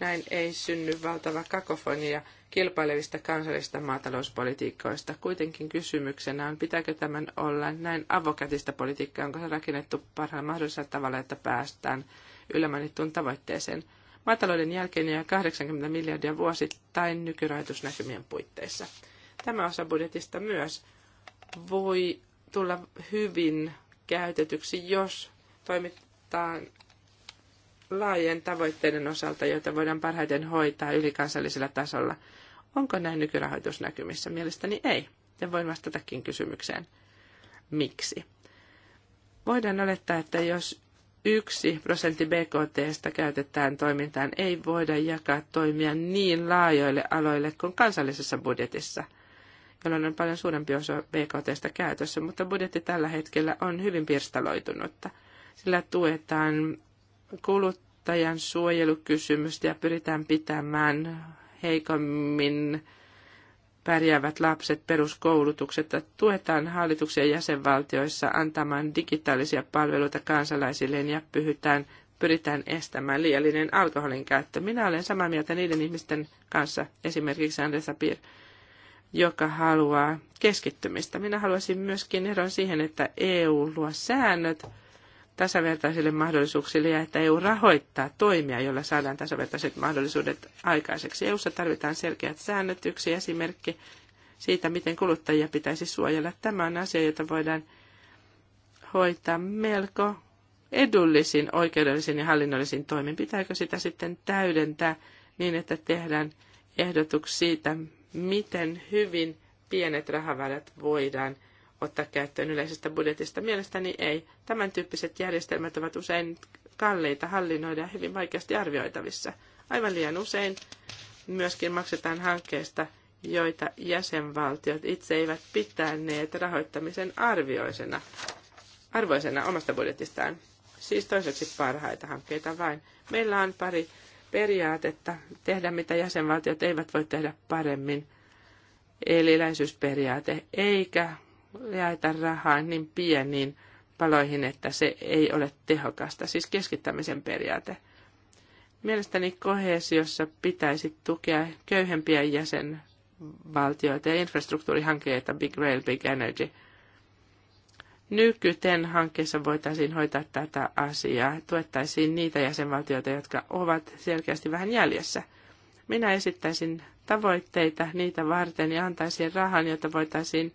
näin ei synny valtava kakofonia kilpailevista kansallisista maatalouspolitiikoista. Kuitenkin kysymyksenä on, pitääkö tämän olla näin avokätistä politiikkaa, onko se rakennettu parhaalla mahdollisella tavalla, että päästään ylämänittuun tavoitteeseen. Maatalouden jälkeen jää 80 miljardia vuosittain nykyrahoitusnäkymien puitteissa. Tämä osa budjetista myös voi tulla hyvin käytetyksi, jos toimitaan laajen tavoitteiden osalta, joita voidaan parhaiten hoitaa ylikansallisella tasolla. Onko näin nykyrahoitusnäkymissä? Mielestäni ei. Ja voin vastatakin kysymykseen. Miksi? Voidaan olettaa, että jos yksi prosentti BKTstä käytetään toimintaan, ei voida jakaa toimia niin laajoille aloille kuin kansallisessa budjetissa – jolloin on paljon suurempi osa BKTstä käytössä, mutta budjetti tällä hetkellä on hyvin pirstaloitunutta. Sillä tuetaan kuluttajan suojelukysymystä ja pyritään pitämään heikommin pärjäävät lapset peruskoulutukset. tuetaan hallituksen jäsenvaltioissa antamaan digitaalisia palveluita kansalaisilleen ja pyhytään, pyritään estämään liiallinen alkoholin käyttö. Minä olen samaa mieltä niiden ihmisten kanssa, esimerkiksi Andresa Pir, joka haluaa keskittymistä. Minä haluaisin myöskin eron siihen, että EU luo säännöt tasavertaisille mahdollisuuksille ja että EU rahoittaa toimia, joilla saadaan tasavertaiset mahdollisuudet aikaiseksi. EUssa tarvitaan selkeät säännöt. Yksi esimerkki siitä, miten kuluttajia pitäisi suojella. Tämä on asia, jota voidaan hoitaa melko edullisin oikeudellisin ja hallinnollisin toimin. Pitääkö sitä sitten täydentää niin, että tehdään ehdotuksia siitä, miten hyvin pienet rahavälät voidaan ottaa käyttöön yleisestä budjetista. Mielestäni ei. Tämän tyyppiset järjestelmät ovat usein kalliita hallinnoida ja hyvin vaikeasti arvioitavissa. Aivan liian usein myöskin maksetaan hankkeista, joita jäsenvaltiot itse eivät pitäneet rahoittamisen arvioisena, arvoisena omasta budjetistaan. Siis toiseksi parhaita hankkeita vain. Meillä on pari periaatetta tehdä, mitä jäsenvaltiot eivät voi tehdä paremmin, eli läheisyysperiaate, eikä jaeta rahaa niin pieniin paloihin, että se ei ole tehokasta, siis keskittämisen periaate. Mielestäni kohesiossa pitäisi tukea köyhempiä jäsenvaltioita ja infrastruktuurihankkeita Big Rail, Big Energy – nykyten hankkeessa voitaisiin hoitaa tätä asiaa. Tuettaisiin niitä jäsenvaltioita, jotka ovat selkeästi vähän jäljessä. Minä esittäisin tavoitteita niitä varten ja antaisin rahan, jotta voitaisiin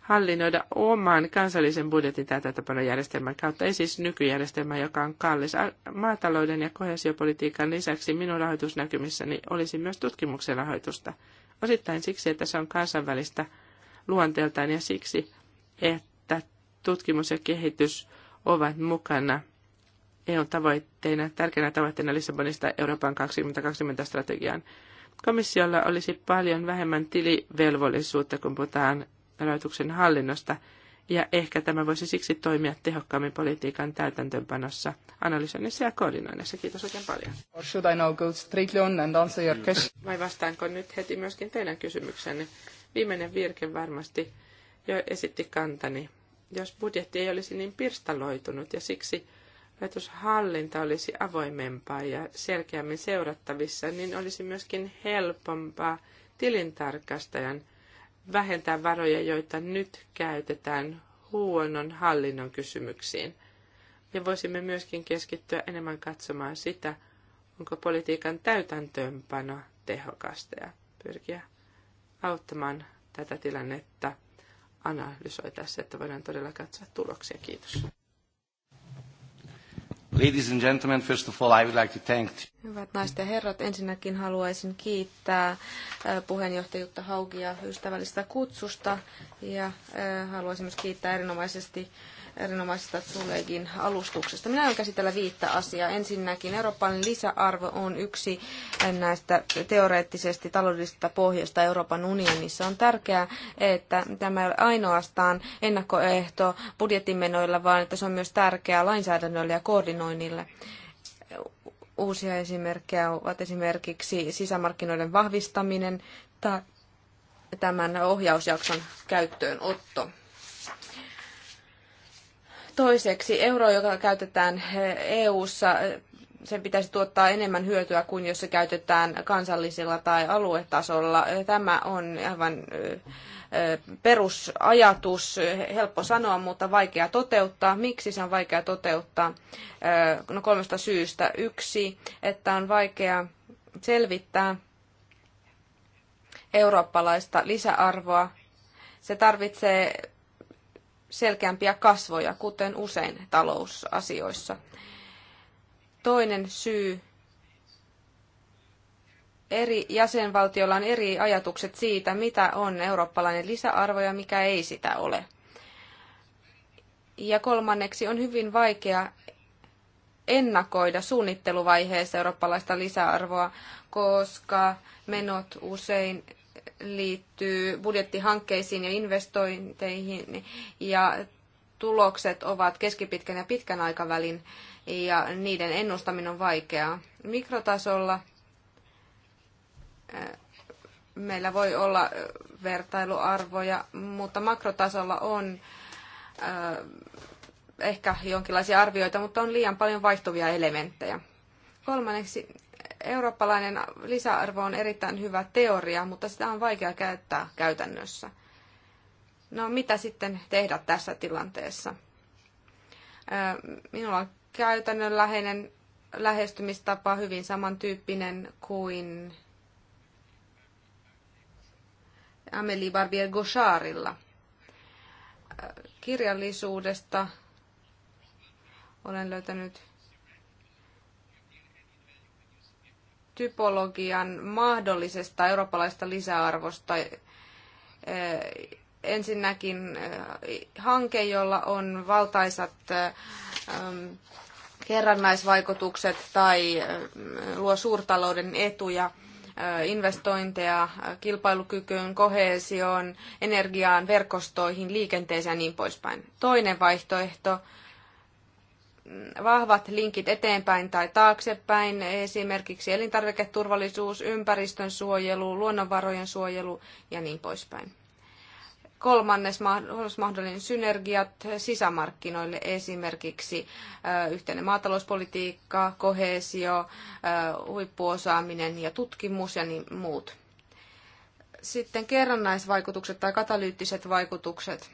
hallinnoida oman kansallisen budjetin täytäntöpanojärjestelmän kautta, ei siis nykyjärjestelmä, joka on kallis. Maatalouden ja kohesiopolitiikan lisäksi minun rahoitusnäkymissäni olisi myös tutkimuksen rahoitusta. Osittain siksi, että se on kansainvälistä luonteeltaan ja siksi, että tutkimus ja kehitys ovat mukana EUn tavoitteena tärkeänä tavoitteena Lissabonista Euroopan 2020 strategiaan. Komissiolla olisi paljon vähemmän tilivelvollisuutta, kun puhutaan rahoituksen hallinnosta, ja ehkä tämä voisi siksi toimia tehokkaammin politiikan täytäntöönpanossa, analysoinnissa ja koordinoinnissa. Kiitos oikein paljon. should I now go and Vai vastaanko nyt heti myöskin teidän kysymyksenne? Viimeinen virke varmasti jo esitti kantani jos budjetti ei olisi niin pirstaloitunut ja siksi rahoitushallinta olisi avoimempaa ja selkeämmin seurattavissa, niin olisi myöskin helpompaa tilintarkastajan vähentää varoja, joita nyt käytetään huonon hallinnon kysymyksiin. Ja voisimme myöskin keskittyä enemmän katsomaan sitä, onko politiikan täytäntöönpano tehokasta ja pyrkiä auttamaan tätä tilannetta – analysoi tässä, että voidaan todella katsoa tuloksia. Kiitos. Ladies and gentlemen, first of all, I would like to thank Hyvät naiset ja herrat, ensinnäkin haluaisin kiittää puheenjohtaja Jutta Haukia ystävällisestä kutsusta ja haluaisin myös kiittää erinomaisesti erinomaisesta Zulegin alustuksesta. Minä aion käsitellä viittä asiaa. Ensinnäkin Euroopan lisäarvo on yksi näistä teoreettisesti taloudellisista pohjasta Euroopan unionissa. On tärkeää, että tämä ei ole ainoastaan ennakkoehto budjettimenoilla, vaan että se on myös tärkeää lainsäädännölle ja koordinoinnille uusia esimerkkejä ovat esimerkiksi sisämarkkinoiden vahvistaminen tai tämän ohjausjakson käyttöönotto. Toiseksi euro, joka käytetään eh, EU:ssa, eh, sen pitäisi tuottaa enemmän hyötyä kuin jos se käytetään kansallisella tai aluetasolla. Eh, tämä on aivan perusajatus, helppo sanoa, mutta vaikea toteuttaa. Miksi se on vaikea toteuttaa? No kolmesta syystä. Yksi, että on vaikea selvittää eurooppalaista lisäarvoa. Se tarvitsee selkeämpiä kasvoja, kuten usein talousasioissa. Toinen syy eri jäsenvaltioilla on eri ajatukset siitä, mitä on eurooppalainen lisäarvo ja mikä ei sitä ole. Ja kolmanneksi on hyvin vaikea ennakoida suunnitteluvaiheessa eurooppalaista lisäarvoa, koska menot usein liittyy budjettihankkeisiin ja investointeihin ja tulokset ovat keskipitkän ja pitkän aikavälin ja niiden ennustaminen on vaikeaa. Mikrotasolla eh, meillä voi olla eh, vertailuarvoja, mutta makrotasolla on eh, ehkä jonkinlaisia arvioita, mutta on liian paljon vaihtuvia elementtejä. Kolmanneksi eurooppalainen lisäarvo on erittäin hyvä teoria, mutta sitä on vaikea käyttää käytännössä. No mitä sitten tehdä tässä tilanteessa? Minulla on käytännönläheinen lähestymistapa hyvin samantyyppinen kuin Amélie barbier gosharilla Kirjallisuudesta olen löytänyt typologian mahdollisesta eurooppalaista lisäarvosta. Eh, ensinnäkin eh, hanke, jolla on valtaisat eh, mm, kerrannaisvaikutukset tai luo suurtalouden etuja investointeja kilpailukykyyn, koheesioon, energiaan, verkostoihin, liikenteeseen ja niin poispäin. Toinen vaihtoehto vahvat linkit eteenpäin tai taaksepäin, esimerkiksi elintarviketurvallisuus, ympäristön suojelu, luonnonvarojen suojelu ja niin poispäin. Kolmannes mahdollinen synergiat sisämarkkinoille esimerkiksi yhteinen maatalouspolitiikka, kohesio, huippuosaaminen ja tutkimus ja niin muut. Sitten kerrannaisvaikutukset tai katalyyttiset vaikutukset –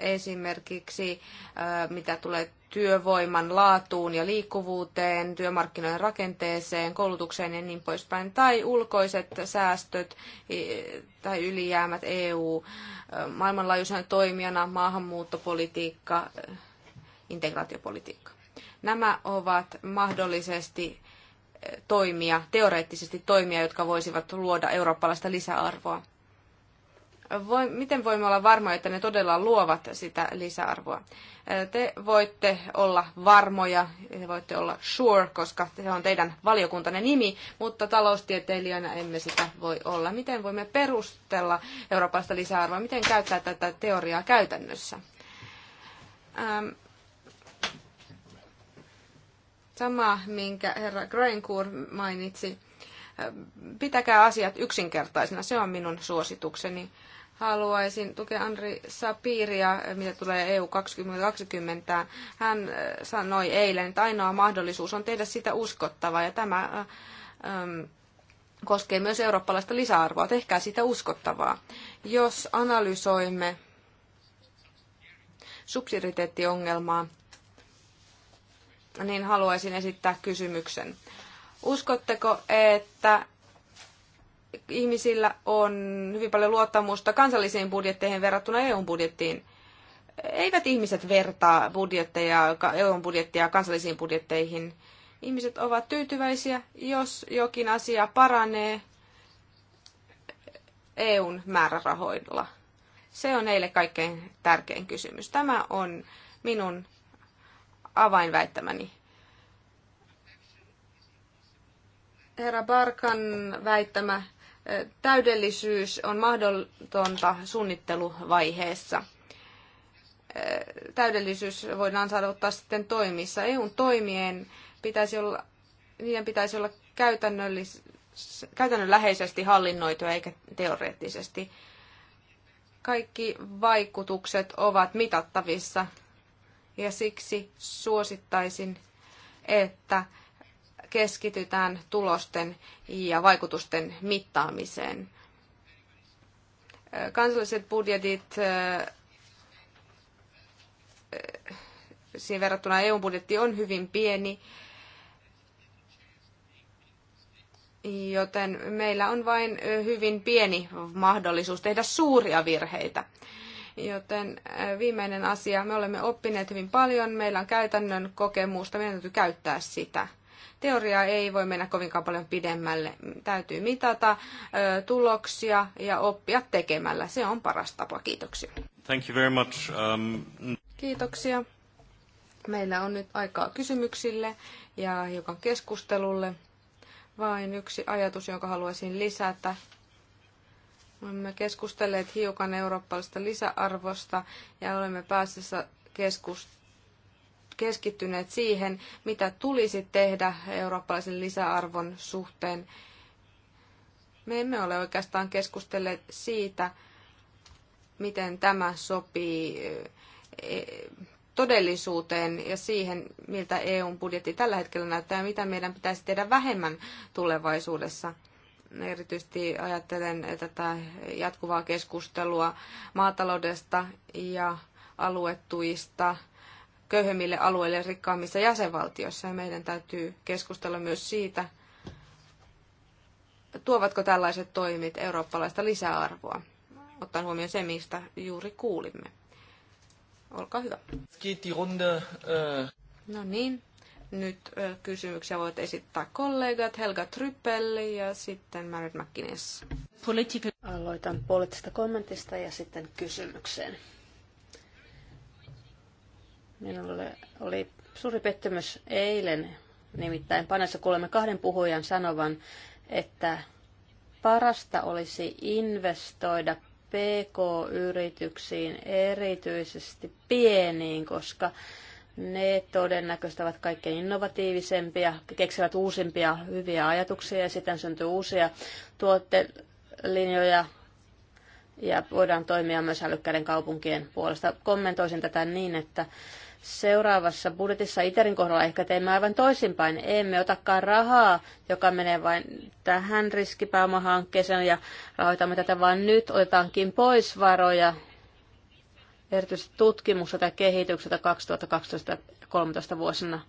esimerkiksi äh, mitä tulee työvoiman laatuun ja liikkuvuuteen, työmarkkinoiden rakenteeseen, koulutukseen ja niin poispäin, tai ulkoiset säästöt tai ylijäämät EU, äh, maailmanlaajuisena toimijana, maahanmuuttopolitiikka, äh, integraatiopolitiikka. Nämä ovat mahdollisesti toimia, teoreettisesti toimia, jotka voisivat luoda eurooppalaista lisäarvoa miten voimme olla varmoja, että ne todella luovat sitä lisäarvoa? Te voitte olla varmoja, te voitte olla sure, koska se on teidän valiokuntanne nimi, mutta taloustieteilijänä emme sitä voi olla. Miten voimme perustella eurooppalaista lisäarvoa? Miten käyttää tätä teoriaa käytännössä? Ähm. Sama, minkä herra Graincourt mainitsi. Pitäkää asiat yksinkertaisena, se on minun suositukseni haluaisin tukea Andri Sapiria, mitä tulee EU 2020. Hän äh, sanoi eilen, että ainoa mahdollisuus on tehdä sitä uskottavaa ja tämä äh, ähm, koskee myös eurooppalaista lisäarvoa. Tehkää sitä uskottavaa. Jos analysoimme subsidiariteettiongelmaa, niin haluaisin esittää kysymyksen. Uskotteko, että ihmisillä on hyvin paljon luottamusta kansallisiin budjetteihin verrattuna EU-budjettiin. Eivät ihmiset vertaa budjetteja, EU-budjettia kansallisiin budjetteihin. Ihmiset ovat tyytyväisiä, jos jokin asia paranee EUn määrärahoilla. Se on heille kaikkein tärkein kysymys. Tämä on minun avainväittämäni. Herra Barkan väittämä täydellisyys on mahdotonta suunnitteluvaiheessa. Täydellisyys voidaan saavuttaa sitten toimissa. EUn toimien pitäisi olla, niiden pitäisi olla käytännönläheisesti hallinnoituja eikä teoreettisesti. Kaikki vaikutukset ovat mitattavissa ja siksi suosittaisin, että keskitytään tulosten ja vaikutusten mittaamiseen. Kansalliset budjetit siihen verrattuna EU-budjetti on hyvin pieni, joten meillä on vain hyvin pieni mahdollisuus tehdä suuria virheitä. Joten viimeinen asia, me olemme oppineet hyvin paljon, meillä on käytännön kokemusta, meidän täytyy käyttää sitä. Teoria ei voi mennä kovinkaan paljon pidemmälle. Täytyy mitata tuloksia ja oppia tekemällä. Se on paras tapa. Kiitoksia. Thank you very much. Um... Kiitoksia. Meillä on nyt aikaa kysymyksille ja hiukan keskustelulle. Vain yksi ajatus, jonka haluaisin lisätä. Olemme keskustelleet hiukan eurooppalaisesta lisäarvosta ja olemme päässeet keskustelemaan keskittyneet siihen, mitä tulisi tehdä eurooppalaisen lisäarvon suhteen. Me emme ole oikeastaan keskustelleet siitä, miten tämä sopii e, todellisuuteen ja siihen, miltä EUn budjetti tällä hetkellä näyttää ja mitä meidän pitäisi tehdä vähemmän tulevaisuudessa. Erityisesti ajattelen tätä jatkuvaa keskustelua maataloudesta ja aluetuista köyhemmille alueille rikkaammissa jäsenvaltioissa. Ja meidän täytyy keskustella myös siitä, tuovatko tällaiset toimit eurooppalaista lisäarvoa, ottaen huomioon se, mistä juuri kuulimme. Olkaa hyvä. Äh. No niin, nyt äh, kysymyksiä voit esittää kollegat Helga Tryppel ja sitten Marit McInnes. Aloitan poliittisesta kommentista ja sitten kysymykseen. Minulle oli suuri pettymys eilen, nimittäin panessa kuulemme kahden puhujan sanovan, että parasta olisi investoida PK-yrityksiin, erityisesti pieniin, koska ne todennäköisesti ovat kaikkein innovatiivisempia, keksivät uusimpia hyviä ajatuksia ja sitten syntyy uusia tuotelinjoja ja voidaan toimia myös älykkäiden kaupunkien puolesta. Kommentoisin tätä niin, että seuraavassa budjetissa ITERin kohdalla ehkä teemme aivan toisinpäin. Emme otakaan rahaa, joka menee vain tähän riskipääomahankkeeseen ja rahoitamme tätä, vaan nyt otetaankin pois varoja erityisesti tutkimusta ja kehitykseltä 2012-2013 vuosina.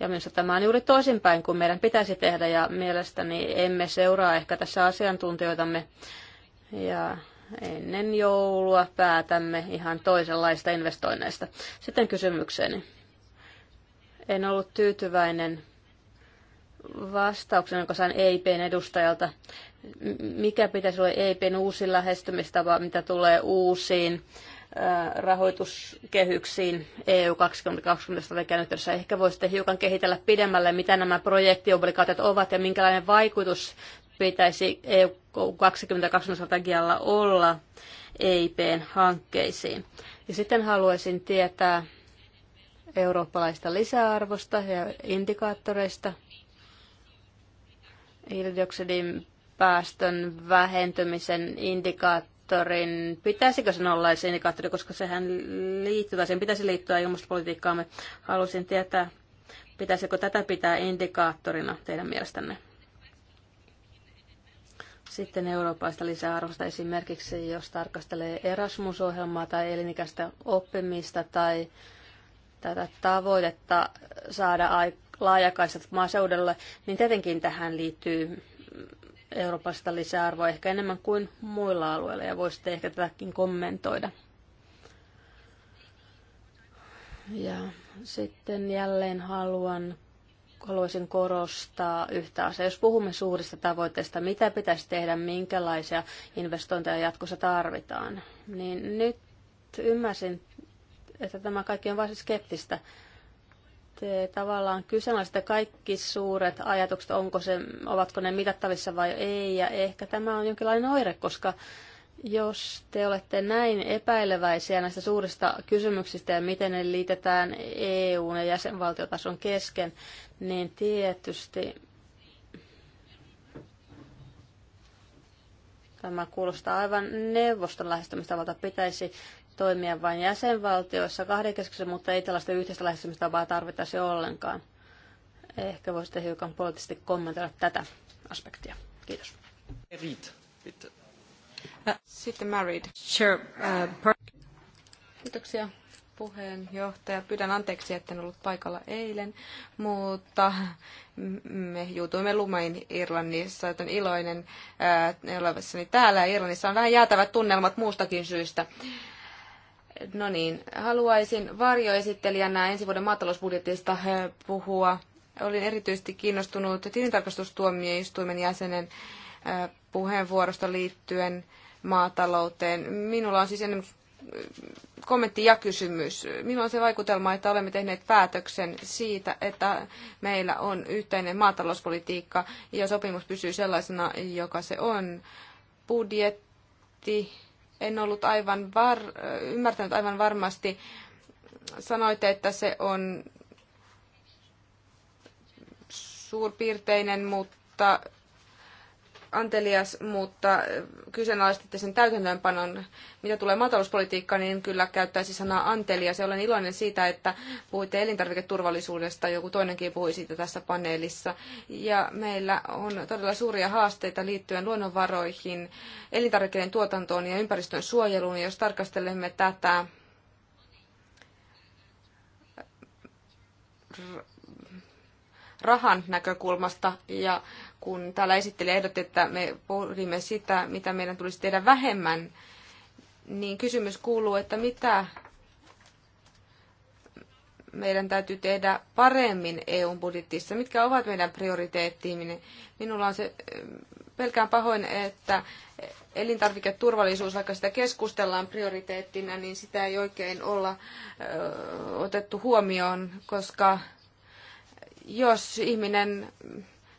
Ja minusta tämä on juuri toisinpäin kuin meidän pitäisi tehdä ja mielestäni emme seuraa ehkä tässä asiantuntijoitamme. Ja ennen joulua päätämme ihan toisenlaista investoinneista. Sitten kysymykseeni. En ollut tyytyväinen vastauksen, jonka sain EIPn edustajalta. Mikä pitäisi olla EIPn uusi lähestymistapa, mitä tulee uusiin rahoituskehyksiin EU 2020 strategian Ehkä voisitte hiukan kehitellä pidemmälle, mitä nämä projektiobligaatiot ovat ja minkälainen vaikutus pitäisi EU 2020 strategialla olla EIPn hankkeisiin. Ja sitten haluaisin tietää eurooppalaista lisäarvosta ja indikaattoreista, hiilidioksidin päästön vähentymisen indikaattorin. Pitäisikö sen olla se indikaattori, koska sehän liittyy, sen pitäisi liittyä ilmastopolitiikkaamme. Haluaisin tietää, pitäisikö tätä pitää indikaattorina teidän mielestänne? Sitten eurooppaista lisäarvosta esimerkiksi, jos tarkastelee Erasmus-ohjelmaa tai elinikäistä oppimista tai tätä tavoitetta saada laajakaistat maaseudulle, niin tietenkin tähän liittyy Euroopasta lisäarvoa ehkä enemmän kuin muilla alueilla ja voisitte ehkä tätäkin kommentoida. Ja sitten jälleen haluan haluaisin korostaa yhtä asiaa. Jos puhumme suurista tavoitteista, mitä pitäisi tehdä, minkälaisia investointeja jatkossa tarvitaan, niin nyt ymmärsin, että tämä kaikki on varsin siis skeptistä. Te tavallaan kyseenalaista kaikki suuret ajatukset, onko se, ovatko ne mitattavissa vai ei, ja ehkä tämä on jonkinlainen oire, koska jos te olette näin epäileväisiä näistä suurista kysymyksistä ja miten ne liitetään EUn ja jäsenvaltiotason kesken, niin tietysti tämä kuulostaa aivan neuvoston lähestymistavalta. Pitäisi toimia vain jäsenvaltioissa kahdenkeskisessä, mutta ei tällaista yhteistä lähestymistapaa tarvittaisi ollenkaan. Ehkä voisitte hiukan poliittisesti kommentoida tätä aspektia. Kiitos. Riit, bitte. Sitten married. Sure. Uh, Kiitoksia puheenjohtaja. Pyydän anteeksi, että en ollut paikalla eilen, mutta me juutuimme lumeen Irlannissa, joten iloinen ää, uh, olevessani täällä. Irlannissa on vähän jäätävät tunnelmat muustakin syystä. No niin, haluaisin varjoesittelijänä ensi vuoden maatalousbudjetista uh, puhua. Olin erityisesti kiinnostunut tilintarkastustuomioistuimen jäsenen uh, puheenvuorosta liittyen maatalouteen. Minulla on siis enemmän kommentti ja kysymys. Minulla on se vaikutelma, että olemme tehneet päätöksen siitä, että meillä on yhteinen maatalouspolitiikka ja sopimus pysyy sellaisena, joka se on. Budjetti, en ollut aivan var, ymmärtänyt aivan varmasti. Sanoitte, että se on suurpiirteinen, mutta antelias, mutta äh, kyseenalaistitte sen täytäntöönpanon. Mitä tulee maatalouspolitiikkaan, niin kyllä käyttäisi sanaa antelias. Ja olen iloinen siitä, että puhuitte elintarviketurvallisuudesta, joku toinenkin puhui siitä tässä paneelissa. Ja meillä on todella suuria haasteita liittyen luonnonvaroihin, elintarvikkeiden tuotantoon ja ympäristön suojeluun. Ja jos tarkastelemme tätä rahan näkökulmasta ja kun täällä esittelijä ehdotti, että me pohdimme sitä, mitä meidän tulisi tehdä vähemmän, niin kysymys kuuluu, että mitä meidän täytyy tehdä paremmin EUn budjetissa? Mitkä ovat meidän prioriteettiimme? Minulla on se pelkään pahoin, että elintarviketurvallisuus, vaikka sitä keskustellaan prioriteettina, niin sitä ei oikein olla otettu huomioon, koska jos ihminen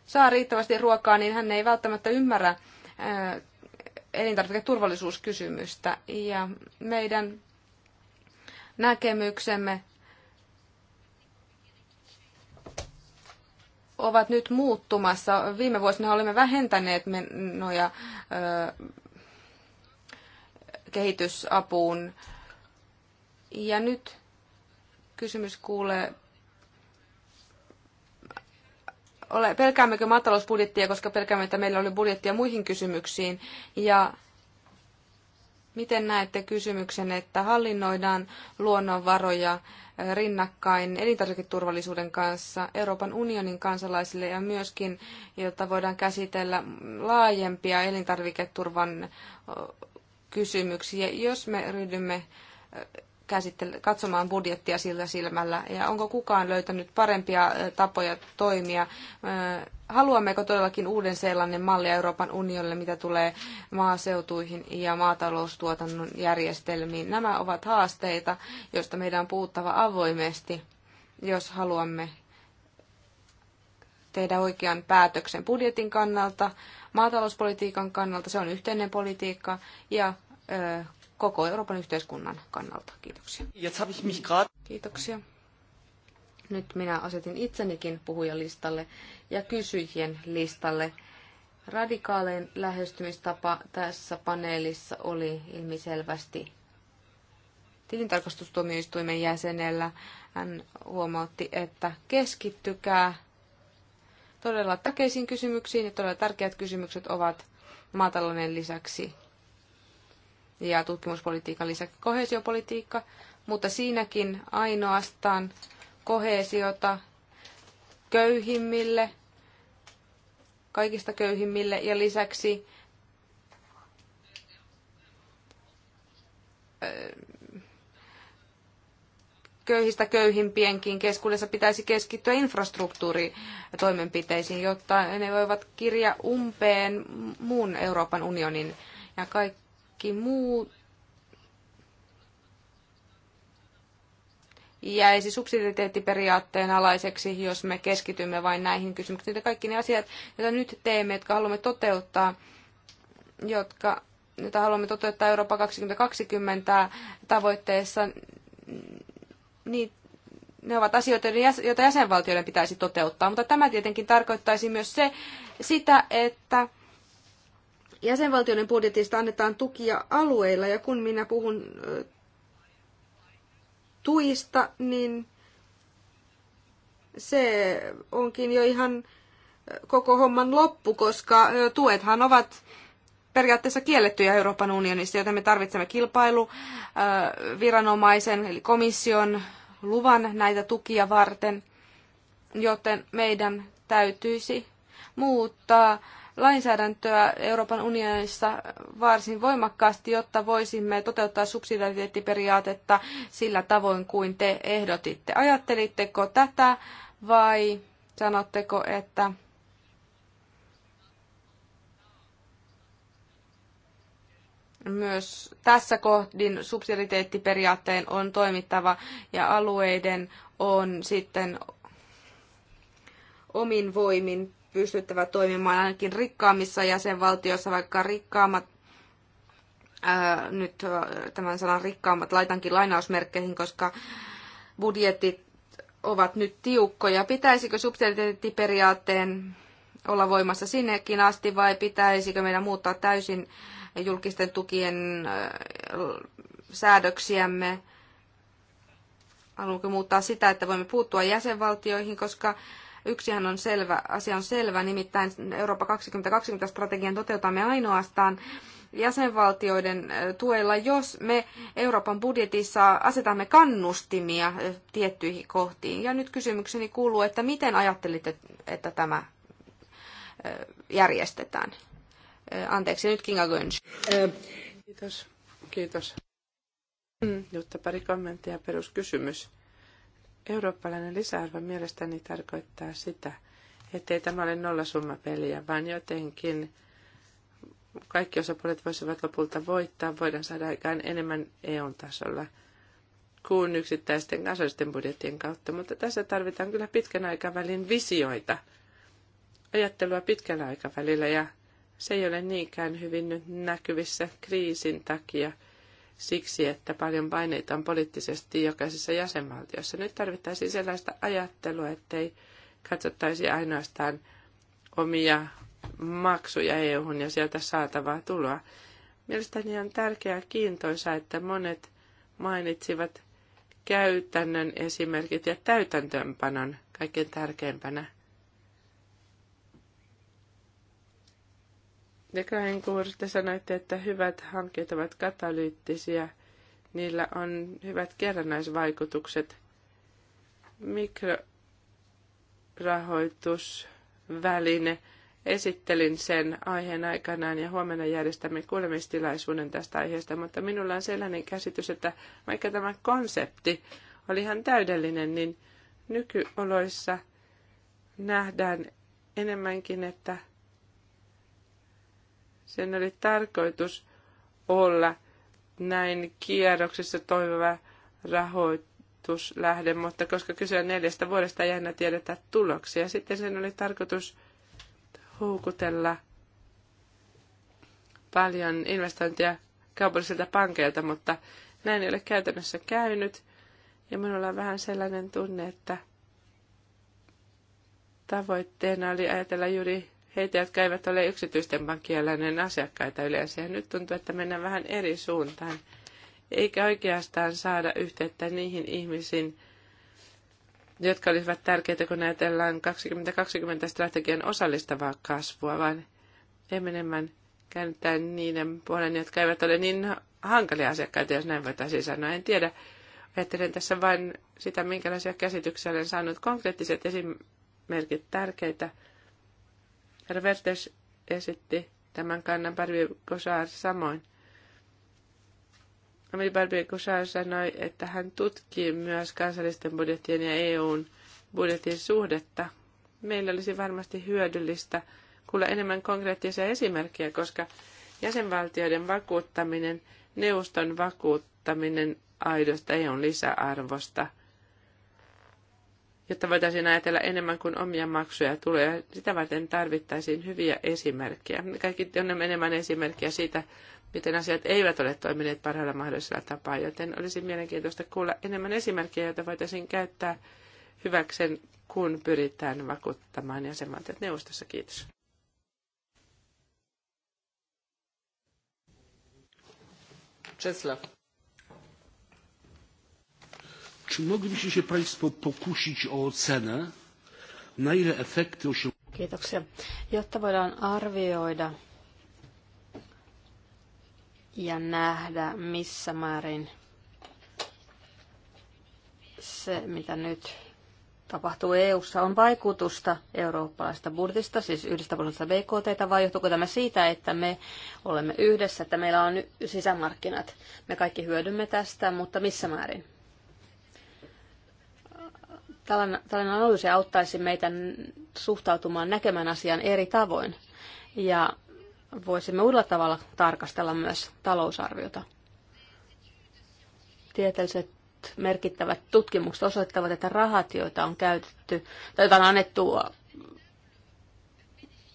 saa riittävästi ruokaa, niin hän ei välttämättä ymmärrä elintarviketurvallisuuskysymystä. Ja meidän näkemyksemme ovat nyt muuttumassa. Viime vuosina olemme vähentäneet menoja kehitysapuun. Ja nyt kysymys kuulee ole, pelkäämmekö maatalousbudjettia, koska pelkäämme, että meillä oli budjettia muihin kysymyksiin. Ja miten näette kysymyksen, että hallinnoidaan luonnonvaroja rinnakkain elintarviketurvallisuuden kanssa Euroopan unionin kansalaisille ja myöskin, jotta voidaan käsitellä laajempia elintarviketurvan kysymyksiä, jos me ryhdymme käsittele- katsomaan budjettia sillä silmällä ja onko kukaan löytänyt parempia tapoja toimia. Haluammeko todellakin uuden sellainen malli Euroopan unionille, mitä tulee maaseutuihin ja maataloustuotannon järjestelmiin? Nämä ovat haasteita, joista meidän on puhuttava avoimesti, jos haluamme tehdä oikean päätöksen budjetin kannalta, maatalouspolitiikan kannalta, se on yhteinen politiikka, ja koko Euroopan yhteiskunnan kannalta. Kiitoksia. Kiitoksia. Nyt minä asetin itsenikin puhujalistalle ja kysyjien listalle. Radikaalein lähestymistapa tässä paneelissa oli ilmiselvästi tilintarkastustuomioistuimen jäsenellä. Hän huomautti, että keskittykää todella tärkeisiin kysymyksiin ja todella tärkeät kysymykset ovat maatalouden lisäksi ja tutkimuspolitiikan lisäksi kohesiopolitiikka, mutta siinäkin ainoastaan kohesiota köyhimmille, kaikista köyhimmille ja lisäksi köyhistä köyhimpienkin keskuudessa pitäisi keskittyä infrastruktuuritoimenpiteisiin, jotta ne voivat kirja umpeen muun Euroopan unionin. Ja kaikki kaikki muu jäisi subsidiariteettiperiaatteen alaiseksi, jos me keskitymme vain näihin kysymyksiin. Ja kaikki ne asiat, joita nyt teemme, jotka haluamme toteuttaa, jotka, joita haluamme toteuttaa Eurooppa 2020 tavoitteessa, niin ne ovat asioita, joita jäsenvaltioiden pitäisi toteuttaa. Mutta tämä tietenkin tarkoittaisi myös se, sitä, että Jäsenvaltioiden budjetista annetaan tukia alueilla ja kun minä puhun tuista, niin se onkin jo ihan koko homman loppu, koska tuethan ovat periaatteessa kiellettyjä Euroopan unionissa, joten me tarvitsemme kilpailuviranomaisen eli komission luvan näitä tukia varten, joten meidän täytyisi muuttaa lainsäädäntöä Euroopan unionissa varsin voimakkaasti, jotta voisimme toteuttaa subsidiariteettiperiaatetta sillä tavoin kuin te ehdotitte. Ajattelitteko tätä vai sanotteko, että myös tässä kohdin subsidiariteettiperiaatteen on toimittava ja alueiden on sitten omin voimin pystyttävä toimimaan ainakin rikkaammissa jäsenvaltioissa, vaikka rikkaammat ää, nyt tämän sanan rikkaammat laitankin lainausmerkkeihin, koska budjetit ovat nyt tiukkoja. Pitäisikö subsidiariteettiperiaatteen olla voimassa sinnekin asti vai pitäisikö meidän muuttaa täysin julkisten tukien säädöksiämme? Haluanko muuttaa sitä, että voimme puuttua jäsenvaltioihin, koska Yksihän on selvä, asia on selvä, nimittäin Eurooppa 2020-strategian toteutamme ainoastaan jäsenvaltioiden tuella, jos me Euroopan budjetissa asetamme kannustimia tiettyihin kohtiin. Ja nyt kysymykseni kuuluu, että miten ajattelitte, että tämä järjestetään? Anteeksi, nyt Kinga Gönsch. Kiitos. Kiitos. Mm, Jutta, pari kommenttia ja peruskysymys. Eurooppalainen lisäarvo mielestäni tarkoittaa sitä, ettei tämä ole nollasummapeliä, vaan jotenkin kaikki osapuolet voisivat lopulta voittaa, voidaan saada aikaan enemmän EUn tasolla kuin yksittäisten kansallisten budjettien kautta, mutta tässä tarvitaan kyllä pitkän aikavälin visioita, ajattelua pitkällä aikavälillä ja se ei ole niinkään hyvin nyt näkyvissä kriisin takia – siksi, että paljon paineita on poliittisesti jokaisessa jäsenvaltiossa. Nyt tarvittaisiin sellaista ajattelua, ettei katsottaisi ainoastaan omia maksuja EU-hun ja sieltä saatavaa tuloa. Mielestäni on tärkeää kiintoisa, että monet mainitsivat käytännön esimerkit ja täytäntöönpanon kaikkein tärkeimpänä Dekahin te sanoitte, että hyvät hankkeet ovat katalyyttisiä. Niillä on hyvät kerrannaisvaikutukset. Mikrorahoitusväline. Esittelin sen aiheen aikanaan ja huomenna järjestämme kuulemistilaisuuden tästä aiheesta, mutta minulla on sellainen käsitys, että vaikka tämä konsepti oli ihan täydellinen, niin nykyoloissa nähdään enemmänkin, että sen oli tarkoitus olla näin kierroksessa toimiva rahoituslähde, mutta koska kyse on neljästä vuodesta, ei aina tiedetä tuloksia. Sitten sen oli tarkoitus houkutella paljon investointia kaupallisilta pankeilta, mutta näin ei ole käytännössä käynyt. Ja minulla on vähän sellainen tunne, että tavoitteena oli ajatella juuri heitä, jotka eivät ole yksityisten pankkien asiakkaita yleensä. Ja nyt tuntuu, että mennään vähän eri suuntaan. Eikä oikeastaan saada yhteyttä niihin ihmisiin, jotka olisivat tärkeitä, kun ajatellaan 2020 strategian osallistavaa kasvua, vaan enemmän käännytään niiden puolen, jotka eivät ole niin hankalia asiakkaita, jos näin voitaisiin sanoa. En tiedä, ajattelen tässä vain sitä, minkälaisia käsityksiä olen saanut. Konkreettiset esimerkit tärkeitä Herra Vertes esitti tämän kannan Barbie Gossard samoin. Amir Barbie Gossard sanoi, että hän tutkii myös kansallisten budjettien ja EUn budjetin suhdetta. Meillä olisi varmasti hyödyllistä kuulla enemmän konkreettisia esimerkkejä, koska jäsenvaltioiden vakuuttaminen, neuvoston vakuuttaminen aidosta EUn lisäarvosta – jotta voitaisiin ajatella enemmän kuin omia maksuja tulee. Sitä varten tarvittaisiin hyviä esimerkkejä. Kaikki on enemmän esimerkkejä siitä, miten asiat eivät ole toimineet parhaalla mahdollisella tapaa, joten olisi mielenkiintoista kuulla enemmän esimerkkejä, joita voitaisiin käyttää hyväksen, kun pyritään vakuuttamaan jäsenvaltiot neuvostossa. Kiitos. Czesław. Czy moglibyście się Państwo pokusić o ocenę, na ile efekty osiągnięte? Kiitoksia. Jotta voidaan arvioida ja nähdä, missä määrin se, mitä nyt tapahtuu EU-ssa, on vaikutusta eurooppalaista budjetista, siis yhdestä prosentista BKT, vai johtuuko tämä siitä, että me olemme yhdessä, että meillä on sisämarkkinat. Me kaikki hyödymme tästä, mutta missä määrin? Tällainen, tällainen analyysi auttaisi meitä suhtautumaan näkemään asian eri tavoin ja voisimme uudella tavalla tarkastella myös talousarviota. Tieteelliset merkittävät tutkimukset osoittavat, että rahat, joita on käytetty tai joita on annettu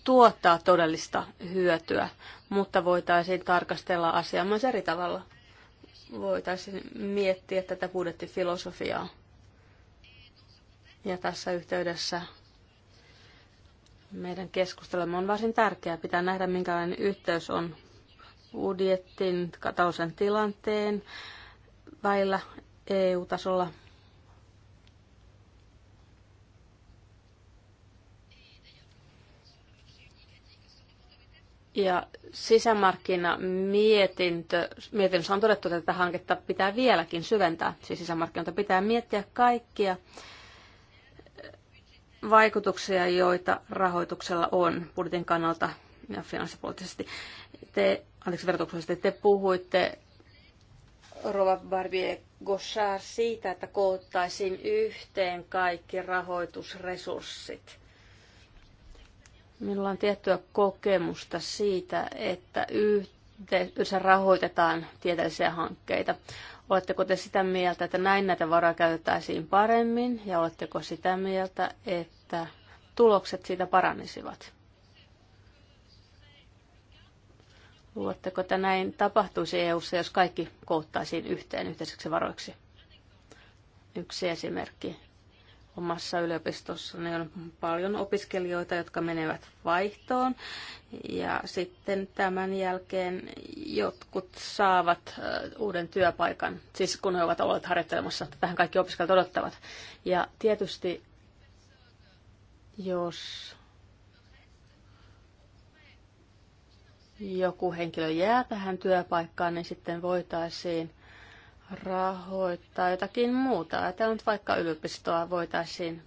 tuottaa todellista hyötyä, mutta voitaisiin tarkastella asiaa myös eri tavalla. Voitaisiin miettiä tätä budjettifilosofiaa ja tässä yhteydessä meidän keskustelumme on varsin tärkeää. Pitää nähdä, minkälainen yhteys on budjettin, katausen tilanteen väillä EU-tasolla. Ja sisämarkkinamietintö, mietinnössä on todettu, että tätä hanketta pitää vieläkin syventää. Siis sisämarkkinoita pitää miettiä kaikkia vaikutuksia, joita rahoituksella on budjetin kannalta ja finanssipoliittisesti. Te, anteeksi verotuksellisesti, te puhuitte Rova Barbier Gossard siitä, että koottaisiin yhteen kaikki rahoitusresurssit. Minulla on tiettyä kokemusta siitä, että yhteen yleensä rahoitetaan tieteellisiä hankkeita. Oletteko te sitä mieltä, että näin näitä varoja käytettäisiin paremmin ja oletteko sitä mieltä, että tulokset siitä paranisivat? Luuletteko, että näin tapahtuisi EU:ssa, jos kaikki koottaisiin yhteen yhteiseksi varoiksi? Yksi esimerkki omassa yliopistossa ne on paljon opiskelijoita, jotka menevät vaihtoon ja sitten tämän jälkeen jotkut saavat uuden työpaikan, siis kun he ovat olleet harjoittelemassa, että tähän kaikki opiskelijat odottavat. Ja tietysti jos joku henkilö jää tähän työpaikkaan, niin sitten voitaisiin – rahoittaa jotakin muuta. Ajatellaan nyt vaikka yliopistoa voitaisiin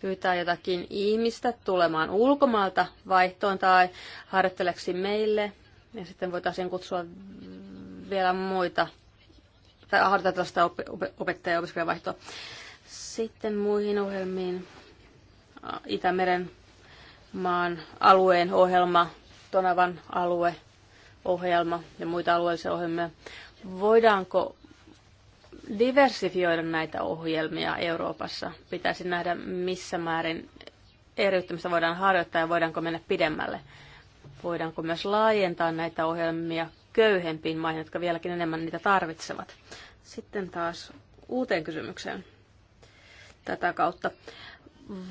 pyytää jotakin ihmistä tulemaan ulkomaalta vaihtoon tai harjoitteleksi meille. Ja sitten voitaisiin kutsua vielä muita, tai harjoittaa tällaista opettaja- ja Sitten muihin ohjelmiin. Itämeren maan alueen ohjelma, Tonavan alue – ohjelma ja muita alueellisia ohjelmia. Voidaanko diversifioida näitä ohjelmia Euroopassa? Pitäisi nähdä, missä määrin eriyttämistä voidaan harjoittaa ja voidaanko mennä pidemmälle. Voidaanko myös laajentaa näitä ohjelmia köyhempiin maihin, jotka vieläkin enemmän niitä tarvitsevat. Sitten taas uuteen kysymykseen tätä kautta.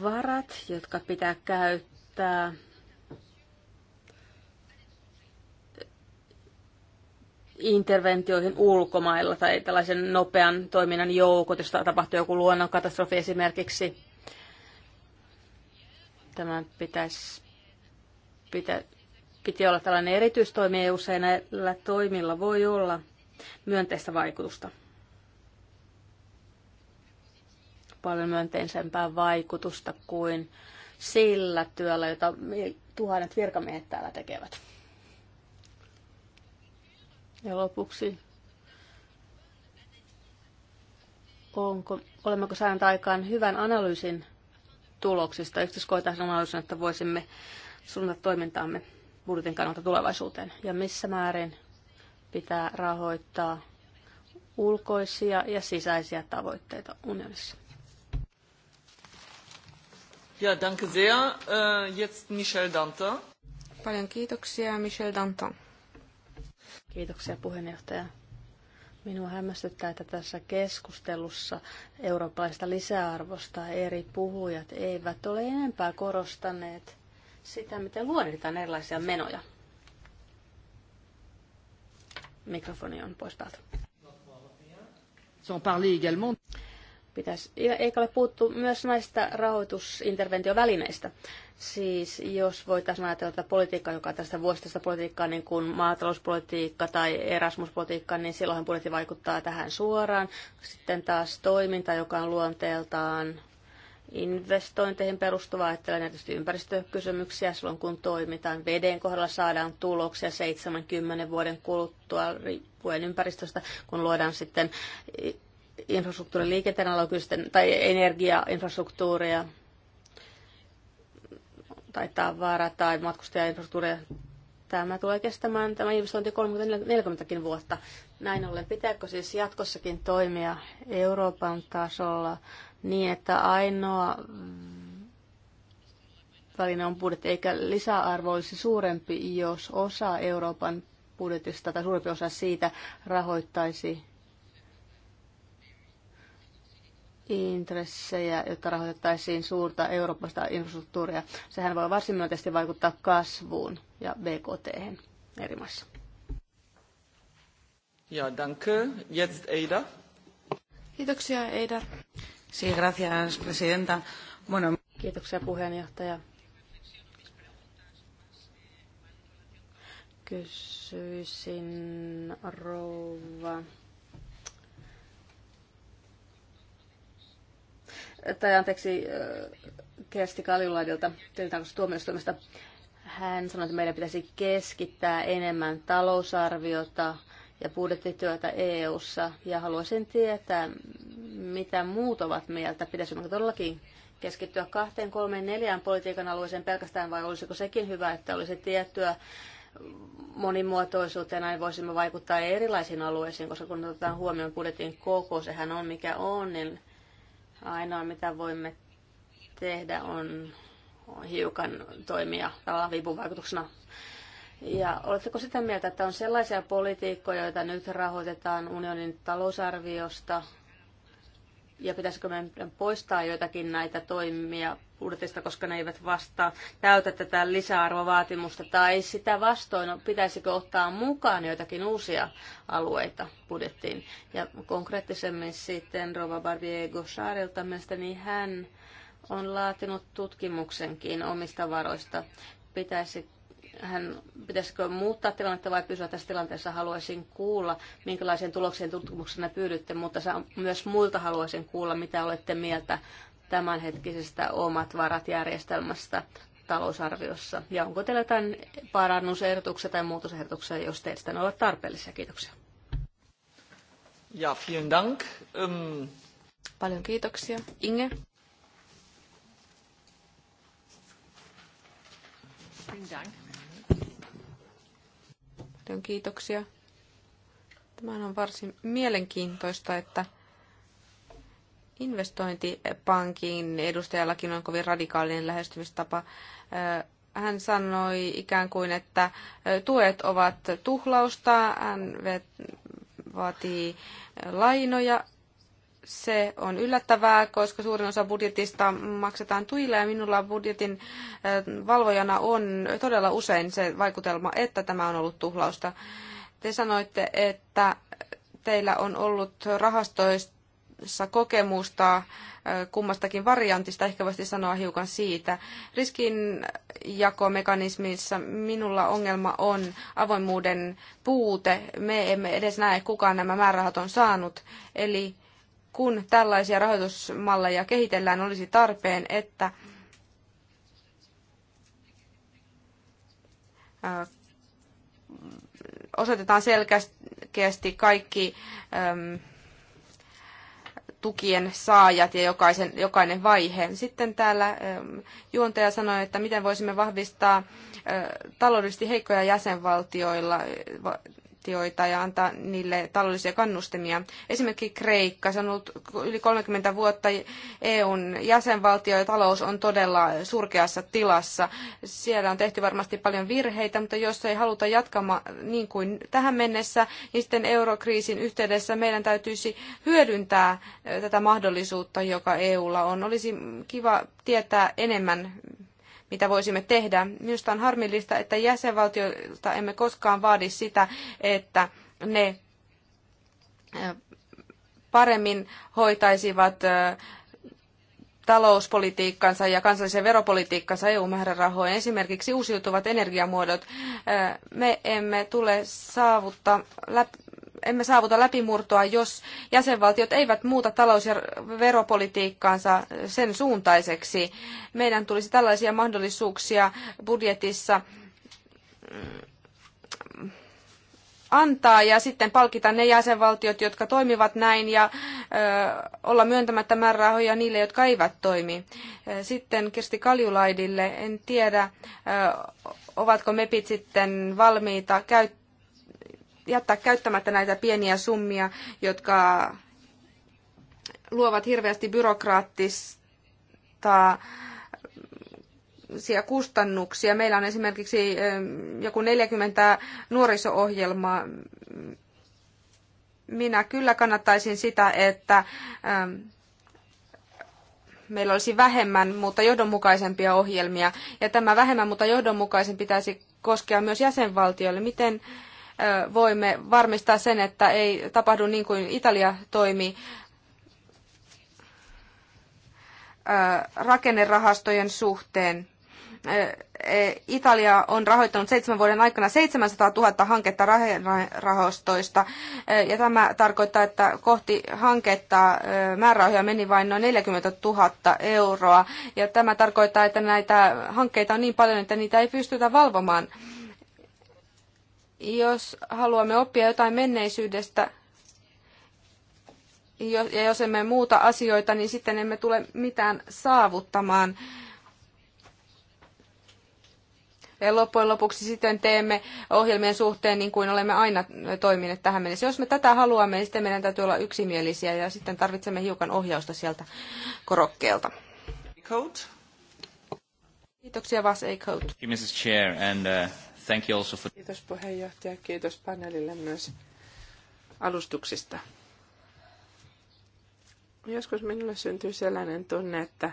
Varat, jotka pitää käyttää interventioihin ulkomailla tai tällaisen nopean toiminnan joukot, josta tapahtuu joku luonnonkatastrofi esimerkiksi. Tämän pitäisi, pitä, piti olla tällainen erityistoimi ja usein näillä toimilla voi olla myönteistä vaikutusta. Paljon myönteisempää vaikutusta kuin sillä työllä, jota tuhannet virkamiehet täällä tekevät. Ja lopuksi, onko, olemmeko saaneet aikaan hyvän analyysin tuloksista, yksityiskohtaisen analyysin, että voisimme suunnata toimintaamme budjetin kannalta tulevaisuuteen ja missä määrin pitää rahoittaa ulkoisia ja sisäisiä tavoitteita unionissa. Ja, danke sehr. Äh, jetzt Michel Danton. Paljon kiitoksia, Michel Danton. Kiitoksia puheenjohtaja. Minua hämmästyttää, että tässä keskustelussa eurooppalaista lisäarvosta eri puhujat eivät ole enempää korostaneet sitä, miten luonnetaan erilaisia menoja. Mikrofoni on pois päältä. Pitäisi, eikä ole puuttu myös näistä rahoitusinterventiovälineistä. Siis jos voitaisiin ajatella tätä politiikkaa, joka on tästä vuosittaista politiikkaa, niin kuin maatalouspolitiikka tai erasmuspolitiikka, niin silloinhan budjetti vaikuttaa tähän suoraan. Sitten taas toiminta, joka on luonteeltaan investointeihin perustuvaa, ajattelen tietysti ympäristökysymyksiä silloin, kun toimitaan. Veden kohdalla saadaan tuloksia 70 vuoden kuluttua riippuen ympäristöstä, kun luodaan sitten infrastruktuurin liikenteen alokysten tai energiainfrastruktuuria tai tavara- tai matkustajainfrastruktuuria. Tämä tulee kestämään tämä investointi 30 40 vuotta. Näin ollen, pitääkö siis jatkossakin toimia Euroopan tasolla niin, että ainoa väline on budjetti, eikä lisäarvo olisi suurempi, jos osa Euroopan budjetista tai suurempi osa siitä rahoittaisi intressejä, jotta rahoitettaisiin suurta eurooppalaista infrastruktuuria. Sehän voi varsin myönteisesti vaikuttaa kasvuun ja BKT eri maissa. Ja, danke. Jetzt Eida. Kiitoksia, Eida. Sí, gracias, presidenta. Bueno... Kiitoksia, puheenjohtaja. Kysyisin rouva tai anteeksi, äh, Kersti Kaljulaidilta, tuomioistuimesta. Hän sanoi, että meidän pitäisi keskittää enemmän talousarviota ja budjettityötä EU-ssa. Ja haluaisin tietää, mitä muut ovat mieltä. Pitäisikö todellakin keskittyä kahteen, kolmeen, neljään politiikan alueeseen pelkästään vai olisiko sekin hyvä, että olisi tiettyä monimuotoisuutta ja näin voisimme vaikuttaa erilaisiin alueisiin, koska kun otetaan huomioon budjetin koko, sehän on mikä on, niin Ainoa mitä voimme tehdä on, hiukan toimia tavallaan vipuvaikutuksena. Ja oletteko sitä mieltä, että on sellaisia politiikkoja, joita nyt rahoitetaan unionin talousarviosta, ja pitäisikö meidän poistaa joitakin näitä toimia budjetista, koska ne eivät vastaa täytä tätä lisäarvovaatimusta, tai sitä vastoin no, pitäisikö ottaa mukaan joitakin uusia alueita budjettiin. Ja konkreettisemmin sitten Rova Barbiego Saarilta mielestäni niin hän on laatinut tutkimuksenkin omista varoista. Pitäisikö hän, pitäisikö muuttaa tilannetta vai pysyä tässä tilanteessa, haluaisin kuulla, minkälaiseen tulokseen tutkimuksena pyydytte, mutta myös muilta haluaisin kuulla, mitä olette mieltä tämänhetkisestä omat varat järjestelmästä talousarviossa. Ja onko teillä jotain parannusehdotuksia tai muutosehdotuksia, jos teistä ne ovat tarpeellisia? Kiitoksia. Ja, vielen dank. Um... Paljon kiitoksia. Inge? Vielen dank. Paljon kiitoksia. Tämä on varsin mielenkiintoista, että investointipankin edustajallakin on kovin radikaalinen lähestymistapa. Hän sanoi ikään kuin, että tuet ovat tuhlausta, hän vaatii lainoja se on yllättävää, koska suurin osa budjetista maksetaan tuilla ja minulla budjetin äh, valvojana on todella usein se vaikutelma, että tämä on ollut tuhlausta. Te sanoitte, että teillä on ollut rahastoissa kokemusta äh, kummastakin variantista, ehkä voisi sanoa hiukan siitä. Riskinjakomekanismissa minulla ongelma on avoimuuden puute. Me emme edes näe, kuka nämä määrärahat on saanut. Eli kun tällaisia rahoitusmalleja kehitellään, olisi tarpeen, että osoitetaan selkeästi kaikki tukien saajat ja jokaisen, jokainen vaihe. Sitten täällä juontaja sanoi, että miten voisimme vahvistaa taloudellisesti heikkoja jäsenvaltioilla sanktioita ja antaa niille taloudellisia kannustimia. Esimerkiksi Kreikka, se on ollut yli 30 vuotta EUn jäsenvaltio ja talous on todella surkeassa tilassa. Siellä on tehty varmasti paljon virheitä, mutta jos ei haluta jatkaa niin kuin tähän mennessä, niin sitten eurokriisin yhteydessä meidän täytyisi hyödyntää tätä mahdollisuutta, joka EUlla on. Olisi kiva tietää enemmän mitä voisimme tehdä. Minusta on harmillista, että jäsenvaltioilta emme koskaan vaadi sitä, että ne paremmin hoitaisivat talouspolitiikkansa ja kansallisen veropolitiikkansa EU-määrärahoja, esimerkiksi uusiutuvat energiamuodot. Me emme tule saavuttaa emme saavuta läpimurtoa, jos jäsenvaltiot eivät muuta talous- ja veropolitiikkaansa sen suuntaiseksi. Meidän tulisi tällaisia mahdollisuuksia budjetissa mm, antaa ja sitten palkita ne jäsenvaltiot, jotka toimivat näin ja olla myöntämättä määrärahoja niille, jotka eivät toimi. Sitten Kirsti Kaljulaidille, en tiedä, ovatko mepit sitten valmiita käyttämään jättää käyttämättä näitä pieniä summia, jotka luovat hirveästi byrokraattista kustannuksia. Meillä on esimerkiksi ähm, joku 40 nuoriso-ohjelmaa. Minä kyllä kannattaisin sitä, että ähm, meillä olisi vähemmän, mutta johdonmukaisempia ohjelmia. Ja tämä vähemmän, mutta johdonmukaisen pitäisi koskea myös jäsenvaltioille. Miten voimme varmistaa sen, että ei tapahdu niin kuin Italia toimi rakennerahastojen suhteen. E, Italia on rahoittanut seitsemän vuoden aikana 700 000 hanketta rahastoista, ja tämä tarkoittaa, että kohti hanketta määrärahoja meni vain noin 40 000 euroa, ja tämä tarkoittaa, että näitä hankkeita on niin paljon, että niitä ei pystytä valvomaan. Jos haluamme oppia jotain menneisyydestä, ja jos emme muuta asioita, niin sitten emme tule mitään saavuttamaan. Ja loppujen lopuksi sitten teemme ohjelmien suhteen niin kuin olemme aina toimineet tähän mennessä. Jos me tätä haluamme, niin sitten meidän täytyy olla yksimielisiä ja sitten tarvitsemme hiukan ohjausta sieltä korokkeelta. Code. Kiitoksia Vas Eichhout. Mrs. Chair and, uh... Thank you also for... Kiitos puheenjohtaja, kiitos paneelille myös alustuksista. Joskus minulle syntyy sellainen tunne, että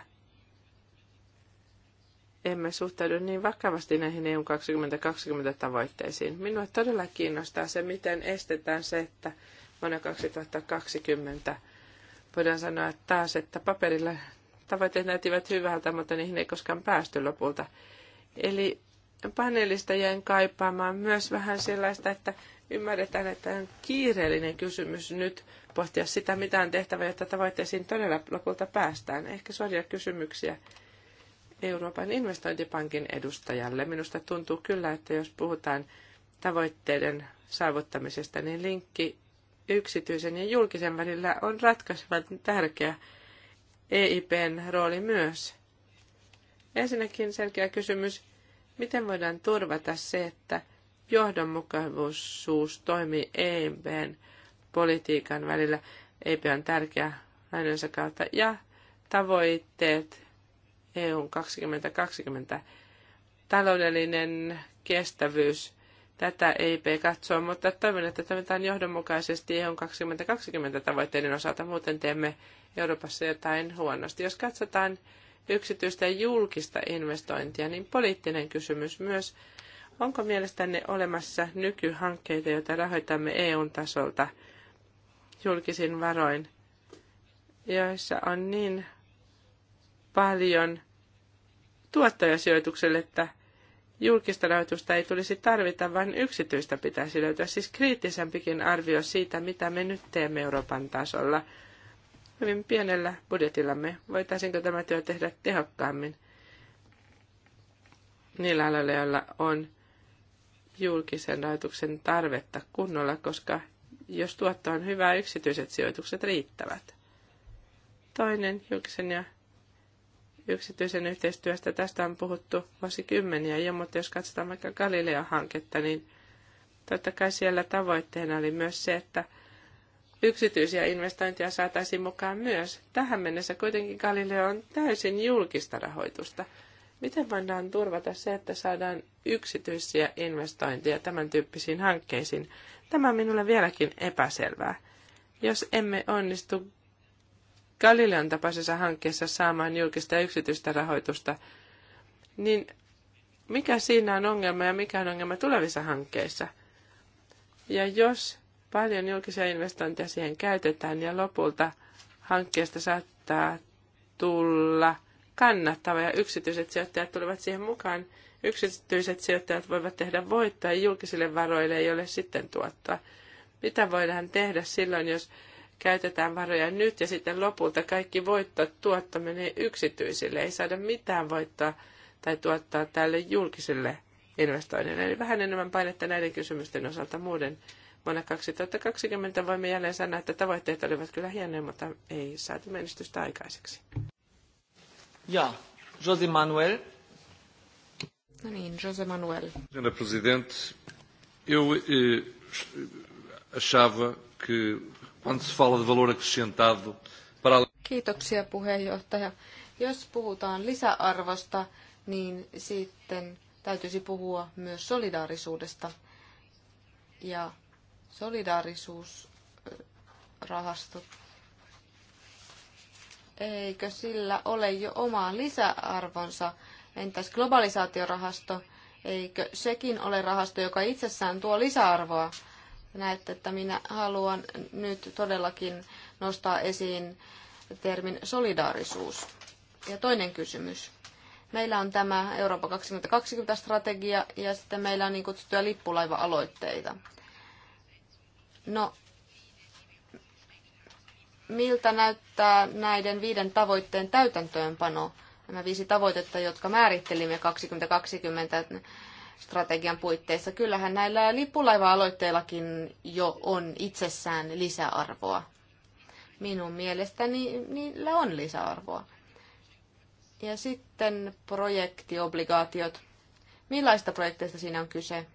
emme suhtaudu niin vakavasti näihin EU 2020 tavoitteisiin. Minua todella kiinnostaa se, miten estetään se, että vuonna 2020 voidaan sanoa että taas, että paperilla tavoitteet näyttivät hyvältä, mutta niihin ei koskaan päästy lopulta. Eli paneelista jäin kaipaamaan myös vähän sellaista, että ymmärretään, että on kiireellinen kysymys nyt pohtia sitä, mitä on tehtävä, jotta tavoitteisiin todella lopulta päästään. Ehkä suoria kysymyksiä Euroopan investointipankin edustajalle. Minusta tuntuu kyllä, että jos puhutaan tavoitteiden saavuttamisesta, niin linkki yksityisen ja julkisen välillä on ratkaisevan tärkeä EIPn rooli myös. Ensinnäkin selkeä kysymys, Miten voidaan turvata se, että johdonmukaisuus toimii EMPn politiikan välillä? EIP on tärkeä lainansa kautta ja tavoitteet EUn 2020 taloudellinen kestävyys. Tätä EIP katsoo, mutta toivon, että toimitaan johdonmukaisesti EUn 2020 tavoitteiden osalta. Muuten teemme Euroopassa jotain huonosti. Jos katsotaan yksityistä ja julkista investointia, niin poliittinen kysymys myös. Onko mielestänne olemassa nykyhankkeita, joita rahoitamme eu tasolta julkisin varoin, joissa on niin paljon tuottoja sijoitukselle, että julkista rahoitusta ei tulisi tarvita, vaan yksityistä pitäisi löytää. Siis kriittisempikin arvio siitä, mitä me nyt teemme Euroopan tasolla – hyvin pienellä budjetillamme. voitaisinko tämä työ tehdä tehokkaammin niillä aloilla, joilla on julkisen rahoituksen tarvetta kunnolla, koska jos tuotto on hyvä, yksityiset sijoitukset riittävät. Toinen julkisen ja yksityisen yhteistyöstä tästä on puhuttu vuosikymmeniä jo, mutta jos katsotaan vaikka Galileo-hanketta, niin totta kai siellä tavoitteena oli myös se, että – yksityisiä investointeja saataisiin mukaan myös. Tähän mennessä kuitenkin Galileo on täysin julkista rahoitusta. Miten voidaan turvata se, että saadaan yksityisiä investointeja tämän tyyppisiin hankkeisiin? Tämä on minulle vieläkin epäselvää. Jos emme onnistu Galileon tapaisessa hankkeessa saamaan julkista ja yksityistä rahoitusta, niin mikä siinä on ongelma ja mikä on ongelma tulevissa hankkeissa? Ja jos Paljon julkisia investointeja siihen käytetään ja lopulta hankkeesta saattaa tulla kannattava ja yksityiset sijoittajat tulevat siihen mukaan. Yksityiset sijoittajat voivat tehdä voittoa ja julkisille varoille ei ole sitten tuottaa. Mitä voidaan tehdä silloin, jos käytetään varoja nyt ja sitten lopulta kaikki voitto tuotto menee yksityisille. Ei saada mitään voittoa tai tuottaa tälle julkiselle investoinnille. Eli vähän enemmän painetta näiden kysymysten osalta muuten vuonna 2020 voimme jälleen sanoa, että tavoitteet olivat kyllä hienoja, mutta ei saatu menestystä aikaiseksi. Ja, José Manuel. No niin, José Manuel. Senhora Presidente, eu eh, achava que quando se fala de valor acrescentado para... Kiitoksia puheenjohtaja. Jos puhutaan lisäarvosta, niin sitten täytyisi puhua myös solidaarisuudesta ja solidaarisuusrahasto, eikö sillä ole jo oma lisäarvonsa? Entäs globalisaatiorahasto, eikö sekin ole rahasto, joka itsessään tuo lisäarvoa? Näette, että minä haluan nyt todellakin nostaa esiin termin solidaarisuus. Ja toinen kysymys. Meillä on tämä Eurooppa 2020-strategia ja sitten meillä on niin kutsuttuja lippulaiva-aloitteita. No, miltä näyttää näiden viiden tavoitteen täytäntöönpano? Nämä viisi tavoitetta, jotka määrittelimme 2020 strategian puitteissa. Kyllähän näillä lippulaiva-aloitteillakin jo on itsessään lisäarvoa. Minun mielestäni niillä on lisäarvoa. Ja sitten projektiobligaatiot. Millaista projekteista siinä on kyse?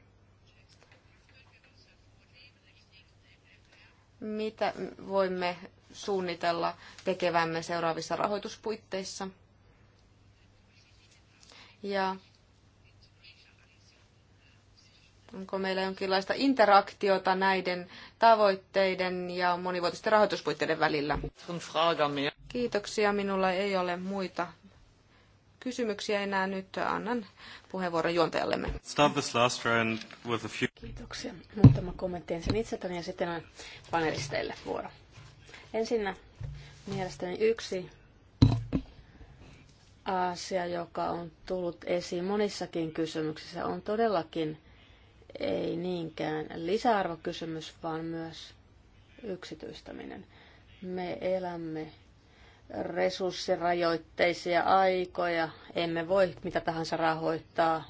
mitä voimme suunnitella tekevämme seuraavissa rahoituspuitteissa. Ja onko meillä jonkinlaista interaktiota näiden tavoitteiden ja monivuotisten rahoituspuitteiden välillä? Kiitoksia, minulla ei ole muita kysymyksiä enää nyt. Annan puheenvuoron juontajallemme. Start this last round with a few... Kiitoksia. Muutama kommentti ensin itseltäni ja sitten on panelisteille vuoro. Ensin mielestäni yksi asia, joka on tullut esiin monissakin kysymyksissä, on todellakin ei niinkään lisäarvokysymys, vaan myös yksityistäminen. Me elämme resurssirajoitteisia aikoja. Emme voi mitä tahansa rahoittaa,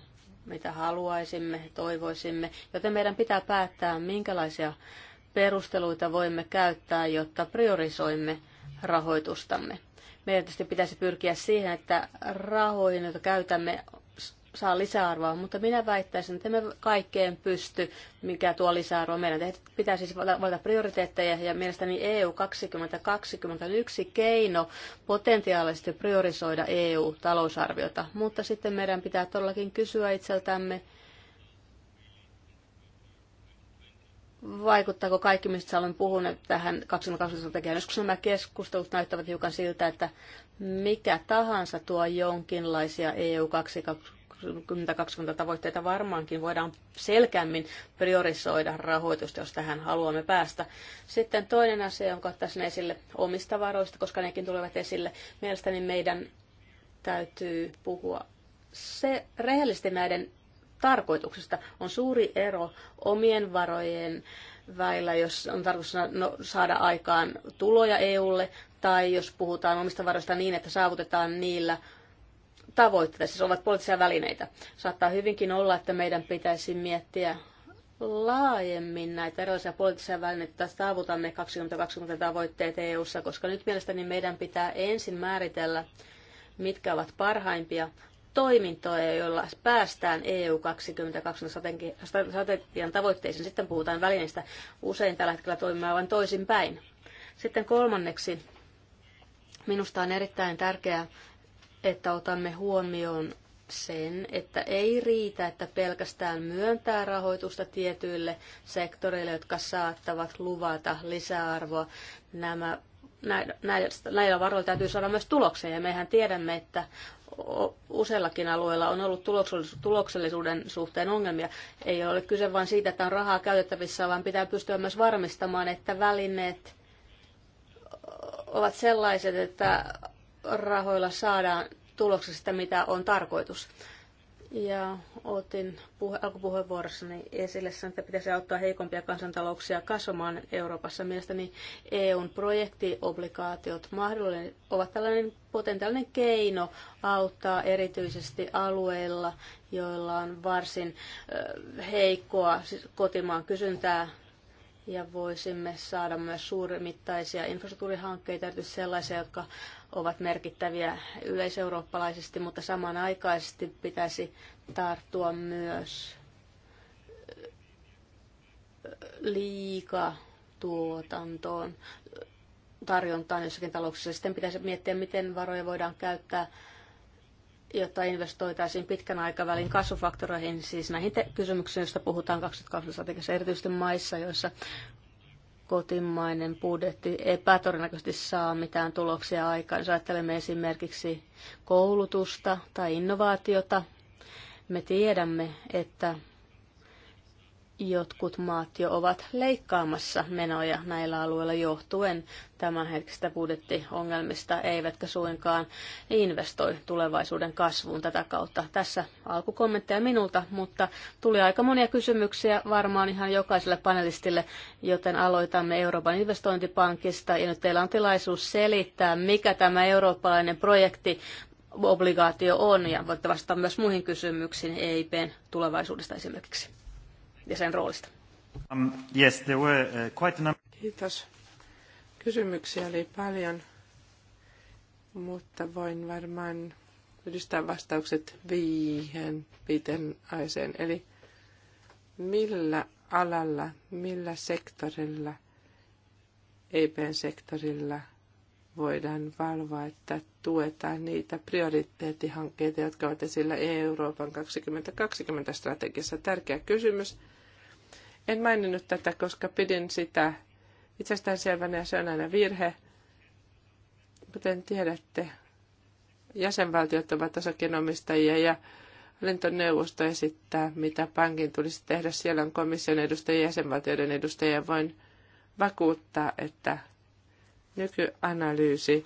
mitä haluaisimme, toivoisimme, joten meidän pitää päättää, minkälaisia perusteluita voimme käyttää, jotta priorisoimme rahoitustamme. Meidän tietysti pitäisi pyrkiä siihen, että rahoihin, joita käytämme, saa lisäarvoa, mutta minä väittäisin, että me kaikkeen pysty, mikä tuo lisäarvoa. Meidän pitää siis valita prioriteetteja ja mielestäni EU 2020 on yksi keino potentiaalisesti priorisoida EU-talousarviota, mutta sitten meidän pitää todellakin kysyä itseltämme, vaikuttaako kaikki, mistä olen puhunut tähän 2020-strategiaan. Joskus nämä keskustelut näyttävät hiukan siltä, että mikä tahansa tuo jonkinlaisia EU 2020 2020 tavoitteita varmaankin voidaan selkeämmin priorisoida rahoitusta, jos tähän haluamme päästä. Sitten toinen asia, jonka ottaisin esille omista varoista, koska nekin tulevat esille. Mielestäni meidän täytyy puhua se rehellisesti näiden tarkoituksesta. On suuri ero omien varojen väillä, jos on tarkoitus no, saada aikaan tuloja EUlle, tai jos puhutaan omista varoista niin, että saavutetaan niillä tavoitteita, siis ovat poliittisia välineitä. Saattaa hyvinkin olla, että meidän pitäisi miettiä laajemmin näitä erilaisia poliittisia välineitä, että saavutamme 2020 tavoitteet EU-ssa, koska nyt mielestäni meidän pitää ensin määritellä, mitkä ovat parhaimpia toimintoja, joilla päästään EU 2020 strategian tavoitteisiin. Sitten puhutaan välineistä usein tällä hetkellä toimimaan vain toisinpäin. Sitten kolmanneksi, minusta on erittäin tärkeää että otamme huomioon sen, että ei riitä, että pelkästään myöntää rahoitusta tietyille sektoreille, jotka saattavat luvata lisäarvoa. Nämä, näillä, näillä varoilla täytyy saada myös tuloksia, ja mehän tiedämme, että useillakin alueilla on ollut tuloksellisuuden suhteen ongelmia. Ei ole kyse vain siitä, että on rahaa käytettävissä, vaan pitää pystyä myös varmistamaan, että välineet ovat sellaiset, että rahoilla saadaan tuloksesta, mitä on tarkoitus. Ja otin puhe, alkupuheenvuorossani esille sen, että pitäisi auttaa heikompia kansantalouksia kasvamaan Euroopassa. Mielestäni EUn projektiobligaatiot mahdollinen, ovat tällainen potentiaalinen keino auttaa erityisesti alueilla, joilla on varsin heikkoa siis kotimaan kysyntää ja voisimme saada myös suurimittaisia infrastruktuurihankkeita, erityisesti sellaisia, jotka ovat merkittäviä yleiseurooppalaisesti, mutta samanaikaisesti pitäisi tarttua myös liikatuotantoon, tarjontaan jossakin talouksessa. Sitten pitäisi miettiä, miten varoja voidaan käyttää jotta investoitaisiin pitkän aikavälin kasvufaktoreihin, siis näihin te- kysymyksiin, joista puhutaan 2020 erityisesti maissa, joissa kotimainen budjetti ei saa mitään tuloksia aikaan. Jos ajattelemme esimerkiksi koulutusta tai innovaatiota, me tiedämme, että jotkut maat jo ovat leikkaamassa menoja näillä alueilla johtuen tämänhetkistä budjettiongelmista, eivätkä suinkaan investoi tulevaisuuden kasvuun tätä kautta. Tässä alkukommentteja minulta, mutta tuli aika monia kysymyksiä varmaan ihan jokaiselle panelistille, joten aloitamme Euroopan investointipankista. Ja nyt teillä on tilaisuus selittää, mikä tämä eurooppalainen projekti obligaatio on, ja voitte vastata myös muihin kysymyksiin EIPn tulevaisuudesta esimerkiksi ja sen roolista. Um, yes, there were, uh, quite a Kiitos. Kysymyksiä oli paljon, mutta voin varmaan yhdistää vastaukset viihen viiteen aiseen. Eli millä alalla, millä sektorilla, ep sektorilla voidaan valvoa, että tuetaan niitä prioriteettihankkeita, jotka ovat esillä Euroopan 2020 strategiassa. Tärkeä kysymys. En maininnut tätä, koska pidin sitä itsestäänselvänä ja se on aina virhe. Kuten tiedätte, jäsenvaltiot ovat osakkeenomistajia ja lentoneuvosto esittää, mitä pankin tulisi tehdä. Siellä on komission edustajia ja jäsenvaltioiden edustajia. Voin vakuuttaa, että nykyanalyysi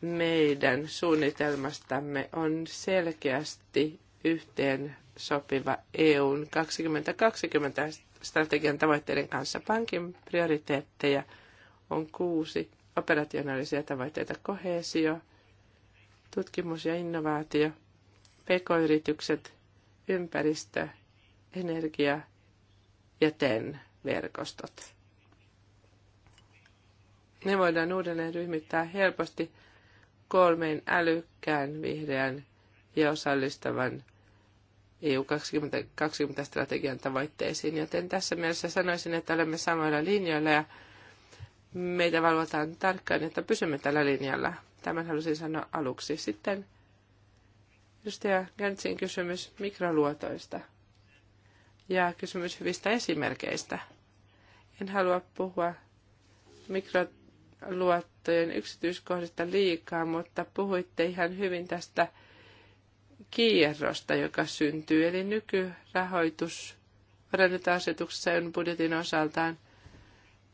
meidän suunnitelmastamme on selkeästi yhteen sopiva EUn 2020 strategian tavoitteiden kanssa. Pankin prioriteetteja on kuusi operationaalisia tavoitteita. Kohesio, tutkimus ja innovaatio, pk-yritykset, ympäristö, energia ja TEN verkostot. Ne voidaan uudelleen ryhmittää helposti kolmeen älykkään, vihreän ja osallistavan – EU 2020-strategian tavoitteisiin, joten tässä mielessä sanoisin, että olemme samoilla linjoilla ja meitä valvotaan tarkkaan, että pysymme tällä linjalla. Tämän halusin sanoa aluksi. Sitten edustaja Gantsin kysymys mikroluotoista ja kysymys hyvistä esimerkkeistä. En halua puhua mikroluottojen yksityiskohdista liikaa, mutta puhuitte ihan hyvin tästä – kierrosta, joka syntyy. Eli nykyrahoitus asetuksessa on budjetin osaltaan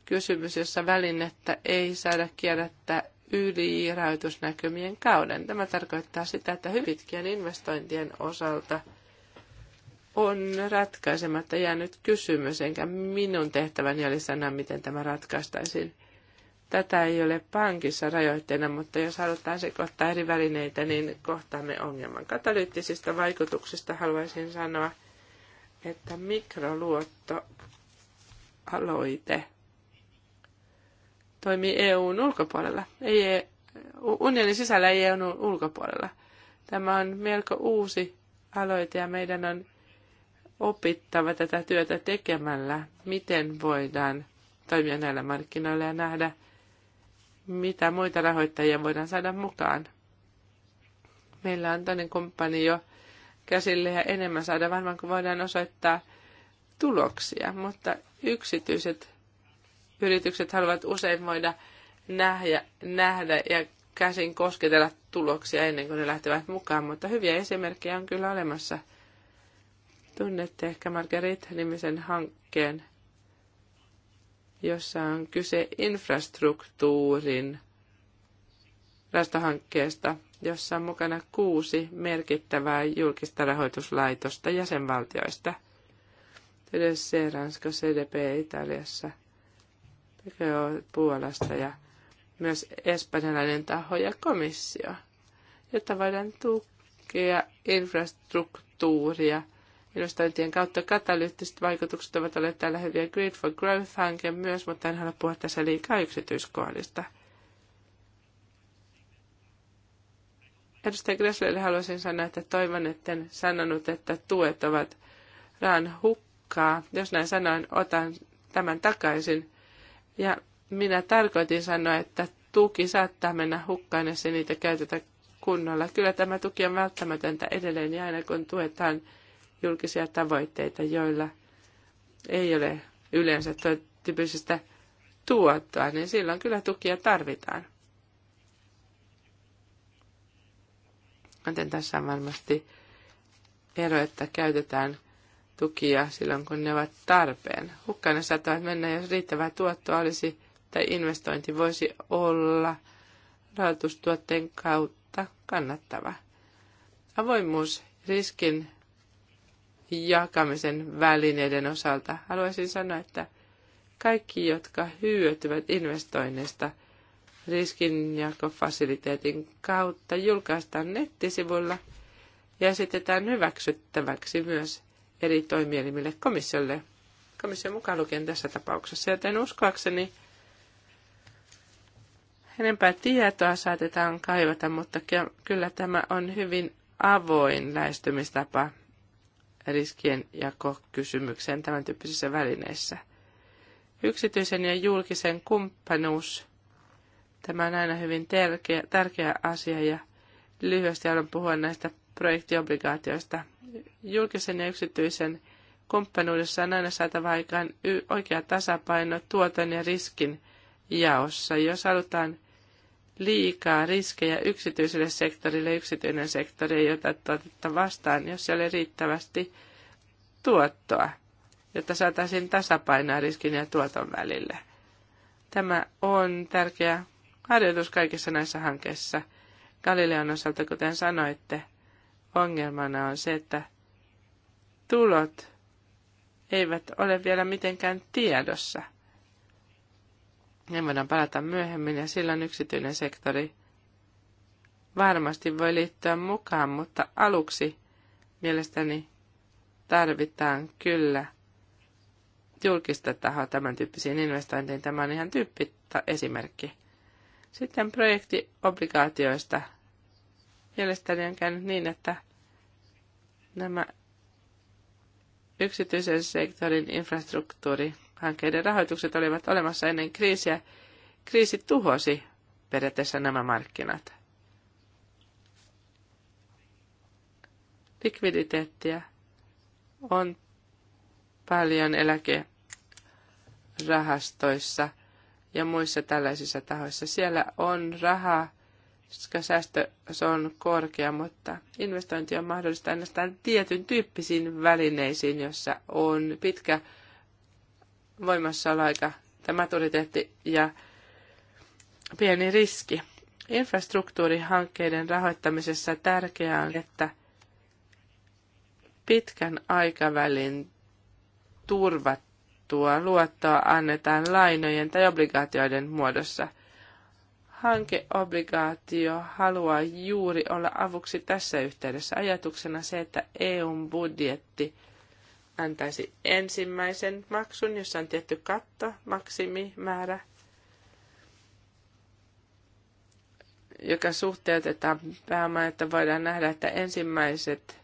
kysymys, jossa välinettä ei saada kierrättää yli rahoitusnäkymien kauden. Tämä tarkoittaa sitä, että hyvitkien investointien osalta on ratkaisematta jäänyt kysymys, enkä minun tehtäväni oli sanoa, miten tämä ratkaistaisiin. Tätä ei ole pankissa rajoitteena, mutta jos halutaan sekoittaa eri välineitä, niin kohtaamme ongelman. Katalyyttisistä vaikutuksista haluaisin sanoa, että mikroluottoaloite toimii EUn ulkopuolella, ei e- unionin sisällä, ei EUn ulkopuolella. Tämä on melko uusi aloite ja meidän on opittava tätä työtä tekemällä, miten voidaan toimia näillä markkinoilla ja nähdä, mitä muita rahoittajia voidaan saada mukaan. Meillä on toinen kumppani jo käsille ja enemmän saada varmaan, kun voidaan osoittaa tuloksia, mutta yksityiset yritykset haluavat usein voida nähdä, nähdä ja käsin kosketella tuloksia ennen kuin ne lähtevät mukaan, mutta hyviä esimerkkejä on kyllä olemassa. Tunnette ehkä Margarit-nimisen hankkeen – jossa on kyse infrastruktuurin rahastohankkeesta, jossa on mukana kuusi merkittävää julkista rahoituslaitosta jäsenvaltioista. TDC, Ranska, CDP Italiassa, PKO Puolasta ja myös espanjalainen taho ja komissio, jotta voidaan tukea infrastruktuuria – ilmastointien kautta katalyyttiset vaikutukset ovat olleet täällä hyviä. Great for Growth-hanke myös, mutta en halua puhua tässä liikaa yksityiskohdista. Edustaja Gresslelle haluaisin sanoa, että toivon, että en sanonut, että tuet ovat rahan hukkaa. Jos näin sanoin, otan tämän takaisin. Ja minä tarkoitin sanoa, että tuki saattaa mennä hukkaan, jos ei niitä käytetä kunnolla. Kyllä tämä tuki on välttämätöntä edelleen ja aina kun tuetaan julkisia tavoitteita, joilla ei ole yleensä tyyppisestä tuottoa, niin silloin kyllä tukia tarvitaan. Joten tässä on varmasti ero, että käytetään tukia silloin, kun ne ovat tarpeen. Hukkana saattavat mennä, jos riittävää tuottoa olisi tai investointi voisi olla rahoitustuotteen kautta kannattava. Avoimuus riskin jakamisen välineiden osalta haluaisin sanoa, että kaikki, jotka hyötyvät investoinneista riskinjakofasiliteetin kautta, julkaistaan nettisivulla ja esitetään hyväksyttäväksi myös eri toimielimille komissiolle, komission mukaan lukien tässä tapauksessa. Joten uskoakseni enempää tietoa saatetaan kaivata, mutta kyllä tämä on hyvin avoin lähestymistapa riskien jakokysymykseen tämän tyyppisissä välineissä. Yksityisen ja julkisen kumppanuus. Tämä on aina hyvin tärkeä, tärkeä asia ja lyhyesti haluan puhua näistä projektiobligaatioista. Julkisen ja yksityisen kumppanuudessa on aina saatava aikaan oikea tasapaino tuoton ja riskin jaossa. Jos halutaan liikaa riskejä yksityiselle sektorille, yksityinen sektori ei ota tuotetta vastaan, jos siellä ei riittävästi tuottoa, jotta saataisiin tasapainoa riskin ja tuoton välille. Tämä on tärkeä harjoitus kaikissa näissä hankkeissa. Galileon osalta, kuten sanoitte, ongelmana on se, että tulot eivät ole vielä mitenkään tiedossa – ne voidaan palata myöhemmin ja silloin yksityinen sektori varmasti voi liittyä mukaan, mutta aluksi mielestäni tarvitaan kyllä julkista tahoa tämän tyyppisiin investointeihin. Tämä on ihan tyyppi esimerkki. Sitten projektiobligaatioista. Mielestäni on käynyt niin, että nämä yksityisen sektorin infrastruktuuri hankkeiden rahoitukset olivat olemassa ennen kriisiä, kriisi tuhosi periaatteessa nämä markkinat. Likviditeettiä on paljon eläkerahastoissa ja muissa tällaisissa tahoissa. Siellä on rahaa, koska säästö se on korkea, mutta investointi on mahdollista ainoastaan tietyn tyyppisiin välineisiin, jossa on pitkä voimassaoloaika, tämä maturiteetti ja pieni riski. Infrastruktuurihankkeiden rahoittamisessa tärkeää on, että pitkän aikavälin turvattua luottoa annetaan lainojen tai obligaatioiden muodossa. Hankeobligaatio haluaa juuri olla avuksi tässä yhteydessä ajatuksena se, että EUn budjetti – antaisi ensimmäisen maksun, jossa on tietty katto, maksimimäärä, joka suhteutetaan pääomaan, että voidaan nähdä, että ensimmäiset,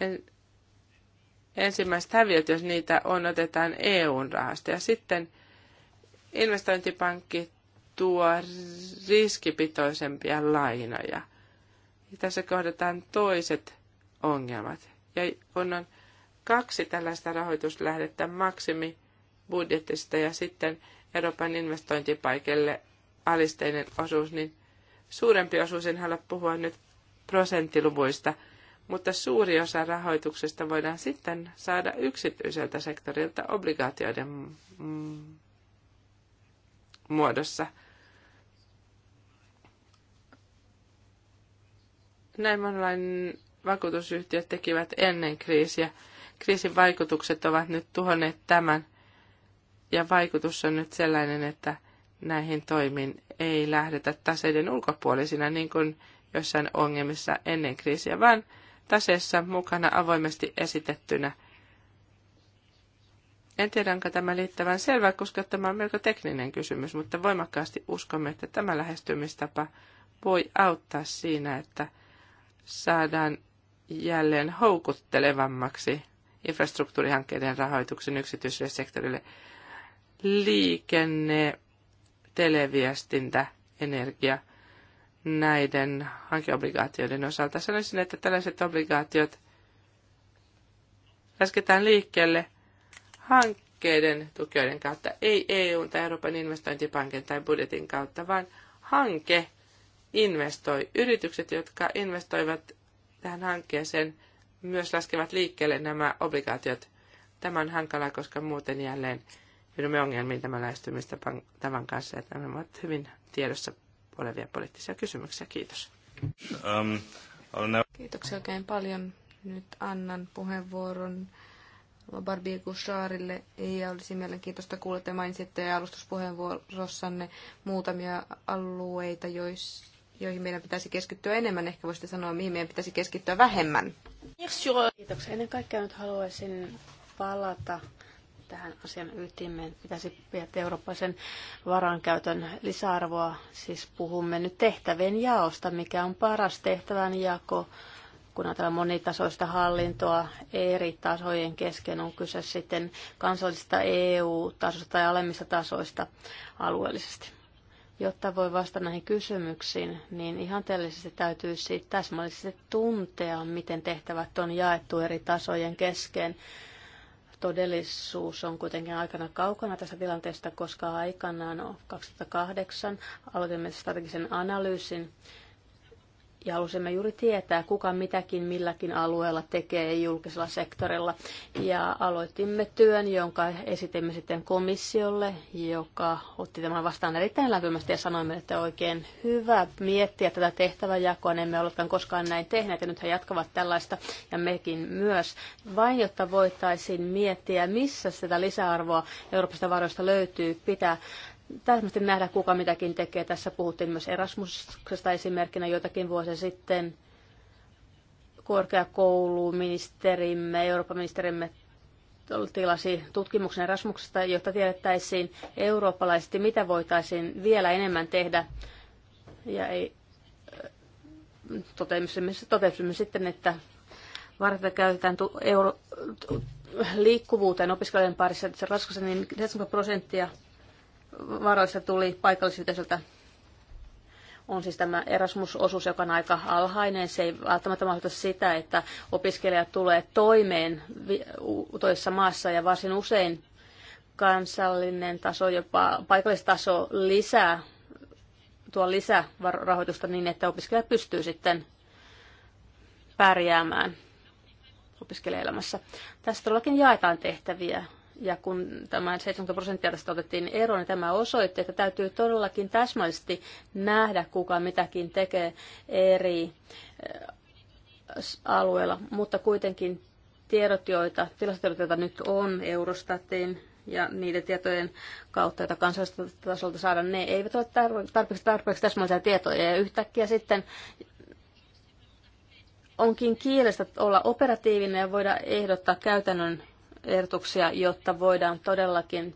en, ensimmäiset häviöt, jos niitä on, otetaan EUn rahasta. Ja sitten investointipankki tuo riskipitoisempia lainoja. Ja tässä kohdataan toiset ongelmat. Ja kun on kaksi tällaista rahoituslähdettä maksimi budjetista ja sitten Euroopan investointipaikalle alisteinen osuus, niin suurempi osuus, en halua puhua nyt prosenttiluvuista, mutta suuri osa rahoituksesta voidaan sitten saada yksityiseltä sektorilta obligaatioiden muodossa. Näin monenlainen vakuutusyhtiöt tekivät ennen kriisiä. Kriisin vaikutukset ovat nyt tuhonneet tämän, ja vaikutus on nyt sellainen, että näihin toimiin ei lähdetä taseiden ulkopuolisina, niin kuin jossain ongelmissa ennen kriisiä, vaan taseessa mukana avoimesti esitettynä. En tiedä, onko tämä liittävän selvä, koska tämä on melko tekninen kysymys, mutta voimakkaasti uskomme, että tämä lähestymistapa voi auttaa siinä, että saadaan jälleen houkuttelevammaksi infrastruktuurihankkeiden rahoituksen yksityiselle sektorille, liikenne, televiestintä, energia näiden hankeobligaatioiden osalta. Sanoisin, että tällaiset obligaatiot lasketaan liikkeelle hankkeiden tukijoiden kautta, ei EUn tai Euroopan investointipankin tai budjetin kautta, vaan hanke investoi. Yritykset, jotka investoivat tähän hankkeeseen, myös laskevat liikkeelle nämä obligaatiot. Tämä on hankalaa, koska muuten jälleen joudumme ongelmiin tämän tämän kanssa. Että nämä ovat hyvin tiedossa olevia poliittisia kysymyksiä. Kiitos. Um, Kiitoksia oikein paljon. Nyt annan puheenvuoron Barbie Gushaarille. ja olisi mielenkiintoista kuulla, että mainitsitte alustuspuheenvuorossanne muutamia alueita, joihin meidän pitäisi keskittyä enemmän. Ehkä voisitte sanoa, mihin meidän pitäisi keskittyä vähemmän. Kiitoksia. Ennen kaikkea nyt haluaisin palata tähän asian ytimeen. Pitäisi miettiä eurooppaisen varankäytön lisäarvoa. Siis puhumme nyt tehtävien jaosta, mikä on paras tehtävän jako, kun ajatellaan monitasoista hallintoa eri tasojen kesken. On kyse sitten kansallisista EU-tasoista tai alemmista tasoista alueellisesti. Jotta voi vastata näihin kysymyksiin, niin ihanteellisesti täytyisi täsmällisesti tuntea, miten tehtävät on jaettu eri tasojen kesken. Todellisuus on kuitenkin aikana kaukana tästä tilanteesta, koska aikanaan 2008 no, aloitimme strategisen analyysin ja halusimme juuri tietää, kuka mitäkin milläkin alueella tekee julkisella sektorilla. Ja aloitimme työn, jonka esitimme sitten komissiolle, joka otti tämän vastaan erittäin lämpimästi ja sanoimme, että oikein hyvä miettiä tätä tehtäväjakoa. Ne emme olekaan koskaan näin tehneet ja nyt he jatkavat tällaista ja mekin myös. Vain jotta voitaisiin miettiä, missä sitä lisäarvoa Euroopasta varoista löytyy, pitää Tällaisesti nähdä, kuka mitäkin tekee. Tässä puhuttiin myös Erasmusista esimerkkinä joitakin vuosia sitten. Korkeakouluministerimme, Euroopan ministerimme tilasi tutkimuksen Erasmuksesta, jotta tiedettäisiin eurooppalaisesti, mitä voitaisiin vielä enemmän tehdä. Ja ei, totesimme, totesimme sitten, että varten käytetään euro, liikkuvuuteen opiskelijoiden parissa, että se raskassa, niin 70 prosenttia varoista tuli paikallisyhteisöltä on siis tämä Erasmus-osuus, joka on aika alhainen. Se ei välttämättä mahdollista sitä, että opiskelija tulee toimeen toisessa maassa ja varsin usein kansallinen taso, jopa paikallistaso lisää, tuo lisärahoitusta niin, että opiskelija pystyy sitten pärjäämään opiskelijaelämässä. Tässä todellakin jaetaan tehtäviä ja kun tämä 70 prosenttia tästä otettiin eroon, niin tämä osoitti, että täytyy todellakin täsmällisesti nähdä, kuka mitäkin tekee eri eh, alueilla. Mutta kuitenkin tiedot, joita, tilastotiedot, joita nyt on Eurostatin ja niiden tietojen kautta, joita kansallisesta tasolta saadaan, ne eivät ole tarpeeksi, tarpeeksi täsmällisiä tietoja. Ja yhtäkkiä sitten onkin kielestä olla operatiivinen ja voida ehdottaa käytännön ehdotuksia, jotta voidaan todellakin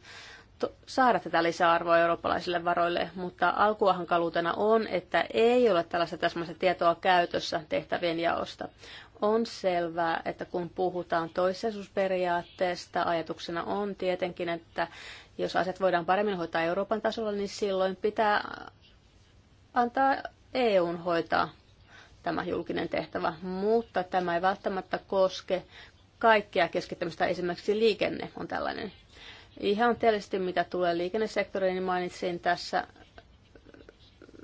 saada tätä lisäarvoa eurooppalaisille varoille, mutta alkuahankaluutena on, että ei ole tällaista täsmällistä tietoa käytössä tehtävien jaosta. On selvää, että kun puhutaan toissijaisuusperiaatteesta, ajatuksena on tietenkin, että jos asiat voidaan paremmin hoitaa Euroopan tasolla, niin silloin pitää antaa EUn hoitaa tämä julkinen tehtävä, mutta tämä ei välttämättä koske kaikkea keskittämistä, esimerkiksi liikenne on tällainen. Ihan tietysti mitä tulee liikennesektoriin, niin mainitsin tässä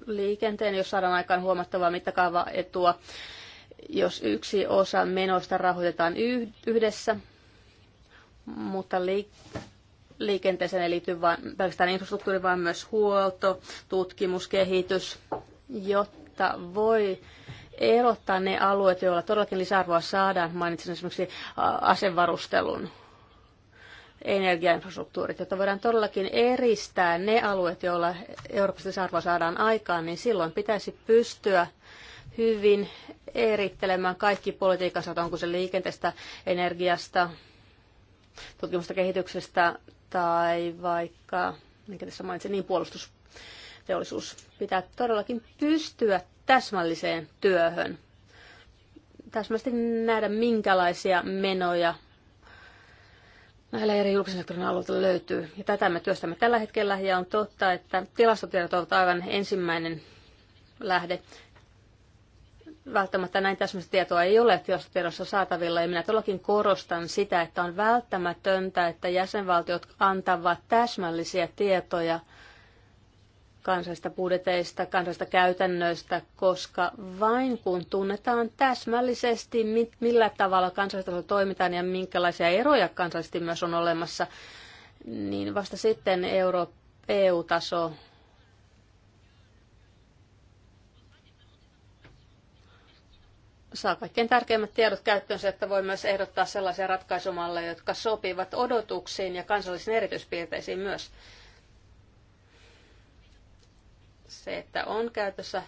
liikenteen, jos saadaan aikaan huomattavaa mittakaavaa etua, jos yksi osa menoista rahoitetaan yhdessä, mutta liik- liikenteeseen ei liity vain pelkästään infrastruktuuri, vaan myös huolto, tutkimus, kehitys, jotta voi erottaa ne alueet, joilla todellakin lisäarvoa saadaan. Mainitsin esimerkiksi asevarustelun energiainfrastruktuurit, jotta voidaan todellakin eristää ne alueet, joilla Euroopasta lisäarvoa saadaan aikaan, niin silloin pitäisi pystyä hyvin erittelemään kaikki politiikan saat, onko se liikenteestä, energiasta, tutkimusta kehityksestä tai vaikka, mikä tässä mainitsin, niin puolustusteollisuus. Pitää todellakin pystyä täsmälliseen työhön. Täsmällisesti nähdä, minkälaisia menoja näillä eri julkisen sektorin alueilla löytyy. Ja tätä me työstämme tällä hetkellä ja on totta, että tilastotiedot ovat aivan ensimmäinen lähde. Välttämättä näin täsmällistä tietoa ei ole tilastotiedossa saatavilla ja minä todellakin korostan sitä, että on välttämätöntä, että jäsenvaltiot antavat täsmällisiä tietoja – kansallisista budjeteista, kansallisista käytännöistä, koska vain kun tunnetaan täsmällisesti, millä tavalla kansallisella toimitaan ja minkälaisia eroja kansallisesti myös on olemassa, niin vasta sitten euro, EU-taso saa kaikkein tärkeimmät tiedot käyttöönsä, että voi myös ehdottaa sellaisia ratkaisumalleja, jotka sopivat odotuksiin ja kansallisiin erityispiirteisiin myös se, että on käytössä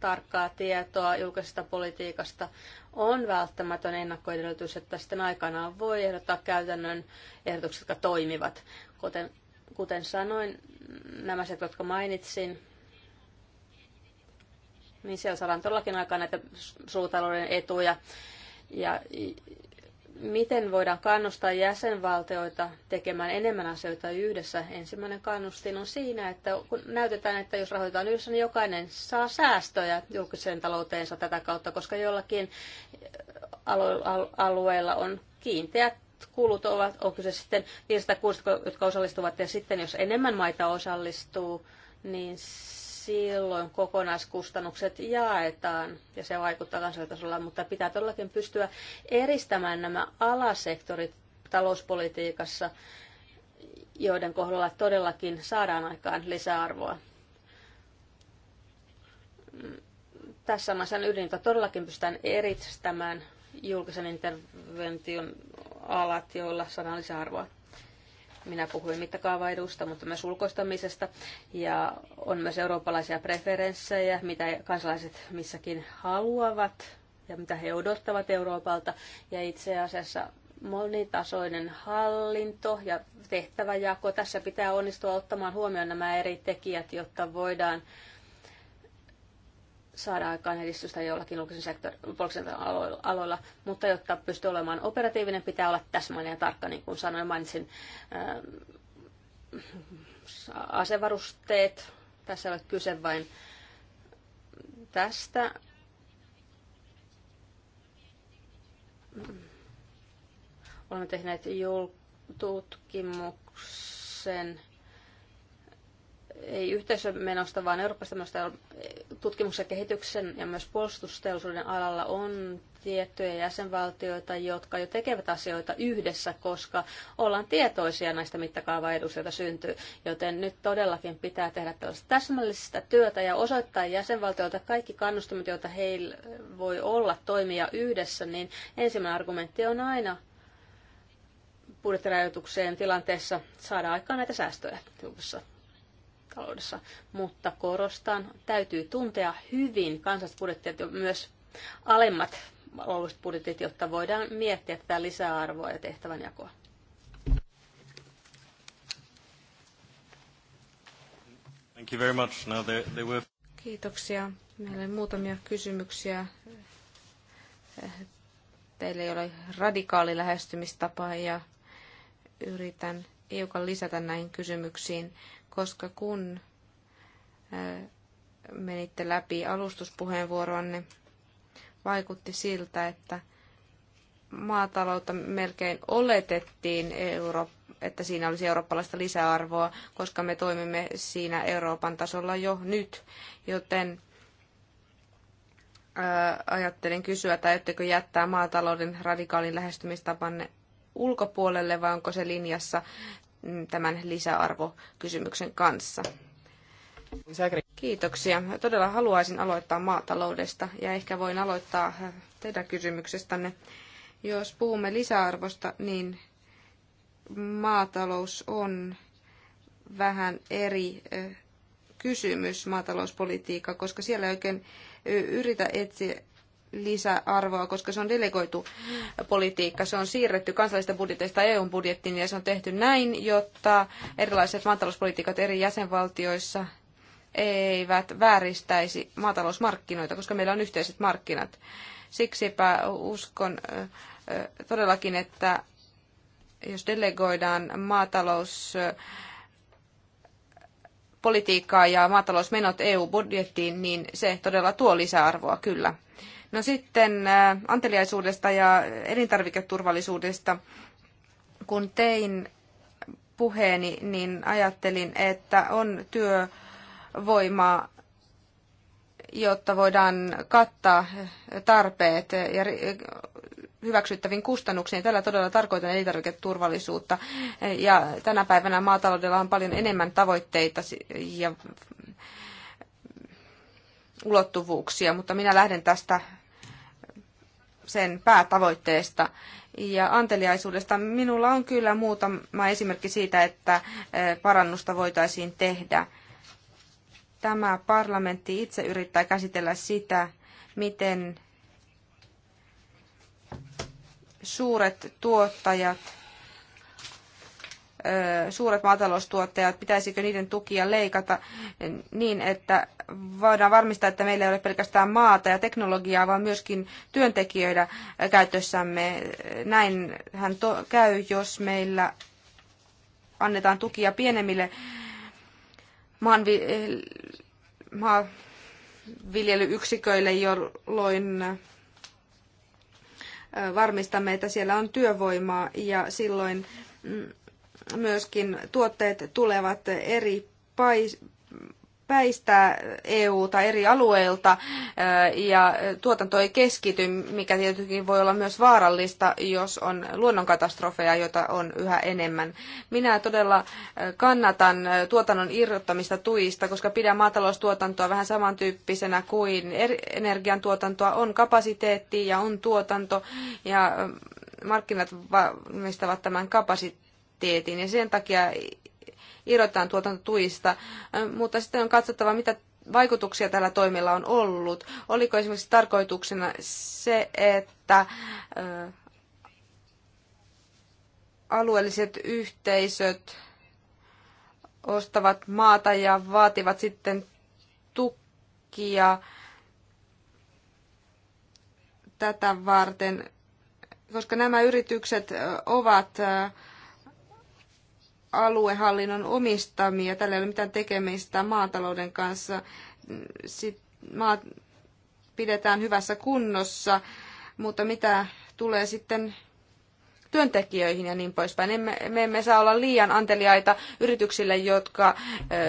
tarkkaa tietoa julkisesta politiikasta, on välttämätön ennakkoedellytys, että sitten aikanaan voi ehdottaa käytännön ehdotukset, jotka toimivat. Kuten, kuten sanoin, nämä asiat, jotka mainitsin, niin siellä saadaan todellakin aikaan näitä suutalouden etuja ja Miten voidaan kannustaa jäsenvaltioita tekemään enemmän asioita yhdessä? Ensimmäinen kannustin on siinä, että kun näytetään, että jos rahoitetaan yhdessä, niin jokainen saa säästöjä julkiseen talouteensa tätä kautta, koska jollakin eh, alueella on kiinteät kulut ovat, on kyse sitten niistä kulut, jotka osallistuvat, ja sitten jos enemmän maita osallistuu, niin silloin kokonaiskustannukset jaetaan ja se vaikuttaa kansallisella mutta pitää todellakin pystyä eristämään nämä alasektorit talouspolitiikassa, joiden kohdalla todellakin saadaan aikaan lisäarvoa. Tässä mä ydin ydintä todellakin pystytään eristämään julkisen intervention alat, joilla saadaan lisäarvoa. Minä puhuin mittakaavaedusta, mutta myös ulkoistamisesta. Ja on myös eurooppalaisia preferenssejä, mitä kansalaiset missäkin haluavat ja mitä he odottavat Euroopalta. Ja itse asiassa monitasoinen hallinto ja tehtäväjako. Tässä pitää onnistua ottamaan huomioon nämä eri tekijät, jotta voidaan saada aikaan edistystä jollakin julkisen sektorin aloilla, mutta jotta pystyy olemaan operatiivinen, pitää olla täsmällinen ja tarkka, niin kuin sanoin, mainitsin ää, ähm, asevarusteet. Tässä ei ole kyse vain tästä. Olemme tehneet tutkimuksen ei menosta, vaan Euroopasta menosta tutkimuksen kehityksen ja myös puolustusteollisuuden alalla on tiettyjä jäsenvaltioita, jotka jo tekevät asioita yhdessä, koska ollaan tietoisia näistä mittakaavaeduista, joita syntyy. Joten nyt todellakin pitää tehdä tällaista täsmällistä työtä ja osoittaa jäsenvaltioilta kaikki kannustimet, joita heillä voi olla toimia yhdessä, niin ensimmäinen argumentti on aina budjettirajoitukseen tilanteessa saada aikaan näitä säästöjä kansantaloudessa, Mutta korostan, täytyy tuntea hyvin kansallisbudjettia myös alemmat alueelliset budjetit, jotta voidaan miettiä tätä lisäarvoa ja tehtävänjakoa. Thank you very much. Now there, there were... Kiitoksia. Meillä on muutamia kysymyksiä. Teillä ei ole radikaali lähestymistapa ja yritän hiukan lisätä näihin kysymyksiin, koska kun menitte läpi alustuspuheenvuoronne, vaikutti siltä, että maataloutta melkein oletettiin, että siinä olisi eurooppalaista lisäarvoa, koska me toimimme siinä Euroopan tasolla jo nyt, joten ajattelin kysyä, tai ettekö jättää maatalouden radikaalin lähestymistapanne ulkopuolelle vai onko se linjassa tämän lisäarvokysymyksen kanssa. Kiitoksia. Todella haluaisin aloittaa maataloudesta ja ehkä voin aloittaa äh, teidän kysymyksestänne. Jos puhumme lisäarvosta, niin maatalous on vähän eri äh, kysymys, maatalouspolitiikka, koska siellä ei oikein yritä etsiä lisäarvoa, koska se on delegoitu politiikka. Se on siirretty kansallisista budjeteista eu budjettiin ja se on tehty näin, jotta erilaiset maatalouspolitiikat eri jäsenvaltioissa eivät vääristäisi maatalousmarkkinoita, koska meillä on yhteiset markkinat. Siksipä uskon todellakin, että jos delegoidaan maatalous politiikkaa ja maatalousmenot EU-budjettiin, niin se todella tuo lisäarvoa kyllä. No sitten äh, anteliaisuudesta ja elintarviketurvallisuudesta. Kun tein puheeni, niin ajattelin, että on työvoimaa jotta voidaan kattaa tarpeet ja hyväksyttävin kustannuksiin. Tällä todella tarkoitan elintarviketurvallisuutta. Ja tänä päivänä maataloudella on paljon enemmän tavoitteita ja ulottuvuuksia, mutta minä lähden tästä sen päätavoitteesta ja anteliaisuudesta. Minulla on kyllä muutama esimerkki siitä, että eh, parannusta voitaisiin tehdä. Tämä parlamentti itse yrittää käsitellä sitä, miten suuret tuottajat suuret maataloustuottajat, pitäisikö niiden tukia leikata niin, että voidaan varmistaa, että meillä ei ole pelkästään maata ja teknologiaa, vaan myöskin työntekijöitä käytössämme. Näinhän to- käy, jos meillä annetaan tukia pienemmille maanvi- maanviljelyyksiköille, jolloin varmistamme, että siellä on työvoimaa ja silloin mm, myöskin tuotteet tulevat eri päistä EU-ta eri alueilta ja tuotanto ei keskity, mikä tietenkin voi olla myös vaarallista, jos on luonnonkatastrofeja, joita on yhä enemmän. Minä todella kannatan tuotannon irrottamista tuista, koska pidän maataloustuotantoa vähän samantyyppisenä kuin energiantuotantoa. On kapasiteetti ja on tuotanto ja markkinat varmistavat tämän kapasiteetin kapasiteetin ja sen takia irrotetaan tuotantotuista, mutta sitten on katsottava, mitä vaikutuksia tällä toimella on ollut. Oliko esimerkiksi tarkoituksena se, että alueelliset yhteisöt ostavat maata ja vaativat sitten tukkia tätä varten, koska nämä yritykset ovat aluehallinnon omistamia. Tällä ei ole mitään tekemistä maatalouden kanssa. Sit maat pidetään hyvässä kunnossa, mutta mitä tulee sitten työntekijöihin ja niin poispäin. Emme, me emme saa olla liian anteliaita yrityksille, jotka,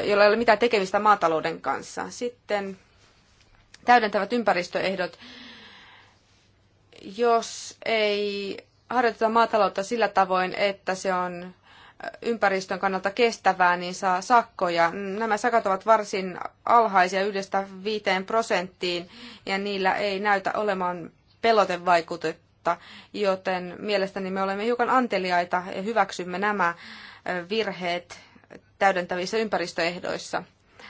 joilla ei ole mitään tekemistä maatalouden kanssa. Sitten täydentävät ympäristöehdot. Jos ei harjoiteta maataloutta sillä tavoin, että se on ympäristön kannalta kestävää, niin saa sakkoja. Nämä sakat ovat varsin alhaisia yhdestä viiteen prosenttiin ja niillä ei näytä olemaan pelotevaikutetta, joten mielestäni me olemme hiukan anteliaita ja hyväksymme nämä virheet täydentävissä ympäristöehdoissa.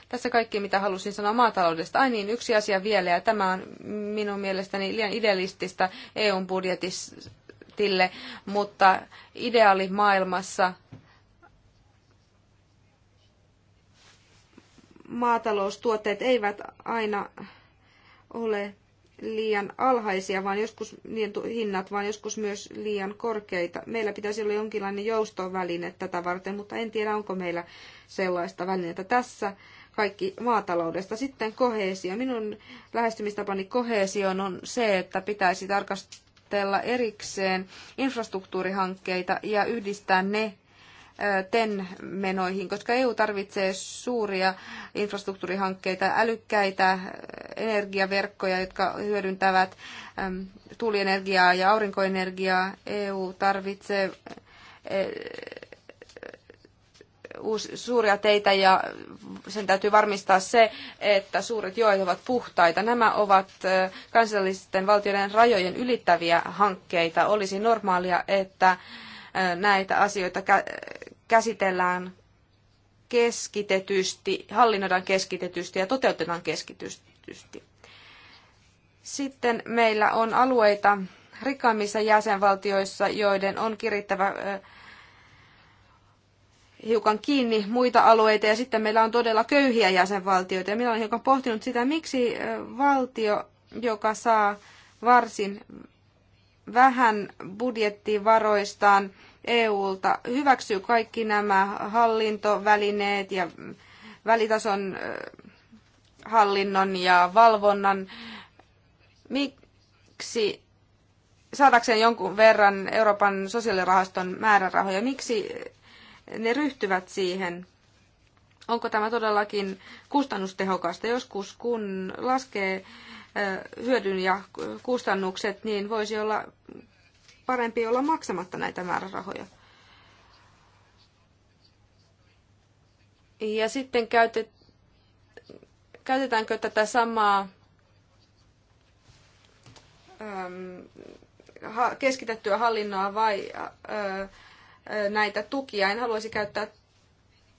Tässä kaikki, mitä halusin sanoa maataloudesta. Ai niin, yksi asia vielä, ja tämä on minun mielestäni liian idealistista EU-budjetille, Tille, mutta ideaalimaailmassa maataloustuotteet eivät aina ole liian alhaisia, vaan joskus niin hinnat, vaan joskus myös liian korkeita. Meillä pitäisi olla jonkinlainen joustoväline tätä varten, mutta en tiedä, onko meillä sellaista välinettä tässä kaikki maataloudesta. Sitten kohesio. Minun lähestymistapani kohesioon on se, että pitäisi tarkastella erikseen infrastruktuurihankkeita ja yhdistää ne TEN-menoihin, koska EU tarvitsee suuria infrastruktuurihankkeita, älykkäitä energiaverkkoja, jotka hyödyntävät tuulienergiaa ja aurinkoenergiaa. EU tarvitsee suuria teitä ja sen täytyy varmistaa se, että suuret joet ovat puhtaita. Nämä ovat kansallisten valtioiden rajojen ylittäviä hankkeita. Olisi normaalia, että näitä asioita käsitellään keskitetysti, hallinnoidaan keskitetysti ja toteutetaan keskitetysti. Sitten meillä on alueita rikkaimmissa jäsenvaltioissa, joiden on kirittävä hiukan kiinni muita alueita ja sitten meillä on todella köyhiä jäsenvaltioita. Ja minä olen hiukan pohtinut sitä, miksi valtio, joka saa varsin vähän budjettivaroistaan EUlta hyväksyy kaikki nämä hallintovälineet ja välitason hallinnon ja valvonnan. Miksi saadakseen jonkun verran Euroopan sosiaalirahaston määrärahoja, miksi ne ryhtyvät siihen? Onko tämä todellakin kustannustehokasta? Joskus kun laskee hyödyn ja kustannukset, niin voisi olla parempi olla maksamatta näitä määrärahoja. Ja sitten käytet, käytetäänkö tätä samaa keskitettyä hallinnoa vai näitä tukia? En haluaisi käyttää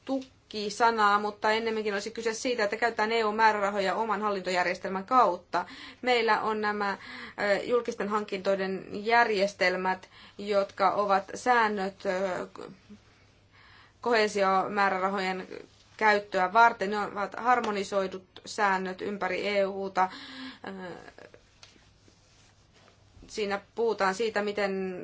tukia sanaa, mutta ennemminkin olisi kyse siitä, että käytetään EU-määrärahoja oman hallintojärjestelmän kautta. Meillä on nämä julkisten hankintoiden järjestelmät, jotka ovat säännöt kohesiomäärärahojen käyttöä varten. Ne ovat harmonisoidut säännöt ympäri EUta. Siinä puhutaan siitä, miten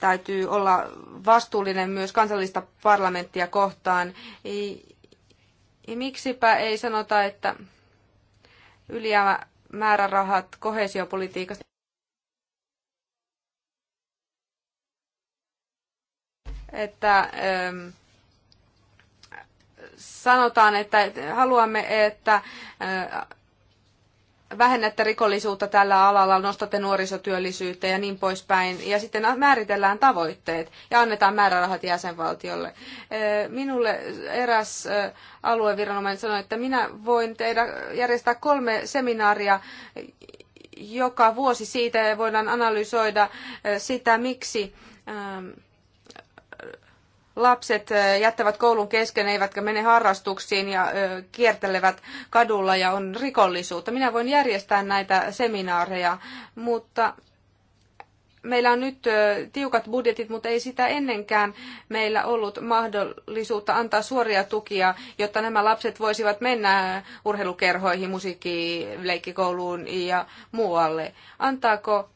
täytyy olla vastuullinen myös kansallista parlamenttia kohtaan. Miksipä ei sanota, että ylijäämä määrärahat kohesiopolitiikasta. Että ähm, sanotaan, että haluamme, että äh, vähennätte rikollisuutta tällä alalla, nostatte nuorisotyöllisyyttä ja niin poispäin. Ja sitten määritellään tavoitteet ja annetaan määrärahat jäsenvaltiolle. Minulle eräs alueviranomainen sanoi, että minä voin tehdä, järjestää kolme seminaaria joka vuosi siitä ja voidaan analysoida sitä, miksi ähm, lapset jättävät koulun kesken, eivätkä mene harrastuksiin ja kiertelevät kadulla ja on rikollisuutta. Minä voin järjestää näitä seminaareja, mutta meillä on nyt tiukat budjetit, mutta ei sitä ennenkään meillä ollut mahdollisuutta antaa suoria tukia, jotta nämä lapset voisivat mennä urheilukerhoihin, musiikkileikkikouluun ja muualle. Antaako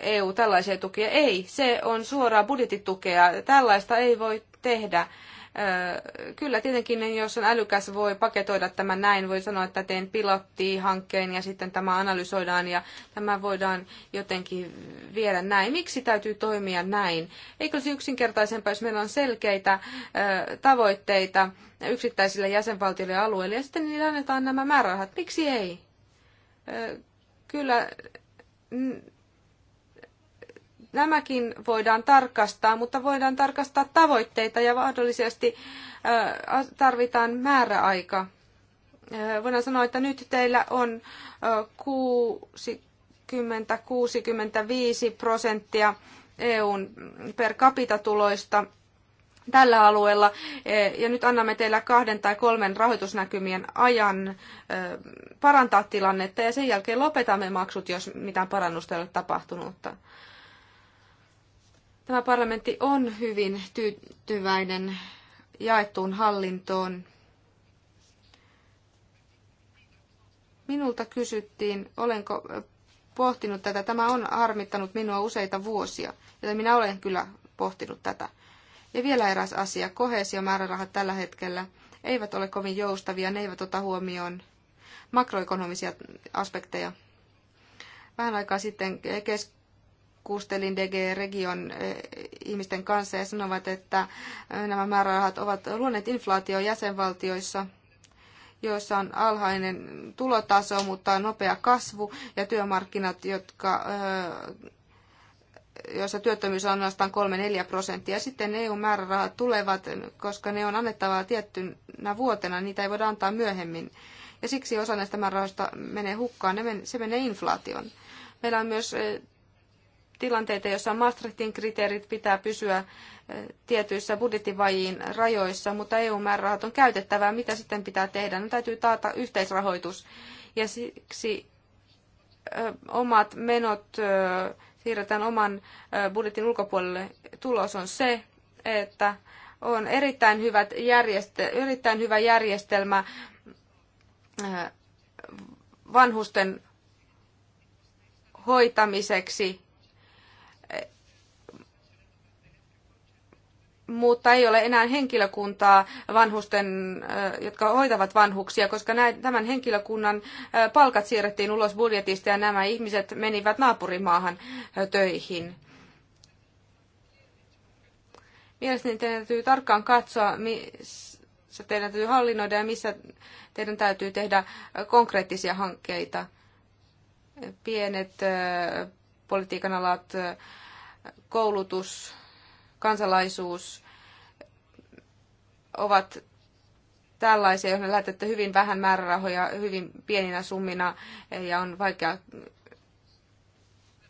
EU tällaisia tukia? Ei, se on suoraa budjetitukea. Tällaista ei voi tehdä. Kyllä tietenkin, jos on älykäs, voi paketoida tämän näin. Voi sanoa, että teen pilottihankkeen ja sitten tämä analysoidaan ja tämä voidaan jotenkin viedä näin. Miksi täytyy toimia näin? Eikö se yksinkertaisempaa, jos meillä on selkeitä tavoitteita yksittäisille jäsenvaltioille ja alueille ja sitten niille annetaan nämä määrärahat? Miksi ei? Kyllä Nämäkin voidaan tarkastaa, mutta voidaan tarkastaa tavoitteita ja mahdollisesti äh, tarvitaan määräaika. Äh, voidaan sanoa, että nyt teillä on 60-65 äh, prosenttia EUn per capita tuloista tällä alueella. Ja nyt annamme teillä kahden tai kolmen rahoitusnäkymien ajan parantaa tilannetta ja sen jälkeen lopetamme maksut, jos mitään parannusta ei ole tapahtunut. Tämä parlamentti on hyvin tyytyväinen jaettuun hallintoon. Minulta kysyttiin, olenko pohtinut tätä. Tämä on harmittanut minua useita vuosia, joten minä olen kyllä pohtinut tätä. Ja vielä eräs asia. Kohesiomäärärahat tällä hetkellä eivät ole kovin joustavia, ne eivät ota huomioon makroekonomisia aspekteja. Vähän aikaa sitten kes- Kustelin DG-region eh, ihmisten kanssa ja sanovat, että eh, nämä määrärahat ovat luoneet inflaatio jäsenvaltioissa, joissa on alhainen tulotaso, mutta nopea kasvu ja työmarkkinat, jotka eh, joissa työttömyys on ainoastaan 3-4 prosenttia. Sitten EU-määrärahat tulevat, koska ne on annettava tiettynä vuotena, niitä ei voida antaa myöhemmin. Ja siksi osa näistä määrärahoista menee hukkaan, ne men, se menee inflaation. Meillä on myös tilanteita, joissa Maastrichtin kriteerit pitää pysyä eh, tietyissä budjettivajiin rajoissa, mutta EU-määrärahat on käytettävää. Mitä sitten pitää tehdä? No, täytyy taata yhteisrahoitus ja siksi eh, omat menot eh, siirretään oman budjetin ulkopuolelle. Tulos on se, että on erittäin, hyvät järjestel- erittäin hyvä järjestelmä vanhusten hoitamiseksi mutta ei ole enää henkilökuntaa vanhusten, jotka hoitavat vanhuksia, koska näin, tämän henkilökunnan palkat siirrettiin ulos budjetista ja nämä ihmiset menivät naapurimaahan töihin. Mielestäni teidän täytyy tarkkaan katsoa, missä teidän täytyy hallinnoida ja missä teidän täytyy tehdä konkreettisia hankkeita. Pienet politiikan alat, koulutus, kansalaisuus ovat tällaisia, joihin lähetätte hyvin vähän määrärahoja hyvin pieninä summina ja on vaikea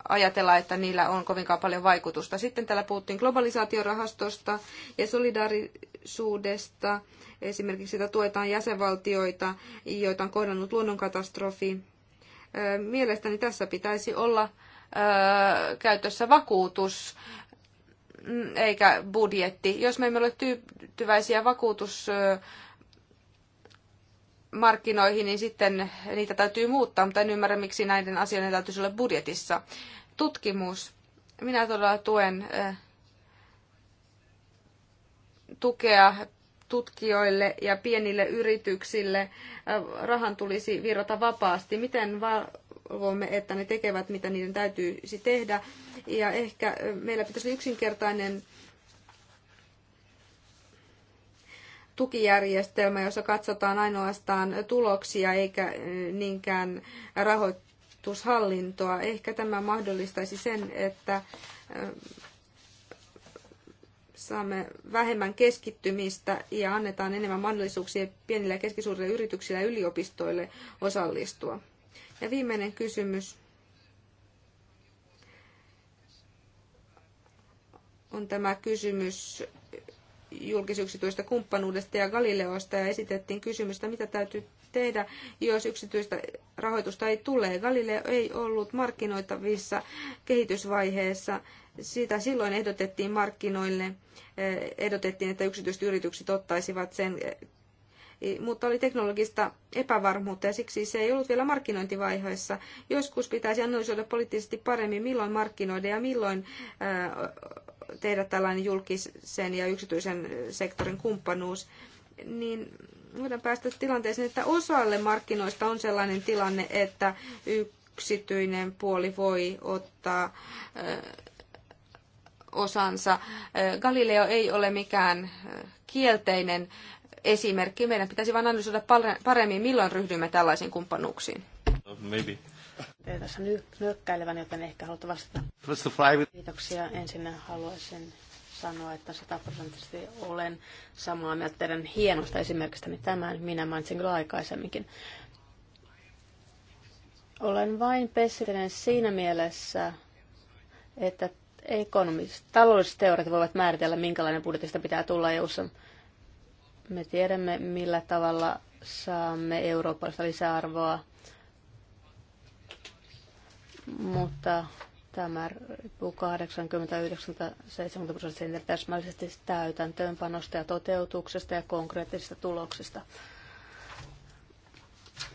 ajatella, että niillä on kovinkaan paljon vaikutusta. Sitten täällä puhuttiin globalisaatiorahastosta ja solidaarisuudesta. Esimerkiksi sitä tuetaan jäsenvaltioita, joita on kohdannut luonnonkatastrofi. Mielestäni tässä pitäisi olla käytössä vakuutus eikä budjetti. Jos me emme ole tyytyväisiä vakuutus markkinoihin, niin sitten niitä täytyy muuttaa, mutta en ymmärrä, miksi näiden asioiden täytyisi olla budjetissa. Tutkimus. Minä todella tuen eh, tukea tutkijoille ja pienille yrityksille. Eh, rahan tulisi virrata vapaasti. Miten toivomme, että ne tekevät, mitä niiden täytyisi tehdä. Ja ehkä meillä pitäisi olla yksinkertainen tukijärjestelmä, jossa katsotaan ainoastaan tuloksia eikä niinkään rahoitushallintoa. Ehkä tämä mahdollistaisi sen, että saamme vähemmän keskittymistä ja annetaan enemmän mahdollisuuksia pienille ja keskisuurille yrityksille ja yliopistoille osallistua. Ja viimeinen kysymys on tämä kysymys julkisyksityistä kumppanuudesta ja Galileosta ja esitettiin kysymystä, mitä täytyy tehdä, jos yksityistä rahoitusta ei tule. Galileo ei ollut markkinoitavissa kehitysvaiheessa. Sitä silloin ehdotettiin markkinoille, ehdotettiin, että yksityiset yritykset ottaisivat sen mutta oli teknologista epävarmuutta ja siksi se ei ollut vielä markkinointivaiheessa. Joskus pitäisi analysoida poliittisesti paremmin, milloin markkinoida ja milloin tehdä tällainen julkisen ja yksityisen sektorin kumppanuus, niin voidaan päästä tilanteeseen, että osalle markkinoista on sellainen tilanne, että yksityinen puoli voi ottaa osansa. Galileo ei ole mikään kielteinen esimerkki. Meidän pitäisi vain analysoida paremmin, milloin ryhdymme tällaisiin kumppanuuksiin. No, maybe. Tein tässä nyt nyökkäilevän, joten ehkä haluatte vastata. Kiitoksia. Ensin haluaisin sanoa, että sataprosenttisesti olen samaa mieltä teidän hienosta esimerkistäni tämän. Minä mainitsin kyllä aikaisemminkin. Olen vain pessimistinen siinä mielessä, että ekonomist, taloudelliset teoriat voivat määritellä, minkälainen budjetista pitää tulla EUssa. Me tiedämme, millä tavalla saamme Euroopasta lisäarvoa, mutta tämä riippuu 80-90-70 prosenttia täsmällisesti täytäntöönpanosta ja toteutuksesta ja konkreettisista tuloksista.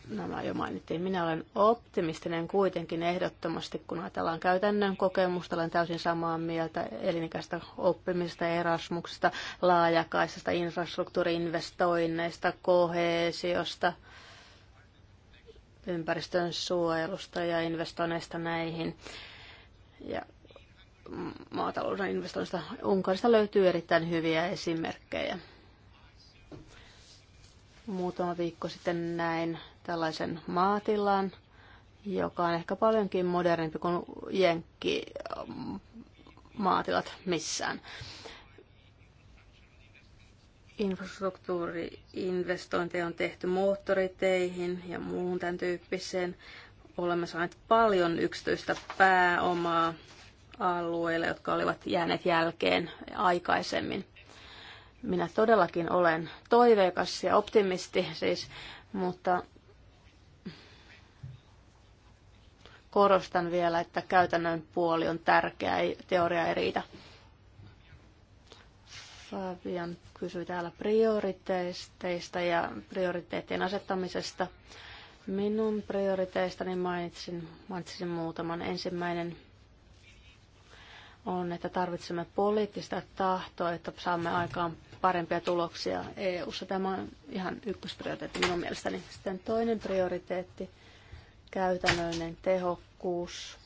Nämä jo mainittiin. Minä olen optimistinen kuitenkin ehdottomasti, kun ajatellaan käytännön kokemusta. Olen täysin samaa mieltä elinikäistä oppimista erasmuksesta, laajakaisesta infrastruktuuriinvestoinneista, koheesiosta, ympäristön suojelusta ja investoinneista näihin. Ja maatalouden investoinnista Unkarista löytyy erittäin hyviä esimerkkejä. Muutama viikko sitten näin tällaisen maatilan, joka on ehkä paljonkin modernimpi kuin jenkki ähm, maatilat missään. Infrastruktuuriinvestointeja on tehty moottoriteihin ja muun tämän tyyppiseen. Olemme saaneet paljon yksityistä pääomaa alueille, jotka olivat jääneet jälkeen aikaisemmin. Minä todellakin olen toiveikas ja optimisti, siis, mutta korostan vielä, että käytännön puoli on tärkeä, ei, teoria ei riitä. Fabian kysyi täällä prioriteisteista ja prioriteettien asettamisesta. Minun prioriteistani mainitsin, mainitsin muutaman. Ensimmäinen on, että tarvitsemme poliittista tahtoa, että saamme aikaan parempia tuloksia EU-ssa. Tämä on ihan ykkösprioriteetti minun mielestäni. Sitten toinen prioriteetti – käytännöllinen tehokkuus.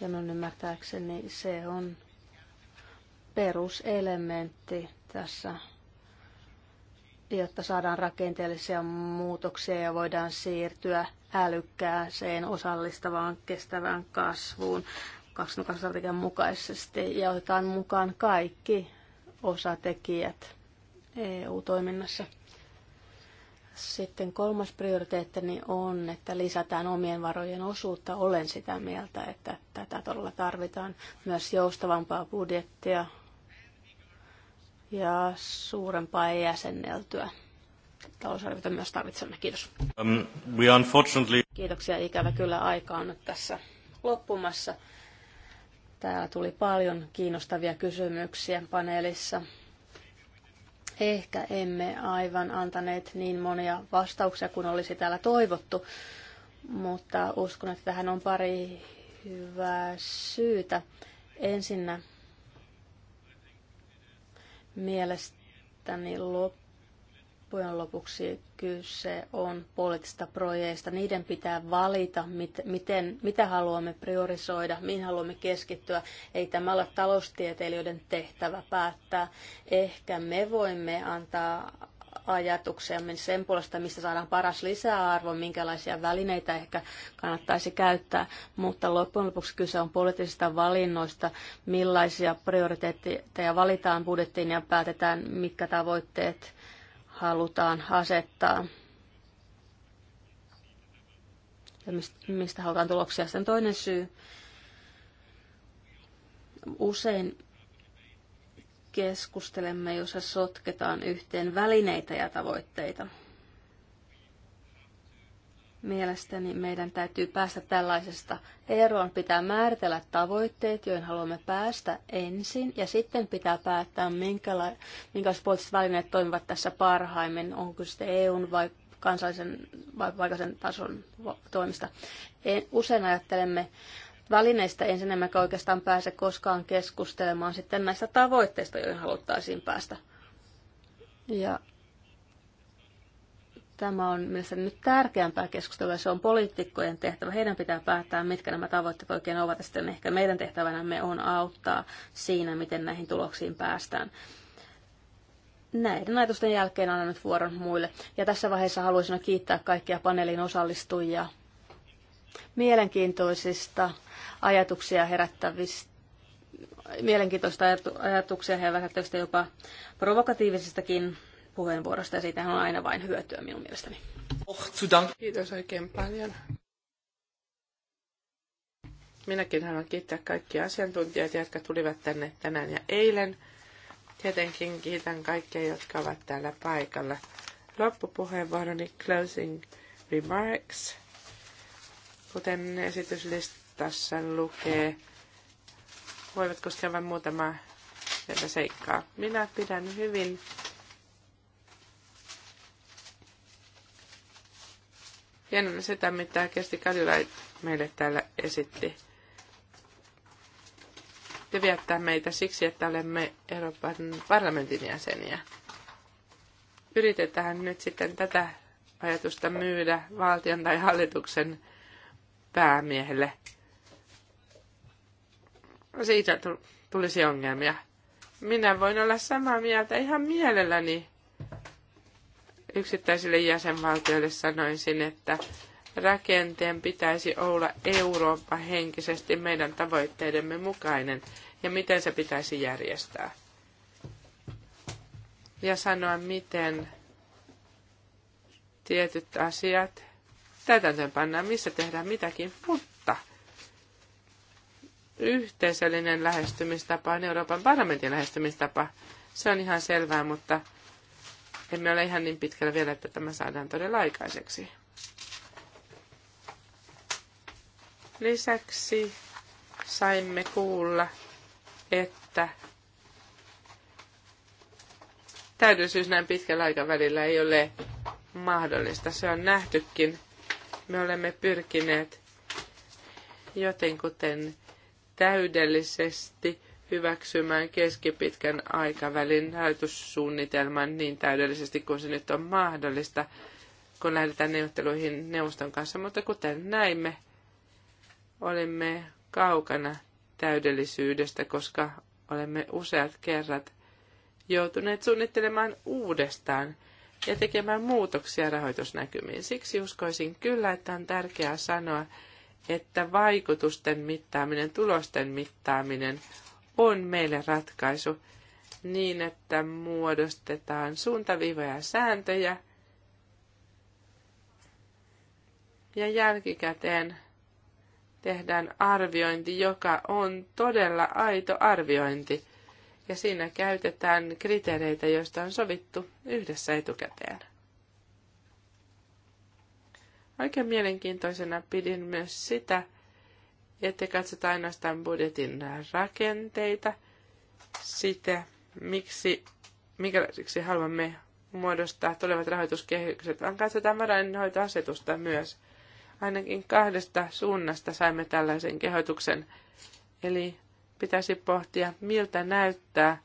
Ja minun ymmärtääkseni se on peruselementti tässä, jotta saadaan rakenteellisia muutoksia ja voidaan siirtyä älykkääseen, osallistavaan, kestävään kasvuun 2020-strategian mukaisesti ja otetaan mukaan kaikki osatekijät EU-toiminnassa. Sitten kolmas prioriteettini on, että lisätään omien varojen osuutta. Olen sitä mieltä, että tätä todella tarvitaan. Myös joustavampaa budjettia ja suurempaa ja jäsenneltyä talousarviota myös tarvitsemme. Kiitos. Um, we unfortunately... Kiitoksia. Ikävä kyllä aika on nyt tässä loppumassa. Täällä tuli paljon kiinnostavia kysymyksiä paneelissa. Ehkä emme aivan antaneet niin monia vastauksia kuin olisi täällä toivottu, mutta uskon, että tähän on pari hyvää syytä. Ensinnä mielestäni loppu loppujen lopuksi kyse on poliittisista projeista Niiden pitää valita, mit, miten, mitä haluamme priorisoida, mihin haluamme keskittyä. Ei tämä ole taloustieteilijöiden tehtävä päättää. Ehkä me voimme antaa ajatuksiamme sen puolesta, mistä saadaan paras lisäarvo, minkälaisia välineitä ehkä kannattaisi käyttää. Mutta loppujen lopuksi kyse on poliittisista valinnoista, millaisia prioriteetteja valitaan budjettiin ja päätetään, mitkä tavoitteet halutaan asettaa ja mistä halutaan tuloksia. Sen toinen syy. Usein keskustelemme, jossa sotketaan yhteen välineitä ja tavoitteita. Mielestäni meidän täytyy päästä tällaisesta eroon. Pitää määritellä tavoitteet, joihin haluamme päästä ensin, ja sitten pitää päättää, minkäla- minkälaiset poliittiset välineet toimivat tässä parhaimmin. Onko sitten EUn vai kansallisen vai vaikaisen tason toimista. E, usein ajattelemme välineistä ensin emmekä oikeastaan pääse koskaan keskustelemaan sitten näistä tavoitteista, joihin haluttaisiin päästä. Ja Tämä on mielestäni nyt tärkeämpää keskustelua. Se on poliitikkojen tehtävä. Heidän pitää päättää, mitkä nämä tavoitteet oikein ovat. Ja sitten ehkä meidän tehtävänämme on auttaa siinä, miten näihin tuloksiin päästään. Näiden ajatusten jälkeen annan nyt vuoron muille. Ja tässä vaiheessa haluaisin kiittää kaikkia paneelin osallistujia mielenkiintoisista ajatuksia herättävistä mielenkiintoista ajatuksia herättävistä jopa provokatiivisistakin puheenvuorosta ja siitä on aina vain hyötyä minun mielestäni. Kiitos oikein paljon. Minäkin haluan kiittää kaikkia asiantuntijoita, jotka tulivat tänne tänään ja eilen. Tietenkin kiitän kaikkia, jotka ovat täällä paikalla. Loppupuheenvuoroni closing remarks. Kuten esityslistassa lukee, voivat koskea vain muutama seikkaa. Minä pidän hyvin hienona sitä, mitä Kesti Kadilait meille täällä esitti. Te viettää meitä siksi, että olemme Euroopan parlamentin jäseniä. Yritetään nyt sitten tätä ajatusta myydä valtion tai hallituksen päämiehelle. Siitä tulisi ongelmia. Minä voin olla samaa mieltä ihan mielelläni yksittäisille jäsenvaltioille sanoisin, että rakenteen pitäisi olla Eurooppa henkisesti meidän tavoitteidemme mukainen ja miten se pitäisi järjestää. Ja sanoa, miten tietyt asiat täytäntöönpannaan, missä tehdään mitäkin, mutta yhteisöllinen lähestymistapa on Euroopan parlamentin lähestymistapa. Se on ihan selvää, mutta emme ole ihan niin pitkällä vielä, että tämä saadaan todella aikaiseksi. Lisäksi saimme kuulla, että täydellisyys näin pitkällä aikavälillä ei ole mahdollista. Se on nähtykin. Me olemme pyrkineet jotenkuten täydellisesti hyväksymään keskipitkän aikavälin hallitussuunnitelman niin täydellisesti kuin se nyt on mahdollista, kun lähdetään neuvotteluihin neuvoston kanssa. Mutta kuten näimme, olemme kaukana täydellisyydestä, koska olemme useat kerrat joutuneet suunnittelemaan uudestaan ja tekemään muutoksia rahoitusnäkymiin. Siksi uskoisin kyllä, että on tärkeää sanoa, että vaikutusten mittaaminen, tulosten mittaaminen on meille ratkaisu niin, että muodostetaan suuntaviivoja sääntöjä ja jälkikäteen tehdään arviointi, joka on todella aito arviointi. Ja siinä käytetään kriteereitä, joista on sovittu yhdessä etukäteen. Oikein mielenkiintoisena pidin myös sitä, ettei katsota ainoastaan budjetin rakenteita, sitä, miksi, minkälaisiksi haluamme muodostaa tulevat rahoituskehykset, vaan katsotaan varainhoitoasetusta myös. Ainakin kahdesta suunnasta saimme tällaisen kehotuksen. Eli pitäisi pohtia, miltä näyttää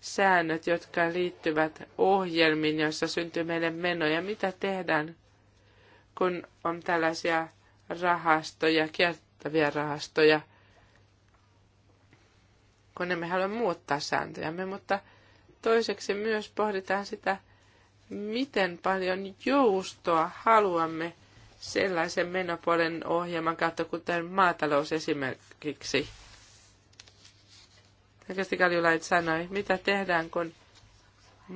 säännöt, jotka liittyvät ohjelmiin, joissa syntyy meille menoja. Mitä tehdään, kun on tällaisia rahastoja, kattavia rahastoja, kun emme halua muuttaa sääntöjämme, mutta toiseksi myös pohditaan sitä, miten paljon joustoa haluamme sellaisen menopuolen ohjelman kautta, kuten maatalous esimerkiksi. Oikeasti Kaljulait sanoi, mitä tehdään, kun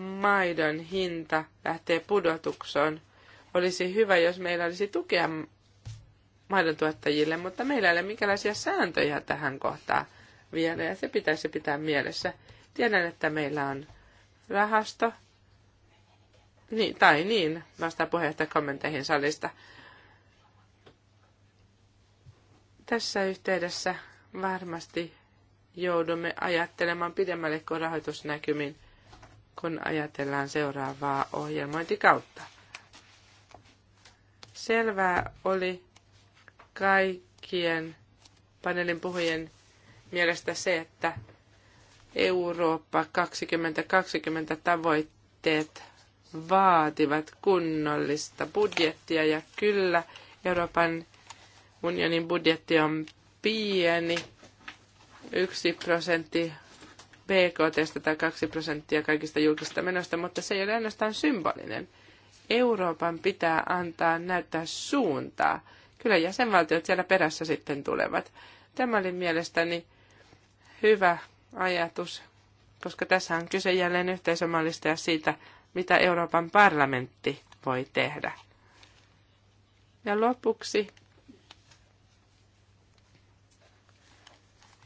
maidon hinta lähtee pudotukseen. Olisi hyvä, jos meillä olisi tukea maidontuottajille, mutta meillä ei ole minkälaisia sääntöjä tähän kohtaan vielä, ja se pitäisi pitää mielessä. Tiedän, että meillä on rahasto, niin, tai niin, vastaan puheenjohtaja kommenteihin salista. Tässä yhteydessä varmasti joudumme ajattelemaan pidemmälle kuin rahoitusnäkymin, kun ajatellaan seuraavaa ohjelmointikautta. Selvää oli, kaikkien paneelin puhujien mielestä se, että Eurooppa 2020 tavoitteet vaativat kunnollista budjettia ja kyllä Euroopan unionin budjetti on pieni, yksi prosentti BKT tai kaksi prosenttia kaikista julkista menosta, mutta se ei ole ainoastaan symbolinen. Euroopan pitää antaa näyttää suuntaa Kyllä jäsenvaltiot siellä perässä sitten tulevat. Tämä oli mielestäni hyvä ajatus, koska tässä on kyse jälleen yhteisömallista ja siitä, mitä Euroopan parlamentti voi tehdä. Ja lopuksi,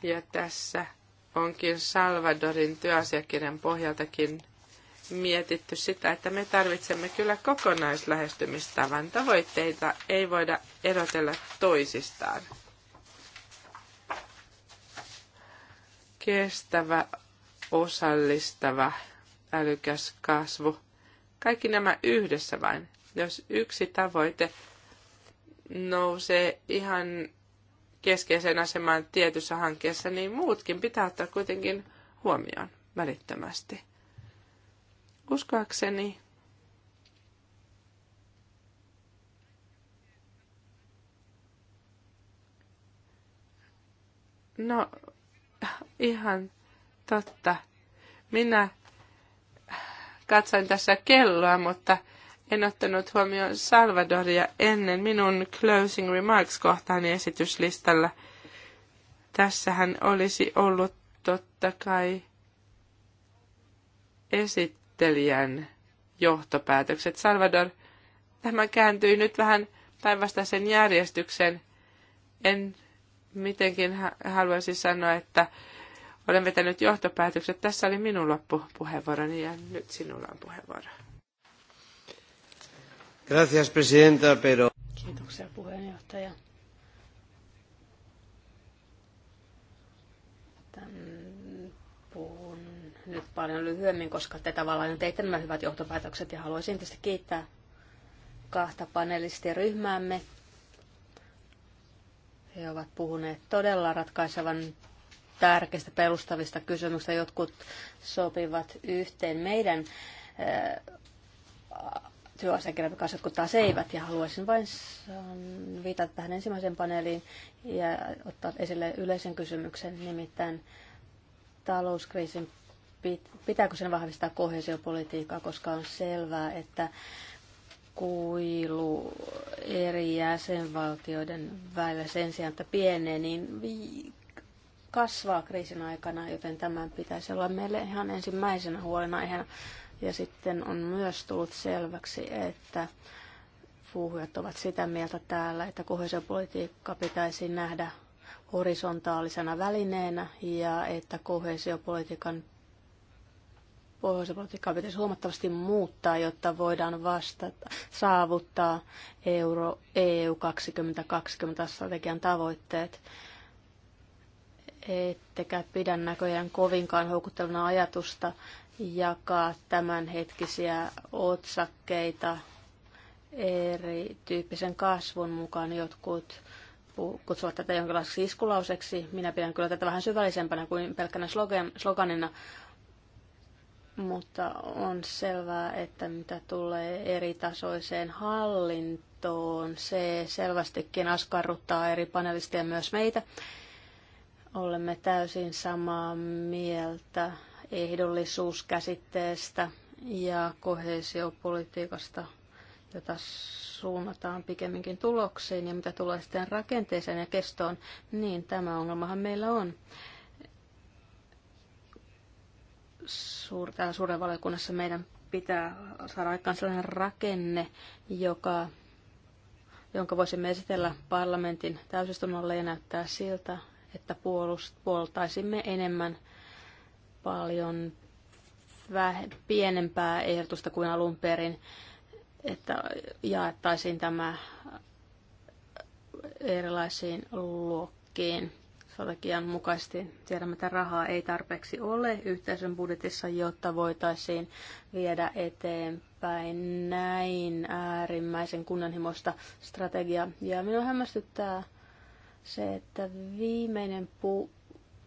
ja tässä onkin Salvadorin työasiakirjan pohjaltakin mietitty sitä, että me tarvitsemme kyllä kokonaislähestymistavan. Tavoitteita ei voida erotella toisistaan. Kestävä, osallistava, älykäs kasvu. Kaikki nämä yhdessä vain. Jos yksi tavoite nousee ihan keskeiseen asemaan tietyssä hankkeessa, niin muutkin pitää ottaa kuitenkin huomioon välittömästi. Uskoakseni No, ihan totta. Minä katsoin tässä kelloa, mutta en ottanut huomioon Salvadoria ennen minun closing remarks kohtaani esityslistalla. Tässähän olisi ollut totta kai esit näyttelijän johtopäätökset. Salvador, tämä kääntyi nyt vähän päinvastaisen järjestyksen. En mitenkin haluaisi sanoa, että olen vetänyt johtopäätökset. Tässä oli minun loppupuheenvuoroni ja nyt sinulla on puheenvuoro. Gracias, presidenta, pero... Kiitoksia puheenjohtaja nyt paljon lyhyemmin, koska te tavallaan teitte nämä hyvät johtopäätökset ja haluaisin tästä kiittää kahta ryhmäämme, He ovat puhuneet todella ratkaisevan tärkeistä perustavista kysymyksistä. Jotkut sopivat yhteen meidän eh, työasiakirjan kanssa, jotkut taas eivät. Ja haluaisin vain viitata tähän ensimmäiseen paneeliin ja ottaa esille yleisen kysymyksen, nimittäin talouskriisin pitääkö sen vahvistaa kohesiopolitiikkaa, koska on selvää, että kuilu eri jäsenvaltioiden välillä sen sijaan, että pienee, niin kasvaa kriisin aikana, joten tämän pitäisi olla meille ihan ensimmäisenä huolenaiheena. Ja sitten on myös tullut selväksi, että puhujat ovat sitä mieltä täällä, että kohesiopolitiikka pitäisi nähdä horisontaalisena välineenä ja että kohesiopolitiikan pohjoispolitiikkaa pitäisi huomattavasti muuttaa, jotta voidaan vastata, saavuttaa Euro, EU 2020 strategian tavoitteet. Ettekä pidä näköjään kovinkaan houkutteluna ajatusta jakaa tämänhetkisiä otsakkeita erityyppisen kasvun mukaan. Jotkut kutsuvat tätä jonkinlaiseksi iskulauseksi. Minä pidän kyllä tätä vähän syvällisempänä kuin pelkkänä sloganina mutta on selvää, että mitä tulee eri tasoiseen hallintoon, se selvästikin askarruttaa eri panelistia myös meitä. Olemme täysin samaa mieltä ehdollisuuskäsitteestä ja kohesiopolitiikasta, jota suunnataan pikemminkin tuloksiin ja mitä tulee sitten rakenteeseen ja kestoon, niin tämä ongelmahan meillä on suur, täällä suuren valiokunnassa meidän pitää saada aikaan sellainen rakenne, joka, jonka voisimme esitellä parlamentin täysistunnolle ja näyttää siltä, että puolust, puoltaisimme enemmän paljon vähän pienempää ehdotusta kuin alun perin, että jaettaisiin tämä erilaisiin luokkiin strategian mukaisesti. Tiedämme, että rahaa ei tarpeeksi ole yhteisön budjetissa, jotta voitaisiin viedä eteenpäin näin äärimmäisen kunnanhimoista strategiaa. Ja minua hämmästyttää se, että viimeinen pu...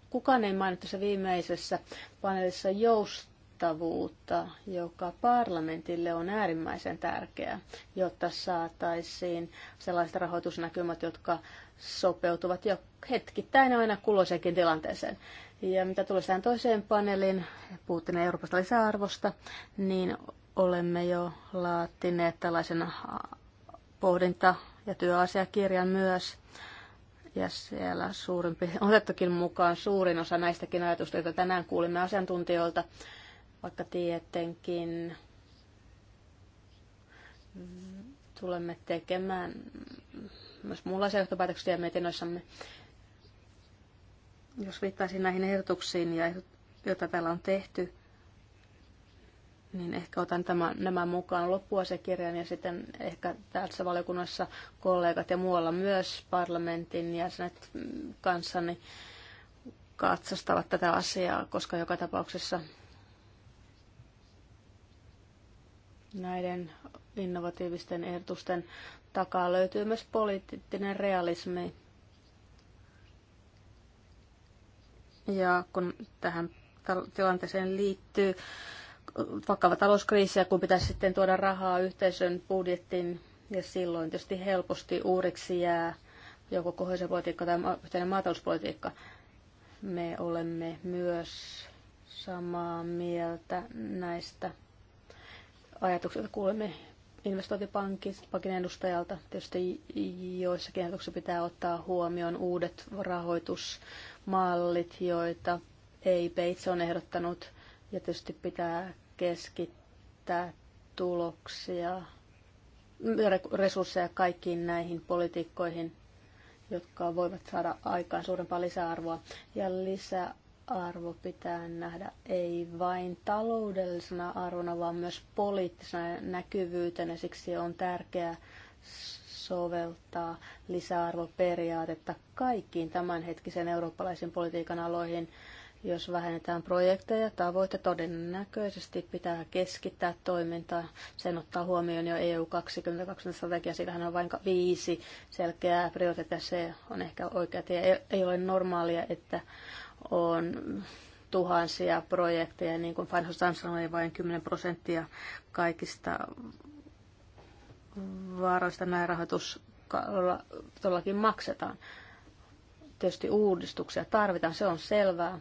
kukaan ei mainittu tässä viimeisessä paneelissa joustavuutta, joka parlamentille on äärimmäisen tärkeää, jotta saataisiin sellaiset rahoitusnäkymät, jotka sopeutuvat jo hetkittäin aina kulloisenkin tilanteeseen. Ja mitä tulee tähän toiseen paneeliin, puhuttiin Euroopasta lisäarvosta, niin olemme jo laatineet tällaisen pohdinta- ja työasiakirjan myös. Ja siellä suurimpi, otettukin mukaan suurin osa näistäkin ajatusta, joita tänään kuulimme asiantuntijoilta, vaikka tietenkin tulemme tekemään myös muunlaisia johtopäätöksiä mietinnöissämme. Jos viittaisin näihin ehdotuksiin, ja joita täällä on tehty, niin ehkä otan tämän, nämä mukaan loppuasiakirjan ja sitten ehkä tässä valiokunnassa kollegat ja muualla myös parlamentin jäsenet kanssani katsastavat tätä asiaa, koska joka tapauksessa näiden innovatiivisten ehdotusten Takaa löytyy myös poliittinen realismi. Ja kun tähän tilanteeseen liittyy vakava talouskriisi ja kun pitäisi sitten tuoda rahaa yhteisön budjettiin ja silloin tietysti helposti uuriksi jää joko kohdallisen politiikka tai yhteinen maatalouspolitiikka. Me olemme myös samaa mieltä näistä ajatuksista, kuulemme investointipankin edustajalta. Tietysti joissakin ehdotuksissa pitää ottaa huomioon uudet rahoitusmallit, joita ei itse on ehdottanut. Ja tietysti pitää keskittää tuloksia, resursseja kaikkiin näihin politiikkoihin, jotka voivat saada aikaan suurempaa lisäarvoa. Ja lisää arvo pitää nähdä ei vain taloudellisena arvona, vaan myös poliittisena näkyvyytenä. Siksi on tärkeää soveltaa lisäarvoperiaatetta kaikkiin tämänhetkisen eurooppalaisen politiikan aloihin. Jos vähennetään projekteja, tavoite todennäköisesti pitää keskittää toimintaa. Sen ottaa huomioon jo EU 2020 strategia. Siinähän on vain viisi selkeää prioriteettia. Se on ehkä oikea tie. Ei ole normaalia, että on tuhansia projekteja, niin kuin Fanhosan sanoi, vain 10 prosenttia kaikista varoista näin rahoitus todellakin maksetaan. Tietysti uudistuksia tarvitaan, se on selvää.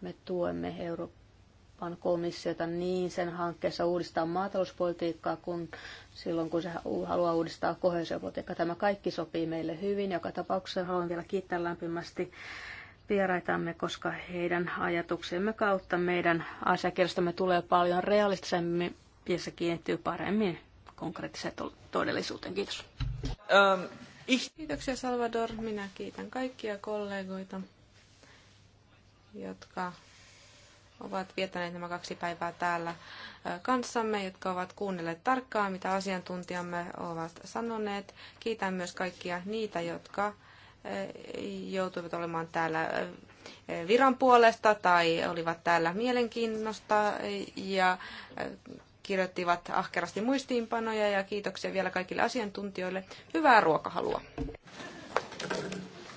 Me tuemme Euroopan komissiota niin sen hankkeessa uudistaa maatalouspolitiikkaa kun silloin, kun se haluaa uudistaa kohesiopolitiikkaa. Tämä kaikki sopii meille hyvin. Joka tapauksessa haluan vielä kiittää lämpimästi vieraitamme, koska heidän ajatuksemme kautta meidän asiakirjastamme tulee paljon realistisemmin ja se kiinnittyy paremmin konkreettiseen todellisuuteen. Kiitos. Ähm. Kiitoksia Salvador. Minä kiitän kaikkia kollegoita, jotka ovat viettäneet nämä kaksi päivää täällä äh, kanssamme, jotka ovat kuunnelleet tarkkaan, mitä asiantuntijamme ovat sanoneet. Kiitän myös kaikkia niitä, jotka joutuivat olemaan täällä eh, viran puolesta tai olivat täällä mielenkiinnosta ja eh, kirjoittivat ahkerasti muistiinpanoja ja kiitoksia vielä kaikille asiantuntijoille. Hyvää ruokahalua!